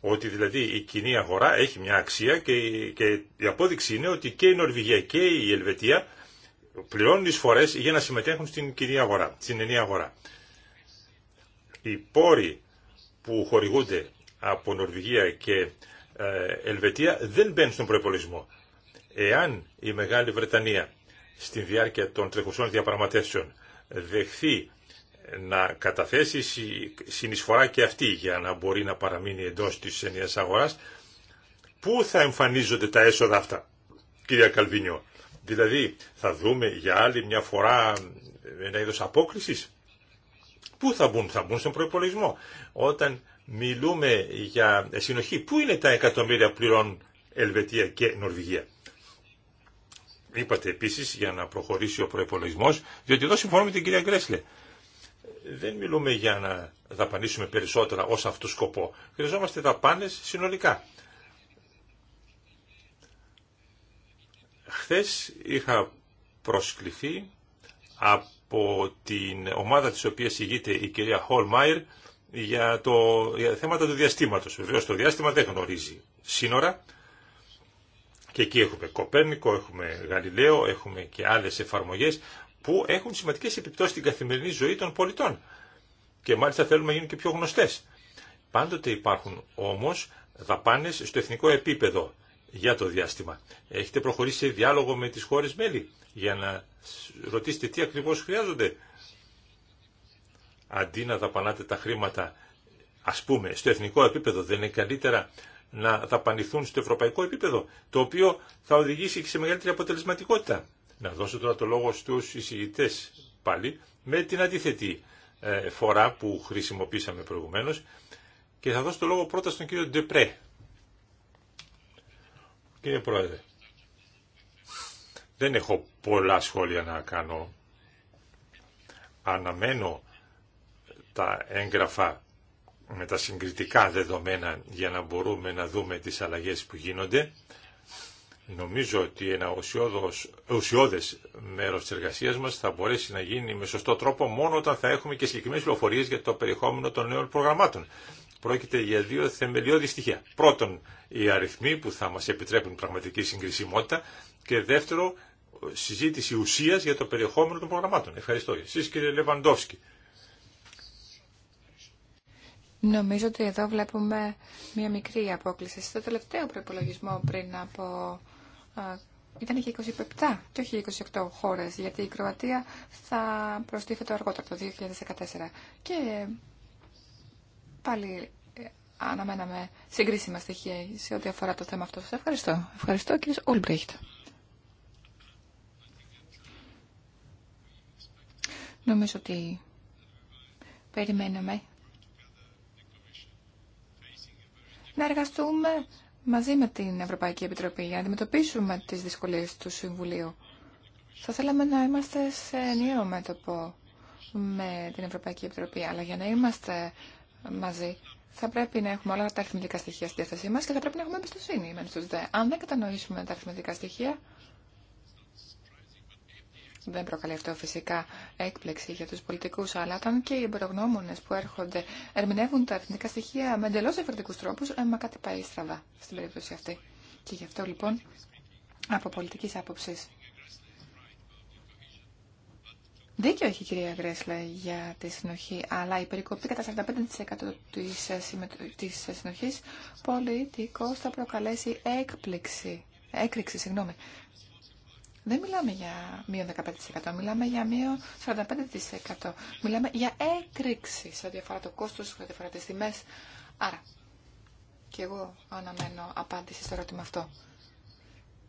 ότι δηλαδή η κοινή αγορά έχει μια αξία και, και η απόδειξη είναι ότι και η Νορβηγία και η Ελβετία πληρώνουν εισφορές για να συμμετέχουν στην κοινή αγορά, στην ενή αγορά. Οι πόροι που χορηγούνται από Νορβηγία και ε, Ελβετία δεν μπαίνουν στον προπολογισμό. Εάν η Μεγάλη Βρετανία στη διάρκεια των τρεχουσών διαπραγματεύσεων δεχθεί να καταθέσει συνεισφορά και αυτή για να μπορεί να παραμείνει εντός της ενιαίας αγοράς, πού θα εμφανίζονται τα έσοδα αυτά, κυρία Καλβίνιο. Δηλαδή, θα δούμε για άλλη μια φορά ένα είδος απόκρισης. Πού θα μπουν, θα μπουν στον προϋπολογισμό. Όταν μιλούμε για συνοχή, πού είναι τα εκατομμύρια πληρών Ελβετία και Νορβηγία. Είπατε επίσης για να προχωρήσει ο προϋπολογισμός, διότι εδώ συμφωνώ με την κυρία Γκρέσλε δεν μιλούμε για να δαπανίσουμε περισσότερα ως αυτού σκοπό. Χρειαζόμαστε δαπάνες συνολικά. Χθες είχα προσκληθεί από την ομάδα της οποίας ηγείται η κυρία Χολμάιρ για, το, για θέματα του διαστήματος. Βεβαίω το διάστημα δεν γνωρίζει σύνορα και εκεί έχουμε Κοπέρνικο, έχουμε Γαλιλαίο, έχουμε και άλλες εφαρμογές που έχουν σημαντικέ επιπτώσεις στην καθημερινή ζωή των πολιτών και μάλιστα θέλουμε να γίνουν και πιο γνωστές. Πάντοτε υπάρχουν όμως δαπάνες στο εθνικό επίπεδο για το διάστημα. Έχετε προχωρήσει σε διάλογο με τις χώρες μέλη για να ρωτήσετε τι ακριβώς χρειάζονται. Αντί να δαπανάτε τα χρήματα, ας πούμε, στο εθνικό επίπεδο, δεν είναι καλύτερα να δαπανηθούν στο ευρωπαϊκό επίπεδο, το οποίο θα οδηγήσει και σε μεγαλύτερη αποτελεσματικότητα. Να δώσω τώρα το λόγο στους εισηγητές πάλι με την αντίθετη ε, φορά που χρησιμοποίησαμε προηγουμένως και θα δώσω το λόγο πρώτα στον κύριο Ντεπρέ. Κύριε Πρόεδρε, δεν έχω πολλά σχόλια να κάνω. Αναμένω τα έγγραφα με τα συγκριτικά δεδομένα για να μπορούμε να δούμε τις αλλαγές που γίνονται Νομίζω ότι ένα ουσιώδες μέρος της εργασίας μας θα μπορέσει να γίνει με σωστό τρόπο μόνο όταν θα έχουμε και συγκεκριμένες πληροφορίε για το περιεχόμενο των νέων προγραμμάτων. Πρόκειται για δύο θεμελιώδη στοιχεία. Πρώτον, οι αριθμοί που θα μας επιτρέπουν πραγματική συγκρισιμότητα και δεύτερο, συζήτηση ουσίας για το περιεχόμενο των προγραμμάτων. Ευχαριστώ. Εσείς κύριε Λεβαντόφσκι. Νομίζω ότι εδώ βλέπουμε μία μικρή απόκληση. Στο τελευταίο προπολογισμό πριν από ήταν και 27 και όχι 28 χώρες, γιατί η Κροατία θα προστίθεται αργότερα το 2014. Και πάλι ε, αναμέναμε συγκρίσιμα στοιχεία σε ό,τι αφορά το θέμα αυτό. Σας ευχαριστώ. Ευχαριστώ κύριε Ολμπρίχτ. Νομίζω ότι περιμέναμε να εργαστούμε μαζί με την Ευρωπαϊκή Επιτροπή για να αντιμετωπίσουμε τις δυσκολίες του Συμβουλίου. Θα θέλαμε να είμαστε σε νέο μέτωπο με την Ευρωπαϊκή Επιτροπή, αλλά για να είμαστε μαζί θα πρέπει να έχουμε όλα τα αριθμητικά στοιχεία στη διάθεσή μας και θα πρέπει να έχουμε εμπιστοσύνη. Αν δεν κατανοήσουμε τα αριθμητικά στοιχεία, δεν προκαλεί αυτό φυσικά έκπληξη για τους πολιτικούς, αλλά όταν και οι εμπειρογνώμονες που έρχονται ερμηνεύουν τα εθνικά στοιχεία με εντελώ διαφορετικούς τρόπους, ε, μα κάτι πάει στραβά στην περίπτωση αυτή. Και γι' αυτό λοιπόν, από πολιτικής άποψης, Δίκιο έχει η κυρία Γκρέσλε για τη συνοχή, αλλά η περικοπή κατά 45% της, ε, της ε, συνοχής πολιτικώς θα προκαλέσει έκπληξη, έκρηξη συγγνώμη, δεν μιλάμε για μείον 15%, μιλάμε για μείον 45%. Μιλάμε για έκρηξη σε ό,τι αφορά το κόστος, σε ό,τι αφορά τις τιμές. Άρα, και εγώ αναμένω απάντηση στο ερώτημα αυτό.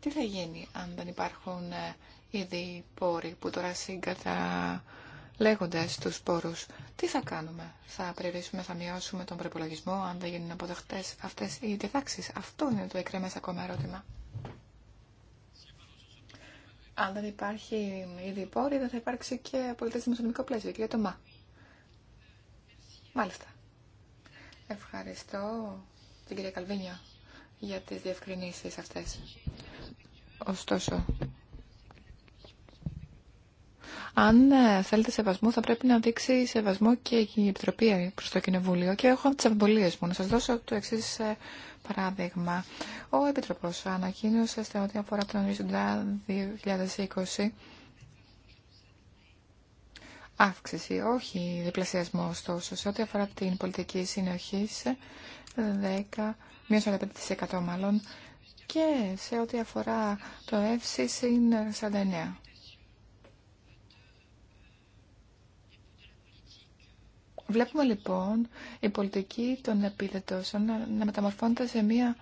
Τι θα γίνει αν δεν υπάρχουν ε, ήδη πόροι που τώρα συγκαταλέγονται στους πόρους. Τι θα κάνουμε, θα περιορίσουμε, θα μειώσουμε τον προπολογισμό αν δεν γίνουν αποδεχτές αυτές οι διδάξεις. Αυτό είναι το εκκρεμές ακόμα ερώτημα. Αν δεν υπάρχει ήδη πόρη, δεν θα υπάρξει και πολιτές δημοσιονομικό πλαίσιο. το Τωμά. Μάλιστα. Ευχαριστώ την κυρία Καλβίνια για τις διευκρινήσεις αυτές. Ωστόσο, αν ε, θέλετε σεβασμό, θα πρέπει να δείξει σεβασμό και η Επιτροπή προ το Κοινοβούλιο. Και έχω τι αμφιβολίε μου. Να σα δώσω το εξή ε, παράδειγμα. Ο Επιτροπό ανακοίνωσε σε ό,τι αφορά τον Ορίζοντα 2020 αύξηση, όχι διπλασιασμό ωστόσο. Σε ό,τι αφορά την πολιτική συνοχή, 10, μείωση μάλλον, και σε ό,τι αφορά το Εύση είναι 49. Βλέπουμε λοιπόν η πολιτική των να, να μεταμορφώνεται σε μία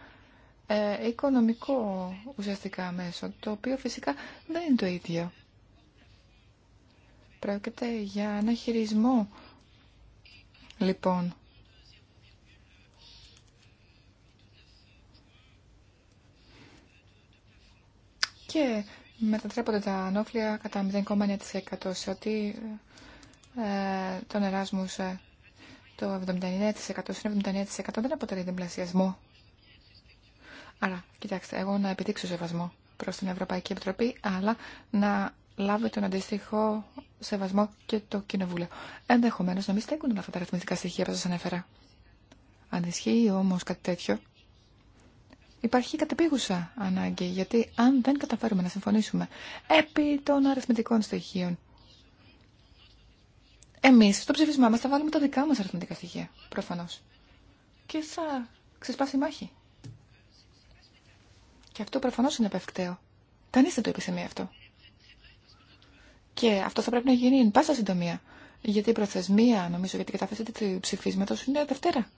ε, οικονομικό ουσιαστικά μέσο, το οποίο φυσικά δεν είναι το ίδιο. Πρόκειται για ένα χειρισμό λοιπόν και μετατρέπονται τα ανώφλια κατά 0,9% σε ό,τι ε, ε, τον Εράσμους ε, το 79% το 79% δεν αποτελεί διπλασιασμό. Άρα, κοιτάξτε, εγώ να επιδείξω σεβασμό προς την Ευρωπαϊκή Επιτροπή, αλλά να λάβει τον αντίστοιχο σεβασμό και το Κοινοβούλιο. Ενδεχομένω να μην στέκουν όλα αυτά τα αριθμητικά στοιχεία που σα ανέφερα. Αν ισχύει όμω κάτι τέτοιο, υπάρχει κατεπίγουσα ανάγκη, γιατί αν δεν καταφέρουμε να συμφωνήσουμε επί των αριθμητικών στοιχείων Εμεί, στο ψηφισμά μα θα βάλουμε τα δικά μα αριθμητικά στοιχεία, Προφανώ. Και θα ξεσπάσει η μάχη. Και αυτό προφανώ είναι απευκταίο. Κανεί δεν το επισημεί αυτό. Και αυτό θα πρέπει να γίνει εν πάσα συντομία. Γιατί η προθεσμία, νομίζω, για την κατάθεση του ψηφίσματο είναι Δευτέρα.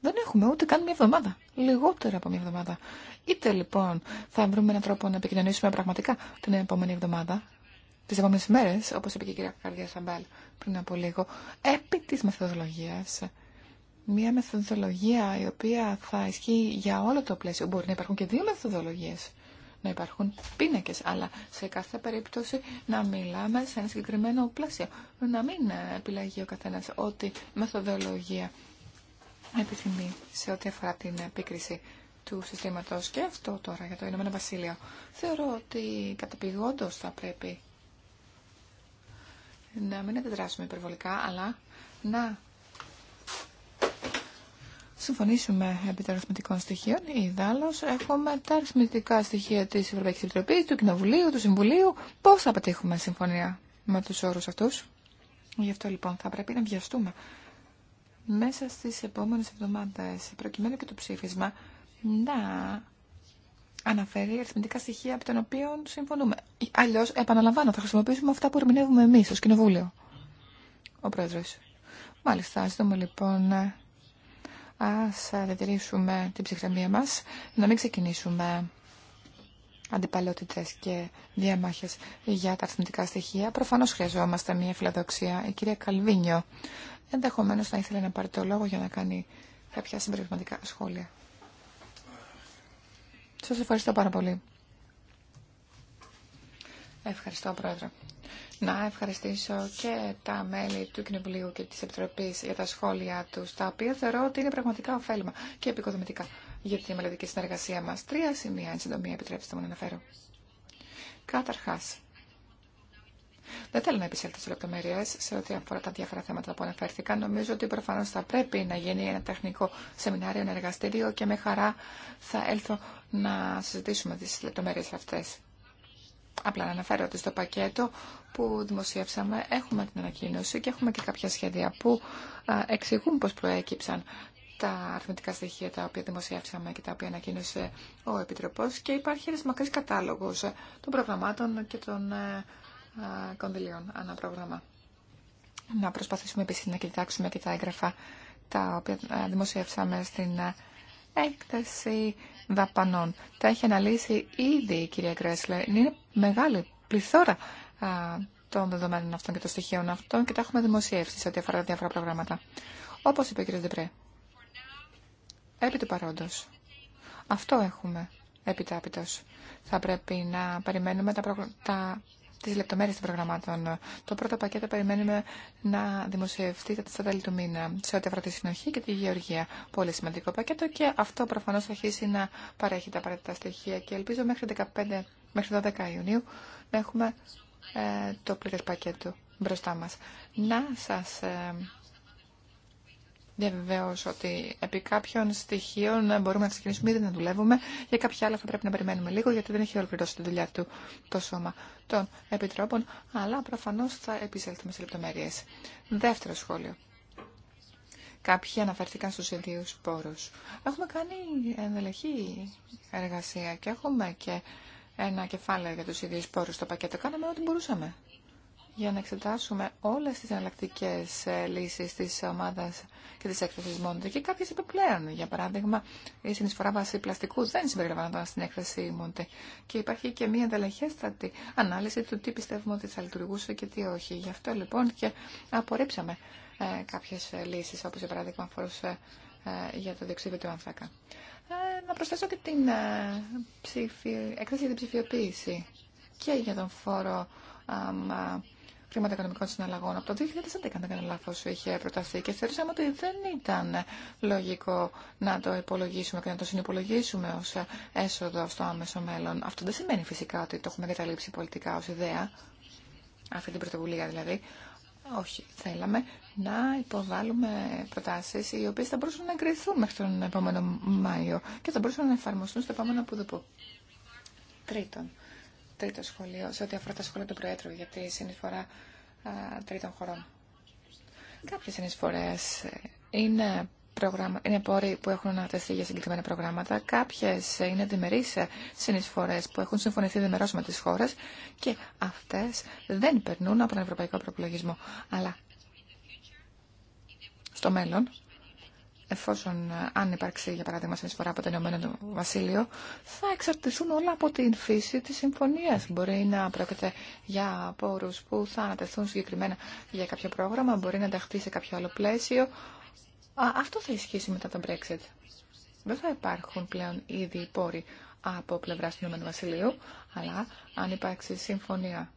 Δεν έχουμε ούτε καν μια εβδομάδα. Λιγότερο από μια εβδομάδα. Είτε λοιπόν θα βρούμε έναν τρόπο να επικοινωνήσουμε πραγματικά την επόμενη εβδομάδα, τις επόμενες μέρες, όπως είπε και η κυρία Καρδιά Σαμπάλ πριν από λίγο, επί της μεθοδολογίας. Μία μεθοδολογία η οποία θα ισχύει για όλο το πλαίσιο. Μπορεί να υπάρχουν και δύο μεθοδολογίες, να υπάρχουν πίνακες, αλλά σε κάθε περίπτωση να μιλάμε σε ένα συγκεκριμένο πλαίσιο. Να μην επιλέγει ο καθένας ό,τι μεθοδολογία επιθυμεί σε ό,τι αφορά την επίκριση του συστήματος και αυτό τώρα για το Ηνωμένο Βασίλειο. Θεωρώ ότι καταπηγόντως θα πρέπει να μην αντιδράσουμε υπερβολικά, αλλά να συμφωνήσουμε επί των αριθμητικών στοιχείων. Ιδάλω, έχουμε τα αριθμητικά στοιχεία τη Ευρωπαϊκή Επιτροπή, του Κοινοβουλίου, του Συμβουλίου. Πώ θα πετύχουμε συμφωνία με του όρου αυτού. Γι' αυτό λοιπόν θα πρέπει να βιαστούμε μέσα στι επόμενε εβδομάδε, προκειμένου και το ψήφισμα να αναφέρει αριθμητικά στοιχεία από τα οποία συμφωνούμε. Αλλιώ, επαναλαμβάνω, θα χρησιμοποιήσουμε αυτά που ερμηνεύουμε εμεί ω Κοινοβούλιο. Ο Πρόεδρο. Μάλιστα, δούμε λοιπόν ε, α ε, διατηρήσουμε την ψυχραιμία μα, να μην ξεκινήσουμε αντιπαλότητε και διαμάχε για τα αριθμητικά στοιχεία. Προφανώ χρειαζόμαστε μια φιλοδοξία. Η κυρία Καλβίνιο ενδεχομένω θα ήθελε να πάρει το λόγο για να κάνει κάποια συμπεριφηματικά σχόλια. Σας ευχαριστώ πάρα πολύ. Ευχαριστώ, Πρόεδρε. Να ευχαριστήσω και τα μέλη του Κοινοβουλίου και της Επιτροπής για τα σχόλια τους, τα οποία θεωρώ ότι είναι πραγματικά ωφέλιμα και επικοδομητικά για τη μελλοντική συνεργασία μας. Τρία σημεία, εν συντομία, επιτρέψτε μου να αναφέρω. Καταρχάς, δεν θέλω να επισέλθω σε λεπτομέρειε σε ό,τι αφορά τα διάφορα θέματα που αναφέρθηκαν. Νομίζω ότι προφανώ θα πρέπει να γίνει ένα τεχνικό σεμινάριο, ένα εργαστήριο και με χαρά θα έλθω να συζητήσουμε τι λεπτομέρειε αυτέ. Απλά να αναφέρω ότι στο πακέτο που δημοσίευσαμε έχουμε την ανακοίνωση και έχουμε και κάποια σχέδια που εξηγούν πώ προέκυψαν τα αριθμητικά στοιχεία τα οποία δημοσιεύσαμε και τα οποία ανακοίνωσε ο επίτροπο και υπάρχει ένας μακρύς κατάλογος των προγραμμάτων και των ε, κονδυλίων ανά πρόγραμμα. Να προσπαθήσουμε επίσης να κοιτάξουμε και τα έγγραφα τα οποία δημοσιεύσαμε στην έκθεση δαπανών. Τα έχει αναλύσει ήδη η κυρία Κρέσλε. Είναι μεγάλη πληθώρα των δεδομένων αυτών και των στοιχείων αυτών και τα έχουμε δημοσιεύσει σε ό,τι αφορά τα διάφορα προγράμματα. Όπως είπε ο κύριος Δεπρέ, επί του παρόντος. Αυτό έχουμε επιτάπητος. Θα πρέπει να περιμένουμε τα, προ... τα τις λεπτομέρειες των προγραμμάτων. Το πρώτο πακέτο περιμένουμε να δημοσιευτεί στα τέλη του μήνα σε ό,τι αφορά τη συνοχή και τη γεωργία. Πολύ σημαντικό πακέτο και αυτό προφανώς θα αρχίσει να παρέχει τα απαραίτητα στοιχεία και ελπίζω μέχρι, 15, μέχρι 12 Ιουνίου να έχουμε ε, το πλήρες πακέτο μπροστά μας. Να σας ε, Βεβαίω ότι επί κάποιων στοιχείων μπορούμε να ξεκινήσουμε ήδη να δουλεύουμε. Για κάποια άλλα θα πρέπει να περιμένουμε λίγο, γιατί δεν έχει ολοκληρώσει τη δουλειά του το σώμα των επιτρόπων. Αλλά προφανώ θα επισέλθουμε σε λεπτομέρειε. Δεύτερο σχόλιο. Κάποιοι αναφέρθηκαν στους ιδίους πόρους. Έχουμε κάνει ενδελεχή εργασία και έχουμε και ένα κεφάλαιο για τους ιδίους πόρους στο πακέτο. Κάναμε ό,τι μπορούσαμε για να εξετάσουμε όλες τις εναλλακτικέ ε, λύσεις της ομάδας και της έκθεσης Μόντι και κάποιες επιπλέον. Για παράδειγμα, η συνεισφορά βάση πλαστικού δεν συμπεριλαμβανόταν στην έκθεση Μόντι και υπάρχει και μια ενταλλαχέστατη ανάλυση του τι πιστεύουμε ότι θα λειτουργούσε και τι όχι. Γι' αυτό λοιπόν και απορρίψαμε ε, κάποιες ε, λύσεις, όπως για παράδειγμα αφορούσε ε, για το διοξείδιο του άνθρακα. Ε, να προσθέσω και την ε, ψηφι... έκθεση για την ψηφιοποίηση και για τον φόρο οικονομικών συναλλαγών. Από το 2011, αν δεν κάνω λάθο, είχε προταθεί και θεωρήσαμε ότι δεν ήταν λογικό να το υπολογίσουμε και να το συνυπολογίσουμε ω έσοδο στο άμεσο μέλλον. Αυτό δεν σημαίνει φυσικά ότι το έχουμε καταλήψει πολιτικά ω ιδέα, αυτή την πρωτοβουλία δηλαδή. Όχι, θέλαμε να υποβάλουμε προτάσεις οι οποίες θα μπορούσαν να εγκριθούν μέχρι τον επόμενο Μάιο και θα μπορούσαν να εφαρμοστούν στο επόμενο πουδουπού. Τρίτον, τρίτο σχολείο, σε ό,τι αφορά τα σχολεία του Προέδρου για τη συνεισφορά α, τρίτων χωρών. Κάποιε συνεισφορέ ε, είναι, είναι πόροι που έχουν ανατεθεί για συγκεκριμένα προγράμματα, Κάποιε είναι διμερεί ε, συνεισφορέ που έχουν συμφωνηθεί διμερώ με τις χώρες και αυτέ δεν περνούν από τον Ευρωπαϊκό Προπολογισμό. Αλλά στο μέλλον, εφόσον ε, αν υπάρξει για παράδειγμα συνεισφορά από το Ηνωμένο Βασίλειο, θα εξαρτηθούν όλα από την φύση της συμφωνίας. Μπορεί να πρόκειται για πόρους που θα ανατεθούν συγκεκριμένα για κάποιο πρόγραμμα, μπορεί να ενταχθεί σε κάποιο άλλο πλαίσιο. αυτό θα ισχύσει μετά τον Brexit. Δεν θα υπάρχουν πλέον ήδη πόροι από πλευρά του Ηνωμένου Βασιλείου, αλλά αν υπάρξει συμφωνία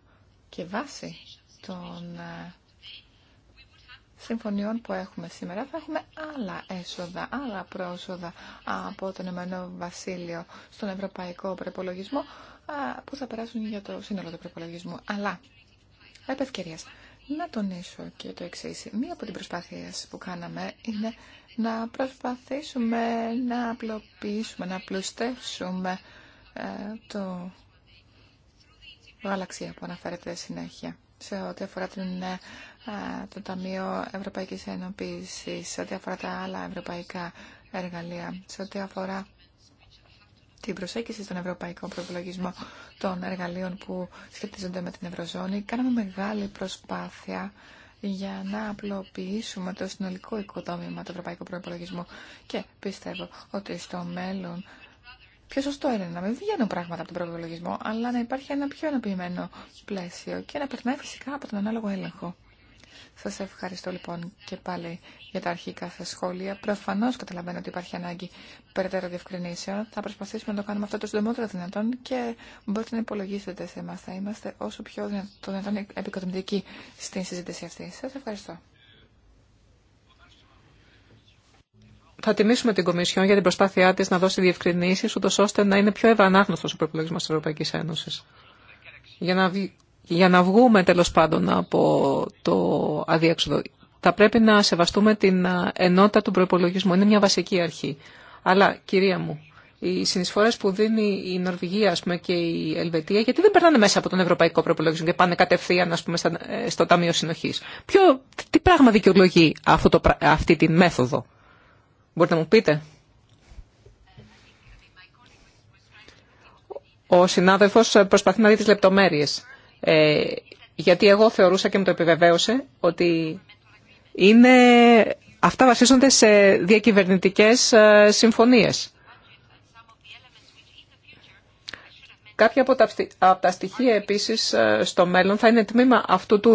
και βάση των ε, συμφωνιών που έχουμε σήμερα θα έχουμε άλλα έσοδα, άλλα πρόσοδα από τον Εμμανό Βασίλειο στον Ευρωπαϊκό Προπολογισμό που θα περάσουν για το σύνολο του προπολογισμού. Αλλά, επ' να τονίσω και το εξή. Μία από τις προσπάθειες που κάναμε είναι να προσπαθήσουμε να απλοποιήσουμε, να πλουστεύσουμε ε, το γαλαξία που αναφέρεται συνέχεια σε ό,τι αφορά την, ε, το Ταμείο Ευρωπαϊκής Ενοποίησης, σε ό,τι αφορά τα άλλα ευρωπαϊκά εργαλεία, σε ό,τι αφορά την προσέγγιση στον ευρωπαϊκό προπολογισμό των εργαλείων που σχετίζονται με την Ευρωζώνη, κάναμε μεγάλη προσπάθεια για να απλοποιήσουμε το συνολικό οικοδόμημα του ευρωπαϊκού προπολογισμού και πιστεύω ότι στο μέλλον Πιο σωστό είναι να μην βγαίνουν πράγματα από τον προπολογισμό, αλλά να υπάρχει ένα πιο αναποιημένο πλαίσιο και να περνάει φυσικά από τον ανάλογο έλεγχο. Σα ευχαριστώ λοιπόν και πάλι για τα αρχικά σας σχόλια. Προφανώ καταλαβαίνω ότι υπάρχει ανάγκη περαιτέρω διευκρινήσεων. Θα προσπαθήσουμε να το κάνουμε αυτό το συντομότερο δυνατόν και μπορείτε να υπολογίσετε σε εμά. Θα είμαστε όσο πιο δυνατόν επικοδομητικοί στην συζήτηση αυτή. Σα ευχαριστώ. θα τιμήσουμε την Κομισιόν για την προσπάθειά τη να δώσει διευκρινήσει, ούτω ώστε να είναι πιο ευανάγνωστο ο προπολογισμό τη Ευρωπαϊκή Ένωση. Για να, για να βγούμε τέλο πάντων από το αδίέξοδο. Θα πρέπει να σεβαστούμε την ενότητα του προπολογισμού. Είναι μια βασική αρχή. Αλλά, κυρία μου, οι συνεισφορέ που δίνει η Νορβηγία ας πούμε, και η Ελβετία, γιατί δεν περνάνε μέσα από τον Ευρωπαϊκό Προπολογισμό και πάνε κατευθείαν ας πούμε, ε, στο Ταμείο Συνοχή. Τι πράγμα δικαιολογεί αυτό αυτή τη μέθοδο. Μπορείτε να μου πείτε. Ο συνάδελφος προσπαθεί να δει τις λεπτομέρειες. Ε, γιατί εγώ θεωρούσα και μου το επιβεβαίωσε ότι είναι, αυτά βασίζονται σε διακυβερνητικές ε, συμφωνίες. Κάποια από τα, στοιχεία επίσης ε, στο μέλλον θα είναι τμήμα αυτού του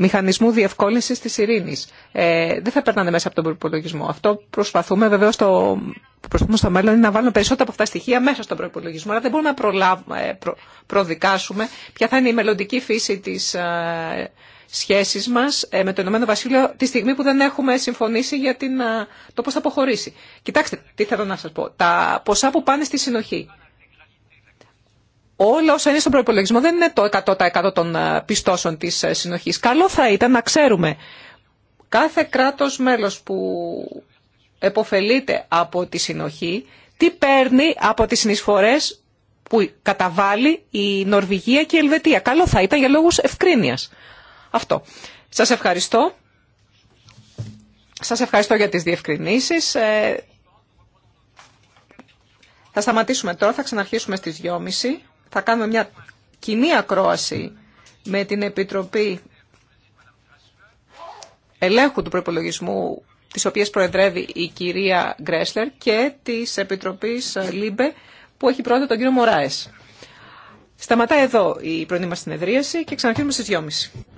μηχανισμού διευκόλυνση τη Ειρήνη. Ε, δεν θα περνάνε μέσα από τον προπολογισμό. Αυτό προσπαθούμε βεβαίω στο, προσπαθούμε στο μέλλον είναι να βάλουμε περισσότερα από αυτά τα στοιχεία μέσα στον προπολογισμό. Αλλά δεν μπορούμε να ε, προδικάσουμε ποια θα είναι η μελλοντική φύση τη ε, μα μας ε, με το Ηνωμένο Βασίλειο τη στιγμή που δεν έχουμε συμφωνήσει για την, ε, το πώς θα αποχωρήσει. Κοιτάξτε τι θέλω να σας πω. Τα ποσά που πάνε στη συνοχή όλα όσα είναι στον προπολογισμό δεν είναι το 100% των ε, πιστώσεων της ε, συνοχής. Καλό θα ήταν να ξέρουμε κάθε κράτος μέλος που εποφελείται από τη συνοχή, τι παίρνει από τις συνεισφορές που καταβάλει η Νορβηγία και η Ελβετία. Καλό θα ήταν για λόγους ευκρίνειας. Αυτό. Σας ευχαριστώ. Σας ευχαριστώ για τις διευκρινήσεις. Ε, θα σταματήσουμε τώρα, θα ξαναρχίσουμε στις 2.30 θα κάνουμε μια κοινή ακρόαση με την Επιτροπή Ελέγχου του Προπολογισμού, της οποίας προεδρεύει η κυρία Γκρέσλερ και της Επιτροπής ΛΥΜΠΕ που έχει πρόεδρο τον κύριο Μωράες. Σταματά εδώ η πρώτη μας συνεδρίαση και ξαναρχίζουμε στις 2.30.